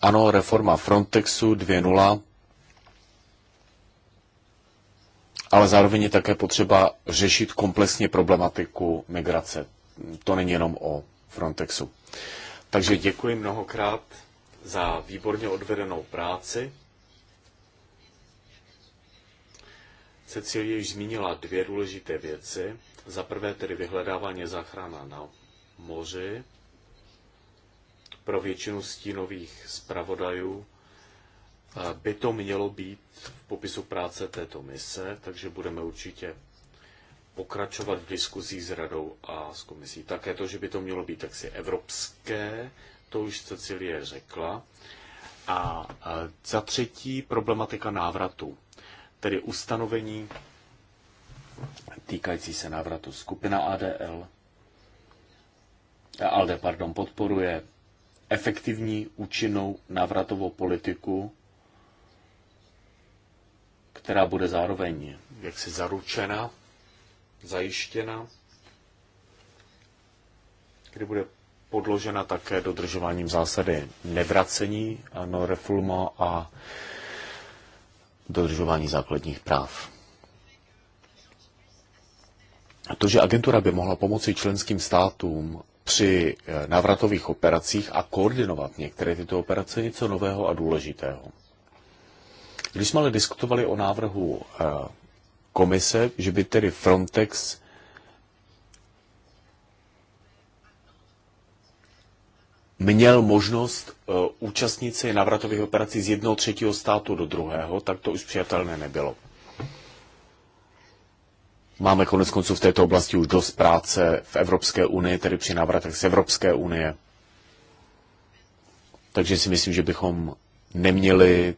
Ano, reforma Frontexu 2.0 ale zároveň je také potřeba řešit komplexně problematiku migrace. To není jenom o Frontexu. Takže děkuji mnohokrát za výborně odvedenou práci. Cecilie již zmínila dvě důležité věci. Za prvé tedy vyhledávání záchrana na moři. Pro většinu stínových zpravodajů by to mělo být v popisu práce této mise, takže budeme určitě pokračovat v diskuzí s radou a s komisí. Také to, že by to mělo být taksi evropské, to už Cecilie řekla. A za třetí problematika návratu, tedy ustanovení týkající se návratu. Skupina ADL, ALDE, pardon, podporuje efektivní, účinnou návratovou politiku která bude zároveň jaksi zaručena, zajištěna, kdy bude podložena také dodržováním zásady nevracení, ano, refulma a dodržování základních práv. A To, že agentura by mohla pomoci členským státům při eh, návratových operacích a koordinovat některé tyto operace, je něco nového a důležitého. Když jsme ale diskutovali o návrhu eh, komise, že by tedy Frontex měl možnost eh, účastnit se navratových operací z jednoho třetího státu do druhého, tak to už přijatelné nebylo. Máme konec konců v této oblasti už dost práce v Evropské unii, tedy při návratech z Evropské unie. Takže si myslím, že bychom neměli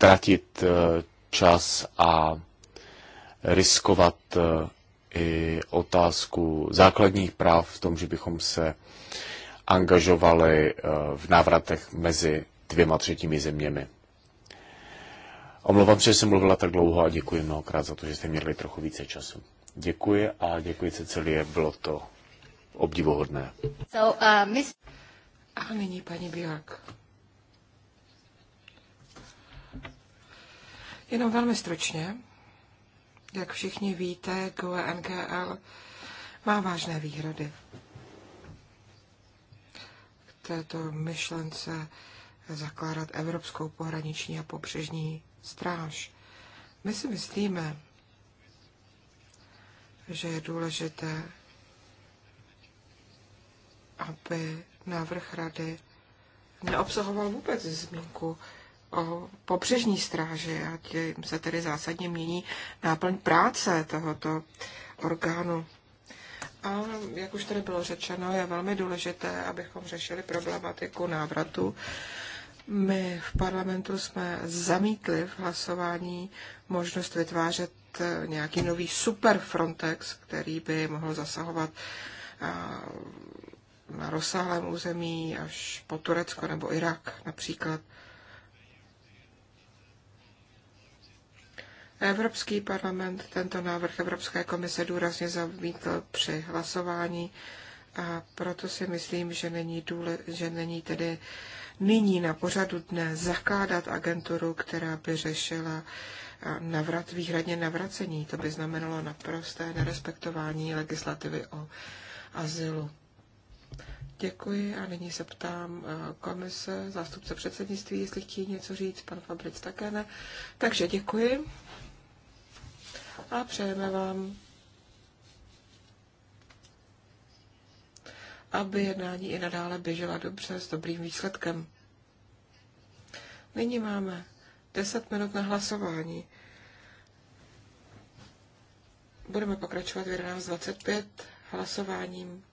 tratit eh, čas a riskovat eh, i otázku základních práv v tom, že bychom se angažovali eh, v návratech mezi dvěma třetími zeměmi. Omlouvám se, že jsem mluvila tak dlouho a děkuji mnohokrát za to, že jste měli trochu více času. Děkuji a děkuji se celé, bylo to obdivohodné. So, uh, miss... A nyní paní Bílák. Jenom velmi stručně, jak všichni víte, GUE NGL má vážné výhrady k této myšlence zakládat Evropskou pohraniční a pobřežní stráž. My si myslíme, že je důležité, aby návrh rady neobsahoval vůbec zmínku pobřežní stráže a tím se tedy zásadně mění náplň práce tohoto orgánu. A jak už tady bylo řečeno, je velmi důležité, abychom řešili problematiku návratu. My v parlamentu jsme zamítli v hlasování možnost vytvářet nějaký nový super Frontex, který by mohl zasahovat na rozsáhlém území až po Turecko nebo Irak například. Evropský parlament tento návrh Evropské komise důrazně zavítl při hlasování a proto si myslím, že není, důle, že není tedy nyní na pořadu dne zakládat agenturu, která by řešila navrat, výhradně navracení. To by znamenalo naprosté nerespektování legislativy o azylu. Děkuji a nyní se ptám komise, zástupce předsednictví, jestli chtějí něco říct, pan Fabric také ne. Takže děkuji a přejeme vám, aby jednání i nadále běžela dobře s dobrým výsledkem. Nyní máme 10 minut na hlasování. Budeme pokračovat v 11.25 hlasováním.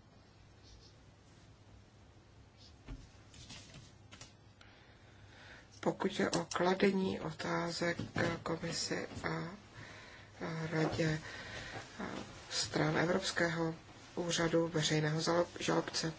Pokud je o kladení otázek komisi a radě eh, stran Evropského úřadu veřejného žalobce.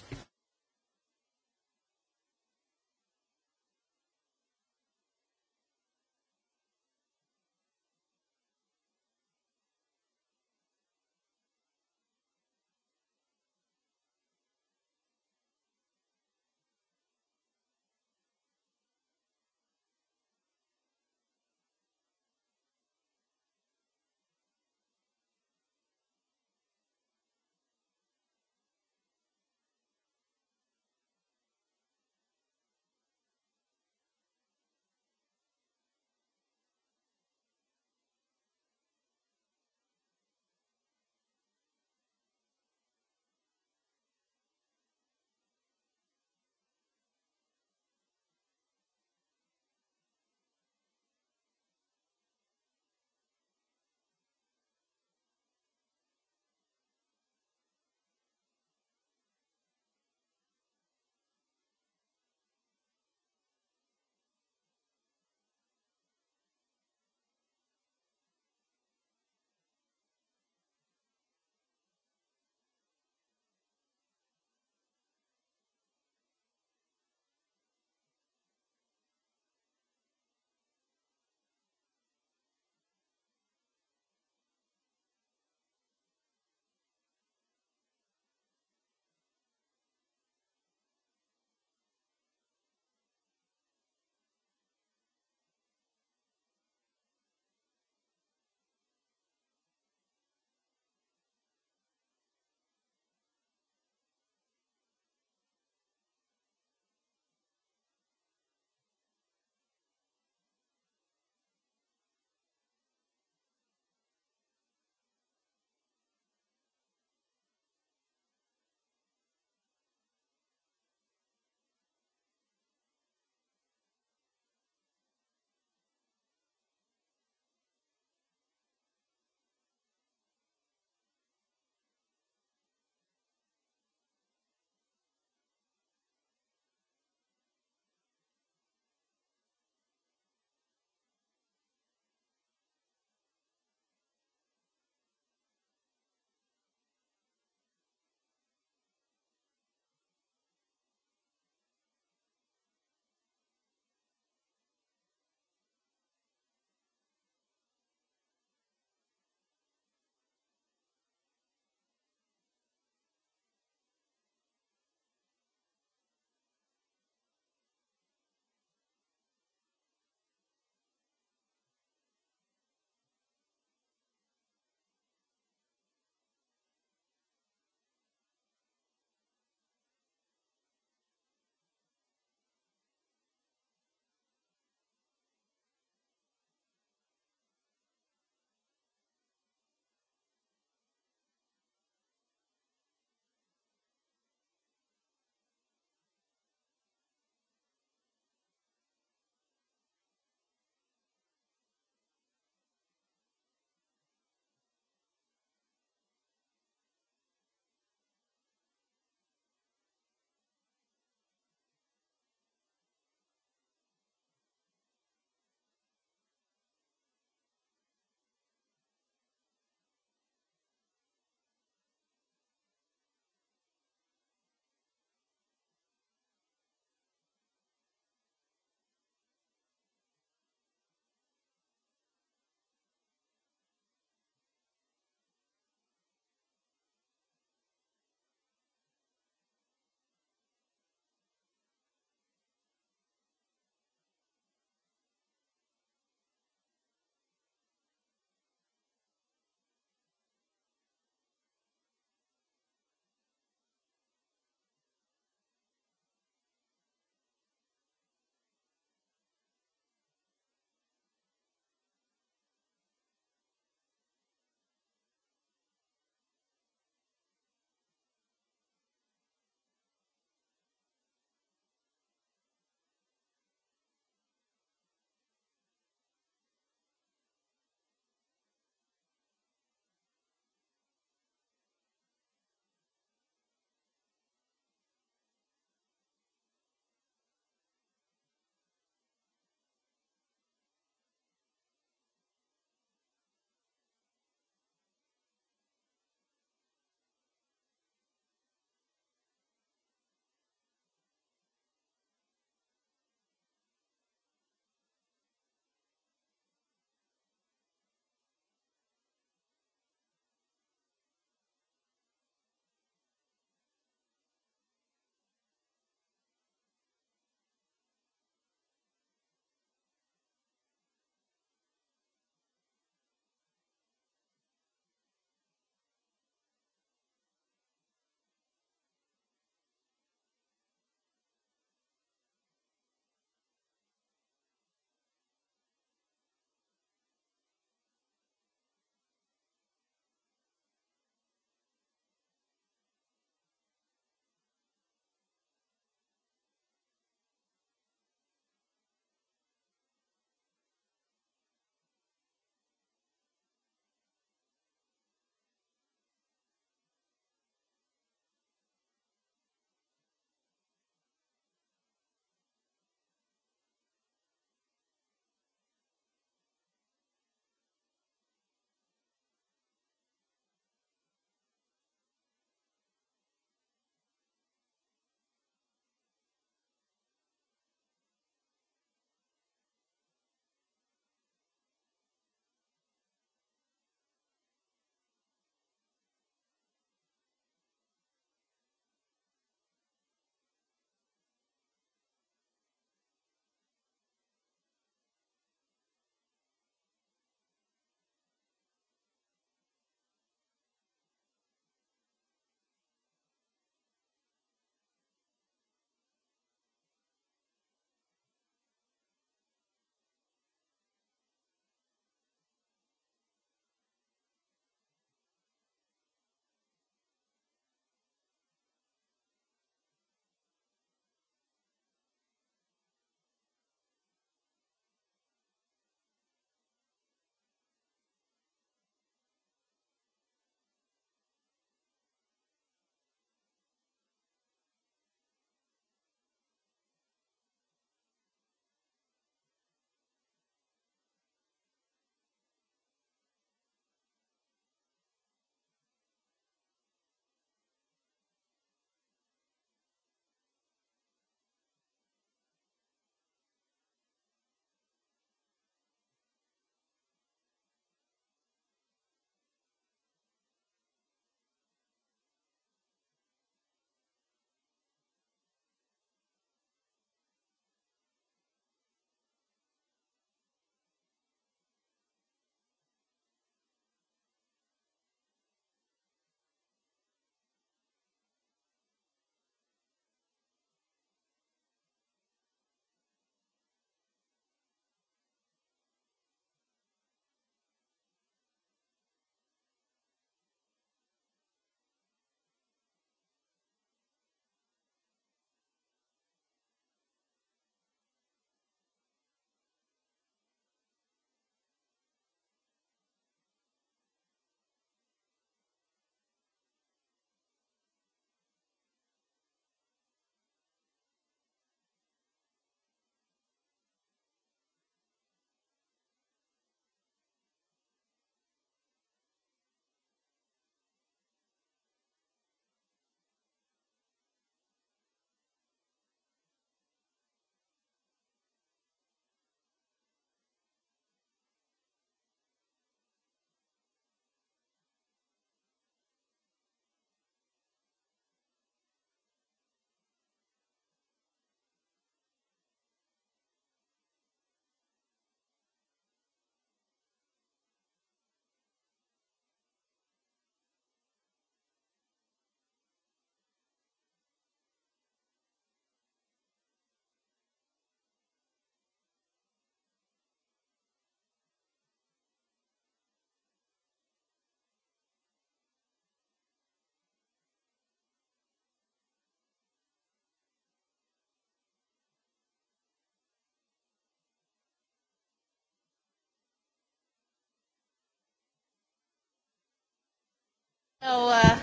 Uh,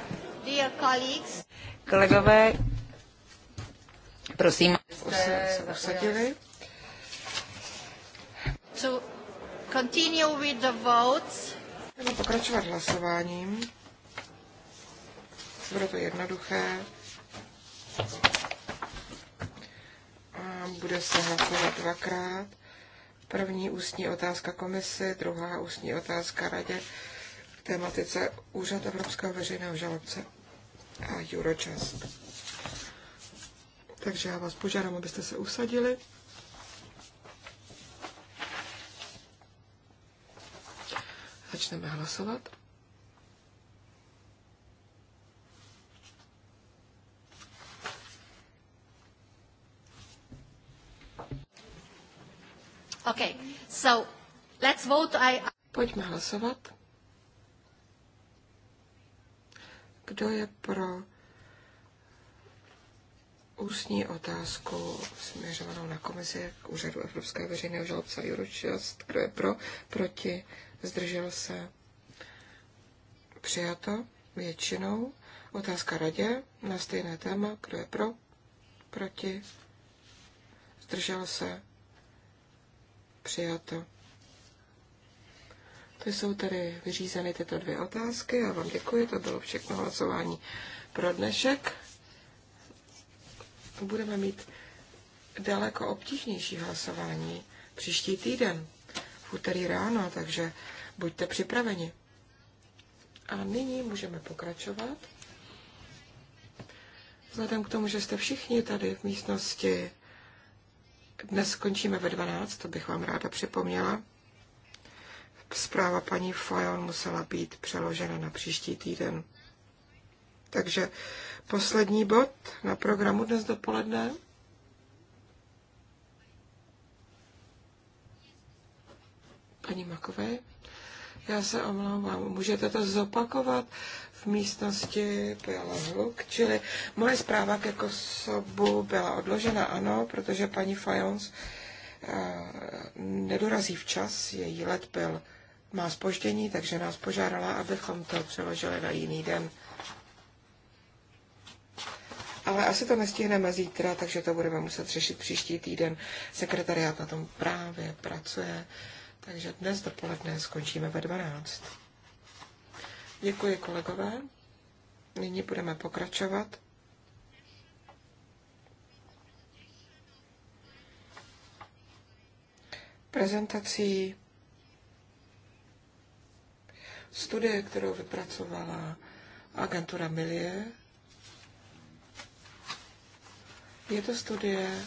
Kolegové, prosím, usadili. To continue with the votes. pokračovat hlasováním. Bude to jednoduché. A bude se hlasovat dvakrát. První ústní otázka komisi, druhá ústní otázka radě tématice Úřad Evropského veřejného žalobce a Eurochest. Takže já vás požádám, abyste se usadili. Začneme hlasovat. Okay, so let's vote. I... Pojďme hlasovat. Kdo je pro ústní otázku směřovanou na komisi k úřadu Evropské veřejné žalobce Juročost? Kdo je pro, proti, zdržel se? Přijato většinou. Otázka radě na stejné téma. Kdo je pro, proti, zdržel se? Přijato. To jsou tedy vyřízeny tyto dvě otázky. Já vám děkuji, to bylo všechno hlasování pro dnešek. Budeme mít daleko obtížnější hlasování příští týden, v úterý ráno, takže buďte připraveni. A nyní můžeme pokračovat. Vzhledem k tomu, že jste všichni tady v místnosti, dnes skončíme ve 12, to bych vám ráda připomněla zpráva paní Fajon musela být přeložena na příští týden. Takže poslední bod na programu dnes dopoledne. Paní Makové, já se omlouvám, můžete to zopakovat? V místnosti Byla hluk, čili moje zpráva ke Kosobu byla odložena, ano, protože paní Fajons eh, nedorazí včas, její let byl má spoždění, takže nás požádala, abychom to přeložili na jiný den. Ale asi to nestihneme zítra, takže to budeme muset řešit příští týden. Sekretariát na tom právě pracuje, takže dnes dopoledne skončíme ve 12. Děkuji kolegové. Nyní budeme pokračovat. Prezentací studie, kterou vypracovala agentura Milie. Je to studie,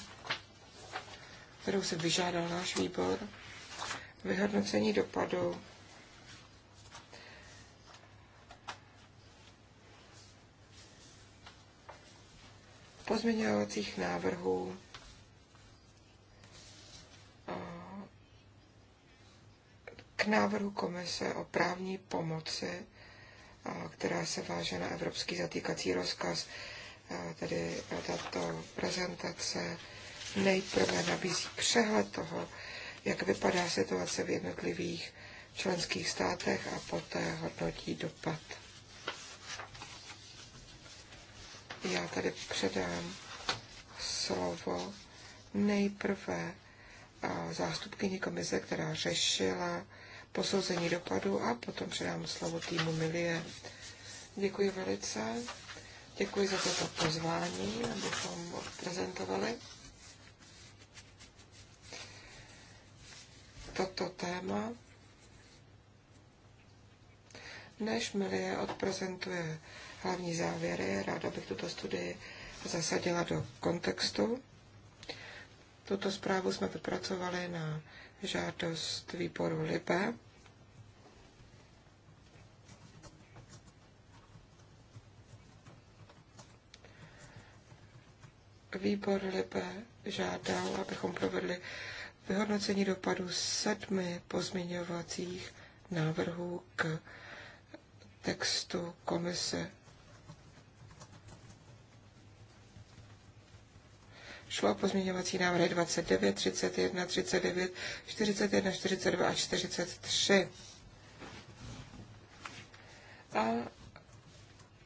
kterou se vyžádal náš výbor, vyhodnocení dopadu pozměňovacích návrhů návrhu komise o právní pomoci, která se váže na evropský zatýkací rozkaz, tedy tato prezentace nejprve nabízí přehled toho, jak vypadá situace v jednotlivých členských státech a poté hodnotí dopad. Já tady předám slovo nejprve zástupkyni komise, která řešila posouzení dopadu a potom předám slovo týmu Milie. Děkuji velice. Děkuji za toto pozvání, abychom prezentovali toto téma. Než Milie odprezentuje hlavní závěry, ráda bych tuto studii zasadila do kontextu. Tuto zprávu jsme vypracovali na žádost výboru Libe. Výbor Libe žádal, abychom provedli vyhodnocení dopadu sedmi pozměňovacích návrhů k textu komise Šlo o pozměňovací návrhy 29, 31, 39, 41, 42 a 43. A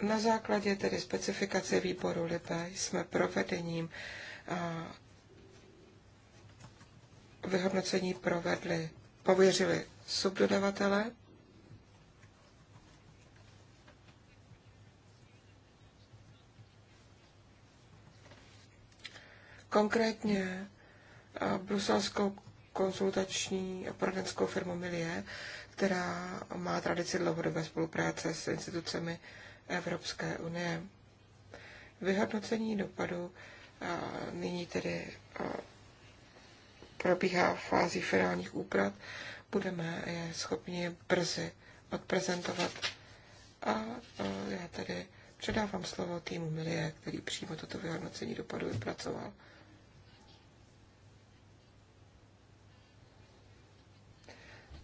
na základě tedy specifikace výboru LIBE jsme provedením vyhodnocení provedli, pověřili subdodavatele Konkrétně eh, bruselskou konzultační a poradenskou firmu Milie, která má tradici dlouhodobé spolupráce s institucemi Evropské unie. Vyhodnocení dopadu eh, nyní tedy eh, probíhá v fázi finálních úprat. Budeme je schopni brzy odprezentovat. A já tedy předávám slovo týmu Milie, který přímo toto vyhodnocení dopadu vypracoval.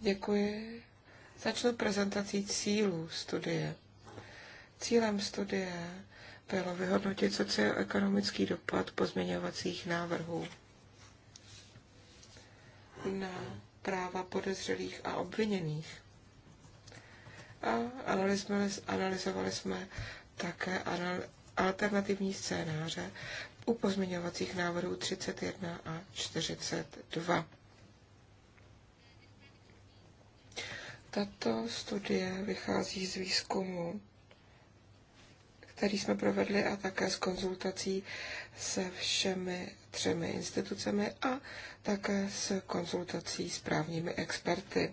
Děkuji. Začnu prezentací cílů studie. Cílem studie bylo vyhodnotit socioekonomický dopad pozměňovacích návrhů na práva podezřelých a obviněných. A analyzovali jsme také alternativní scénáře u pozměňovacích návrhů 31 a 42. Tato studie vychází z výzkumu, který jsme provedli a také s konzultací se všemi třemi institucemi a také s konzultací s právními experty.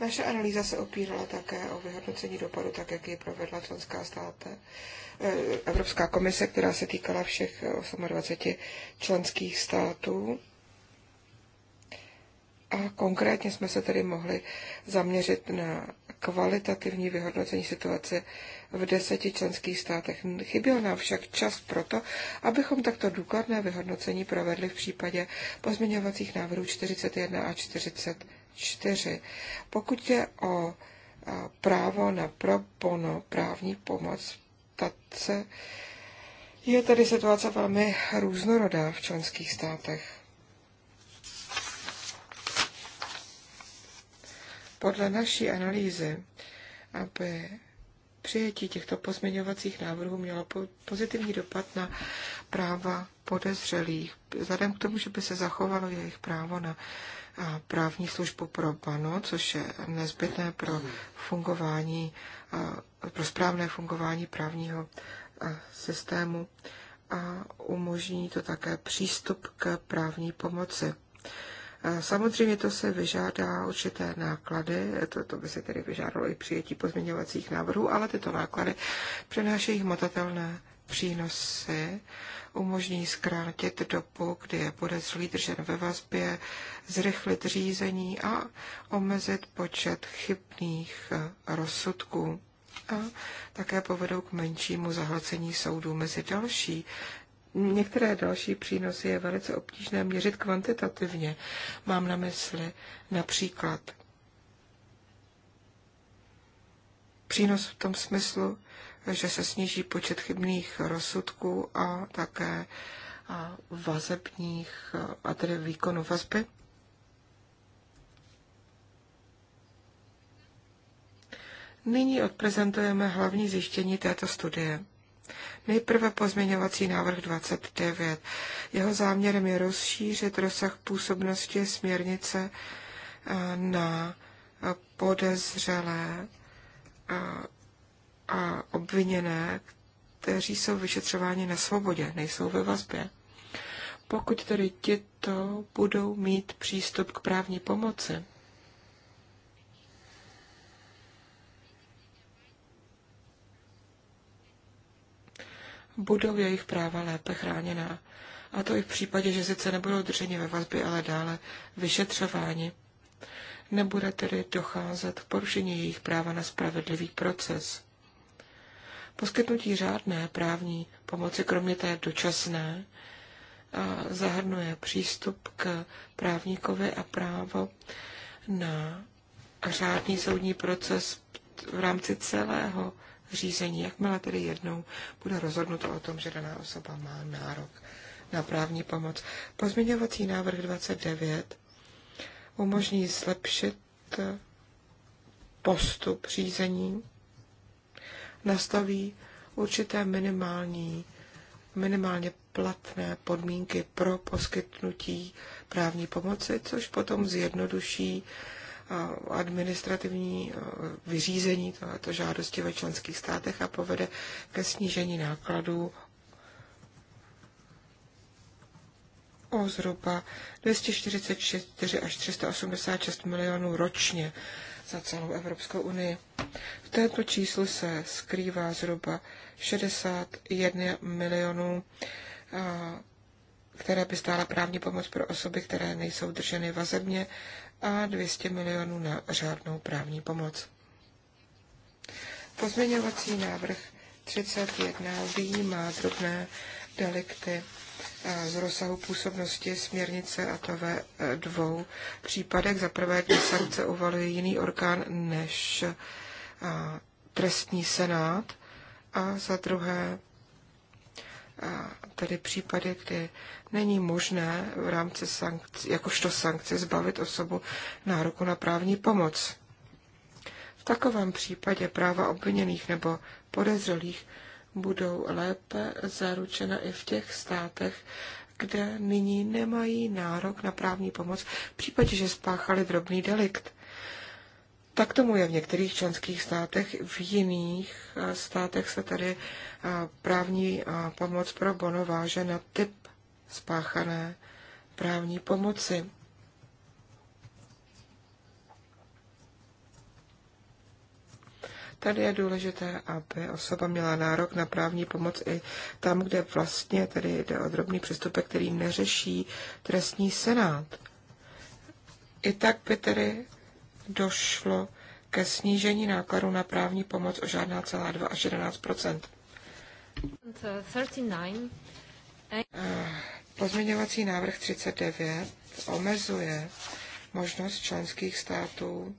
Naše analýza se opírala také o vyhodnocení dopadu, tak jak ji provedla členská státe, eh, Evropská komise, která se týkala všech 28 eh, členských států. A konkrétně jsme se tedy mohli zaměřit na kvalitativní vyhodnocení situace v deseti členských státech. Chyběl nám však čas proto, abychom takto důkladné vyhodnocení provedli v případě pozměňovacích návrhů 41 a 42. 4. Pokud je o právo na pro bono právní pomoc, se je tady situace velmi různorodá v členských státech. Podle naší analýzy, aby přijetí těchto pozměňovacích návrhů mělo pozitivní dopad na práva podezřelých, vzhledem k tomu, že by se zachovalo jejich právo na právní službu pro BANO, což je nezbytné pro fungování, pro správné fungování právního systému a umožní to také přístup k právní pomoci. Samozřejmě to se vyžádá určité náklady, to, to by se tedy vyžádalo i přijetí pozměňovacích návrhů, ale tyto náklady přenášejí hmatatelné přínosy umožní zkrátit dobu, kdy je podezřelý držen ve vazbě, zrychlit řízení a omezit počet chybných eh, rozsudků. A také povedou k menšímu zahlcení soudů mezi další Některé další přínosy je velice obtížné měřit kvantitativně. Mám na mysli například přínos v tom smyslu, že se sníží počet chybných rozsudků a také vazebních, a tedy výkonu vazby. Nyní odprezentujeme hlavní zjištění této studie. Nejprve pozměňovací návrh 29. Jeho záměrem je rozšířit rozsah působnosti směrnice eh, na eh, podezřelé eh, a obviněné, kteří jsou vyšetřováni na svobodě, nejsou ve vazbě. Pokud tedy tito budou mít přístup k právní pomoci, budou jejich práva lépe chráněná. A to i v případě, že sice nebudou drženi ve vazbě, ale dále vyšetřováni. Nebude tedy docházet k porušení jejich práva na spravedlivý proces. Poskytnutí řádné právní pomoci, kromě té dočasné, zahrnuje přístup k právníkovi a právo na řádný soudní proces v rámci celého řízení, jakmile tedy jednou bude rozhodnuto o tom, že daná osoba má nárok na právní pomoc. Pozměňovací návrh 29 umožní zlepšit postup řízení nastaví určité minimální, minimálně platné podmínky pro poskytnutí právní pomoci, což potom zjednoduší administrativní vyřízení tohoto žádosti ve členských státech a povede ke snížení nákladů o zhruba 244 až 386 milionů ročně za celou Evropskou unii. V této číslu se skrývá zhruba 61 milionů, které by stála právní pomoc pro osoby, které nejsou drženy vazebně a 200 milionů na řádnou právní pomoc. Pozměňovací návrh 31 výjímá drobné delikty z rozsahu působnosti směrnice a to ve e, dvou případech. Za prvé, když sankce uvaluje jiný orgán než e, trestní senát a za druhé e, tedy případy, kdy není možné v rámci sankce, jakožto sankce zbavit osobu nároku na právní pomoc. V takovém případě práva obviněných nebo podezřelých budou lépe zaručena i v těch státech, kde nyní nemají nárok na právní pomoc v případě, že spáchali drobný delikt. Tak tomu je v některých členských státech, v jiných eh, státech se tady eh, právní eh, pomoc pro bono váže na typ spáchané právní pomoci. Tady je důležité, aby osoba měla nárok na právní pomoc i tam, kde vlastně tady jde o drobný přestupek, který neřeší trestní senát. I tak by tedy došlo ke snížení nákladů na právní pomoc o žádná celá 2 až 11 eh, Pozměňovací návrh 39 omezuje možnost členských států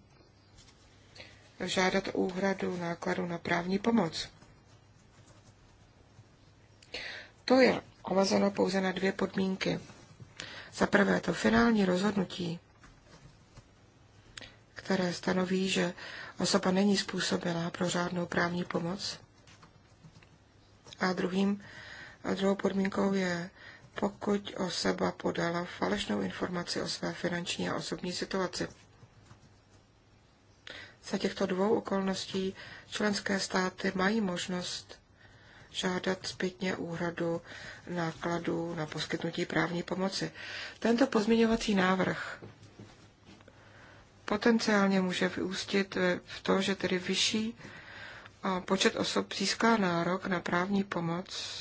žádat úhradu nákladu na právní pomoc. To je omezeno pouze na dvě podmínky. Za prvé to finální rozhodnutí, které stanoví, že osoba není způsobilá pro žádnou právní pomoc. A, druhým, a druhou podmínkou je, pokud osoba podala falešnou informaci o své finanční a osobní situaci. Za těchto dvou okolností členské státy mají možnost žádat zpětně úhradu nákladů na poskytnutí právní pomoci. Tento pozměňovací návrh potenciálně může vyústit v to, že tedy vyšší počet osob získá nárok na právní pomoc,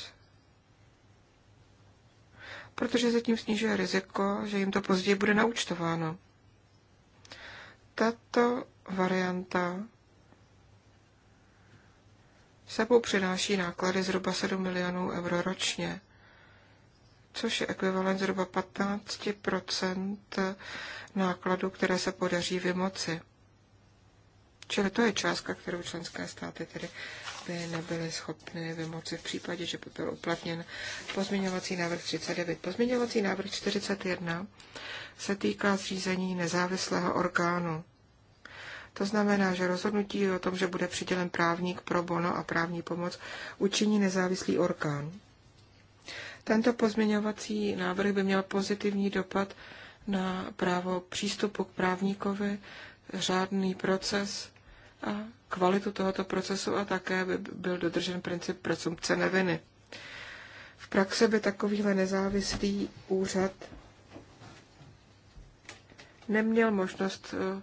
protože se tím snižuje riziko, že jim to později bude naučtováno. Tato varianta sebou přináší náklady zhruba 7 milionů euro ročně, což je ekvivalent zhruba 15 nákladů, které se podaří vymoci. Čili to je částka, kterou členské státy tedy by nebyly schopny vymoci v případě, že by byl uplatněn pozměňovací návrh 39. Pozměňovací návrh 41 se týká zřízení nezávislého orgánu to znamená, že rozhodnutí o tom, že bude přidělen právník pro bono a právní pomoc, učiní nezávislý orgán. Tento pozměňovací návrh by měl pozitivní dopad na právo přístupu k právníkovi, řádný proces a kvalitu tohoto procesu a také by byl dodržen princip presumpce neviny. V praxi by takovýhle nezávislý úřad neměl možnost eh,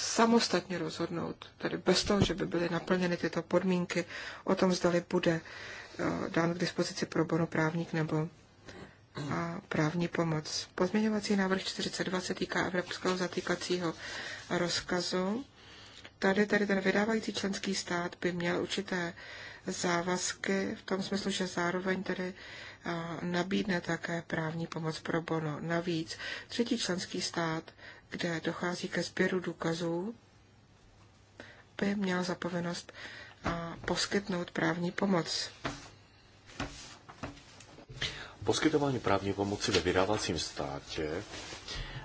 samostatně rozhodnout, tedy bez toho, že by byly naplněny tyto podmínky o tom, zdali bude eh, dán k dispozici pro bono právník nebo a eh, právní pomoc. Pozměňovací návrh 42 se týká evropského zatýkacího rozkazu. Tady, tady ten vydávající členský stát by měl určité závazky v tom smyslu, že zároveň tedy eh, nabídne také právní pomoc pro bono. Navíc třetí členský stát kde dochází ke sběru důkazů, by měl za povinnost poskytnout právní pomoc. Poskytování právní pomoci ve vydávacím státě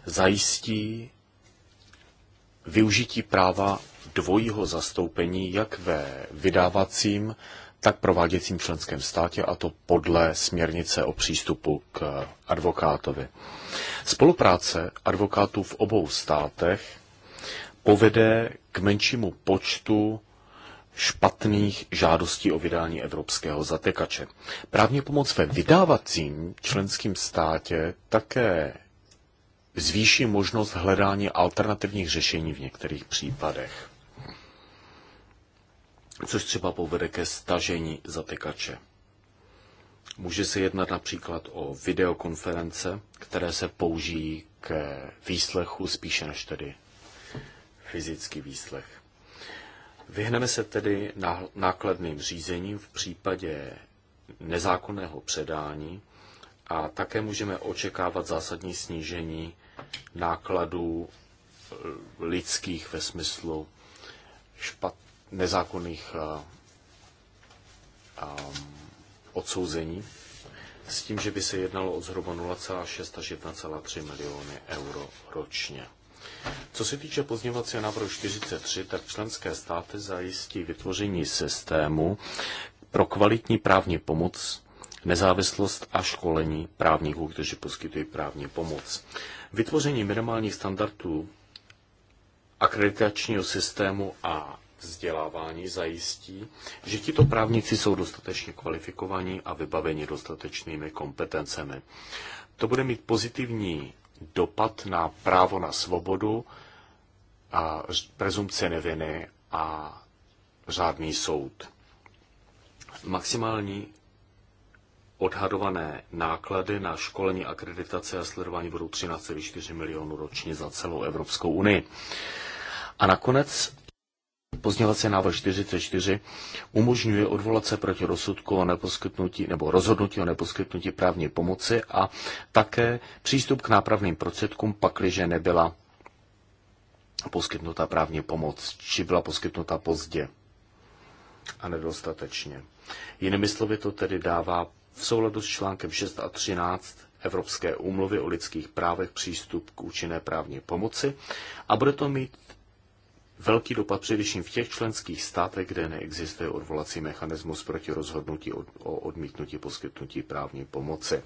zajistí využití práva dvojího zastoupení jak ve vydávacím tak prováděcím členském státě, a to podle směrnice o přístupu k advokátovi. Spolupráce advokátů v obou státech povede k menšímu počtu špatných žádostí o vydání evropského zatekače. Právní pomoc ve vydávacím členském státě také zvýší možnost hledání alternativních řešení v některých případech což třeba povede ke stažení zatykače. Může se jednat například o videokonference, které se použijí k výslechu spíše než tedy fyzický výslech. Vyhneme se tedy nákladným řízením v případě nezákonného předání a také můžeme očekávat zásadní snížení nákladů eh, lidských ve smyslu špat, nezákonných eh, eh, odsouzení s tím, že by se jednalo o zhruba 0,6 až 1,3 miliony euro ročně. Co se týče pozněvacího návrhu 43, tak členské státy zajistí vytvoření systému pro kvalitní právní pomoc, nezávislost a školení právníků, kteří poskytují právní pomoc. Vytvoření minimálních standardů akreditačního systému a vzdělávání zajistí, že tito právníci jsou dostatečně kvalifikovaní a vybaveni dostatečnými kompetencemi. To bude mít pozitivní dopad na právo na svobodu, a prezumce neviny a řádný soud. Maximální odhadované náklady na školení, akreditace a sledování budou 13,4 milionů ročně za celou Evropskou unii. A nakonec Pozněvací návrh 44 umožňuje odvolat se proti rozsudku o neposkytnutí nebo rozhodnutí o neposkytnutí právní pomoci a také přístup k nápravným prostředkům, pakliže nebyla poskytnuta právní pomoc, či byla poskytnuta pozdě a nedostatečně. Jinými slovy to tedy dává v souladu s článkem 6 a 13 Evropské úmluvy o lidských právech přístup k účinné právní pomoci a bude to mít velký dopad především v těch členských státech, kde neexistuje odvolací mechanismus proti rozhodnutí o odmítnutí poskytnutí právní pomoci.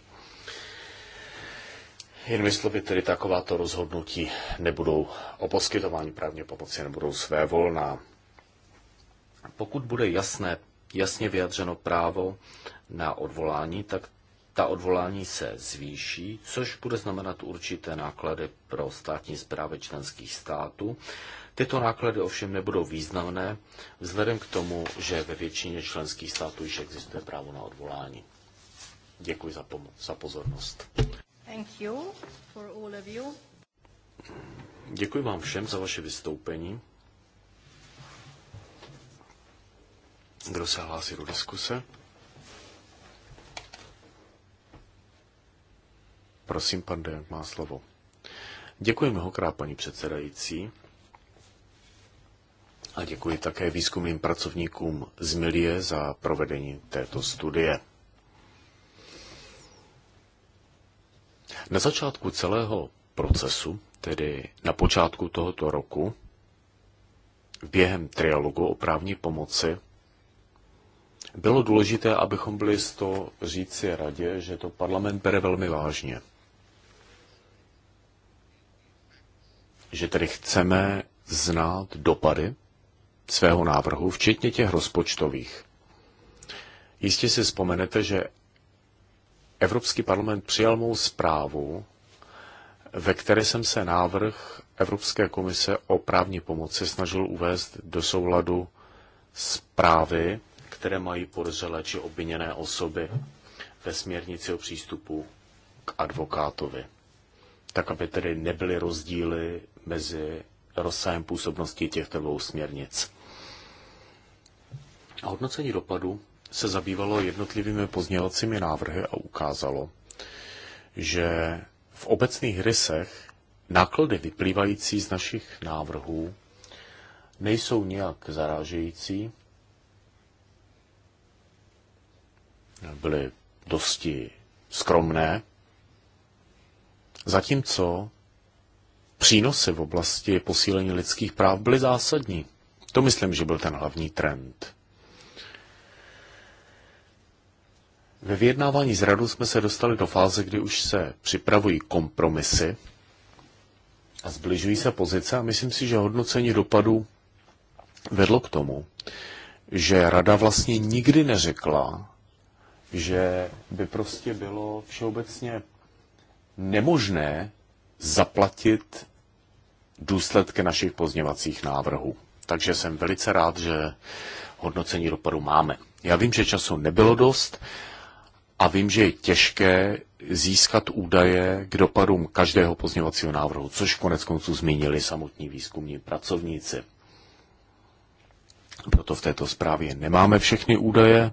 Jen že tedy takováto rozhodnutí nebudou o poskytování právní pomoci nebudou své volná. Pokud bude jasné, jasně vyjadřeno právo na odvolání, tak ta odvolání se zvýší, což bude znamenat určité náklady pro státní zprávy členských států. Tyto náklady ovšem nebudou významné, vzhledem k tomu, že ve většině členských států již existuje právo na odvolání. Děkuji za, pom- za pozornost. Thank you for all of you. Děkuji vám všem za vaše vystoupení. Kdo se hlásí do diskuse? Prosím, pan Dejak má slovo. Děkuji mnohokrát, paní předsedající. A děkuji také výzkumným pracovníkům z Milie za provedení této studie. Na začátku celého procesu, tedy na počátku tohoto roku, během trialogu o právní pomoci, bylo důležité, abychom byli z toho říci radě, že to parlament bere velmi vážně. že tedy chceme znát dopady svého návrhu, včetně těch rozpočtových. Jistě si vzpomenete, že Evropský parlament přijal mou zprávu, ve které jsem se návrh Evropské komise o právní pomoci snažil uvést do souladu zprávy, které mají podezřelé či obviněné osoby ve směrnici o přístupu k advokátovi. Tak, aby tedy nebyly rozdíly mezi rozsahem působnosti těchto dvou směrnic. A hodnocení dopadu se zabývalo jednotlivými pozměňovacími návrhy a ukázalo, že v obecných rysech náklady vyplývající z našich návrhů nejsou nijak zarážející, byly dosti skromné, zatímco přínosy v oblasti posílení lidských práv byly zásadní. To myslím, že byl ten hlavní trend. Ve vyjednávání z radu jsme se dostali do fáze, kdy už se připravují kompromisy a zbližují se pozice a myslím si, že hodnocení dopadu vedlo k tomu, že rada vlastně nikdy neřekla, že by prostě bylo všeobecně nemožné zaplatit důsledky našich pozněvacích návrhů. Takže jsem velice rád, že hodnocení dopadu máme. Já vím, že času nebylo dost a vím, že je těžké získat údaje k dopadům každého pozněvacího návrhu, což konec konců zmínili samotní výzkumní pracovníci. Proto v této zprávě nemáme všechny údaje,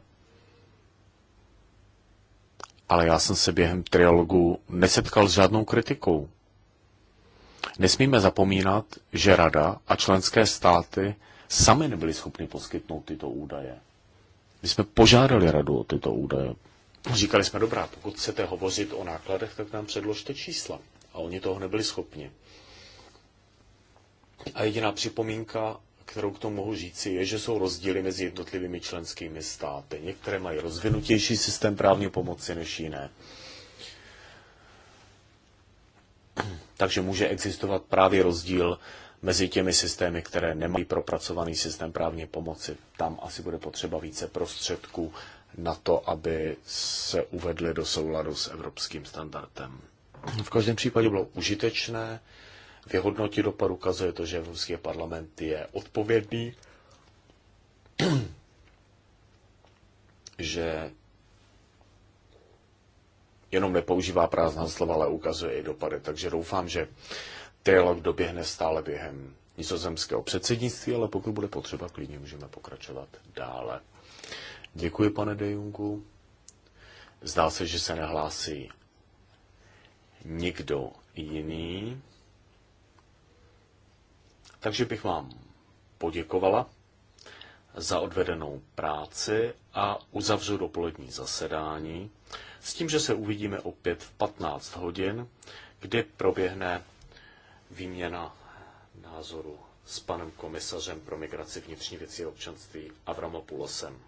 ale já jsem se během trialogu nesetkal s žádnou kritikou. Nesmíme zapomínat, že Rada a členské státy sami nebyly schopny poskytnout tyto údaje. My jsme požádali Radu o tyto údaje. Říkali jsme, dobrá, pokud chcete hovořit o nákladech, tak nám předložte čísla. A oni toho nebyli schopni. A jediná připomínka, kterou k tomu mohu říci, je, že jsou rozdíly mezi jednotlivými členskými státy. Některé mají rozvinutější systém právní pomoci než jiné. Takže může existovat právě rozdíl mezi těmi systémy, které nemají propracovaný systém právní pomoci. Tam asi bude potřeba více prostředků na to, aby se uvedly do souladu s evropským standardem. V každém případě bylo užitečné. Vyhodnotit dopad ukazuje to, že Evropský parlament je odpovědný, že jenom nepoužívá prázdná slova, ale ukazuje i dopady. Takže doufám, že dialog doběhne stále během nizozemského předsednictví, ale pokud bude potřeba, klidně můžeme pokračovat dále. Děkuji, pane De Jungu. Zdá se, že se nehlásí nikdo jiný. Takže bych vám poděkovala za odvedenou práci a uzavřu dopolední zasedání s tím, že se uvidíme opět v 15 hodin, kdy proběhne výměna názoru s panem komisařem pro migraci vnitřní věci a občanství Avramopulosem.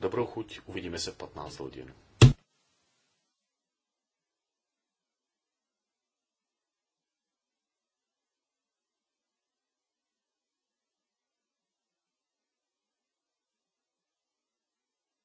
Dobrou chuť, uvidíme se v 15 hodin.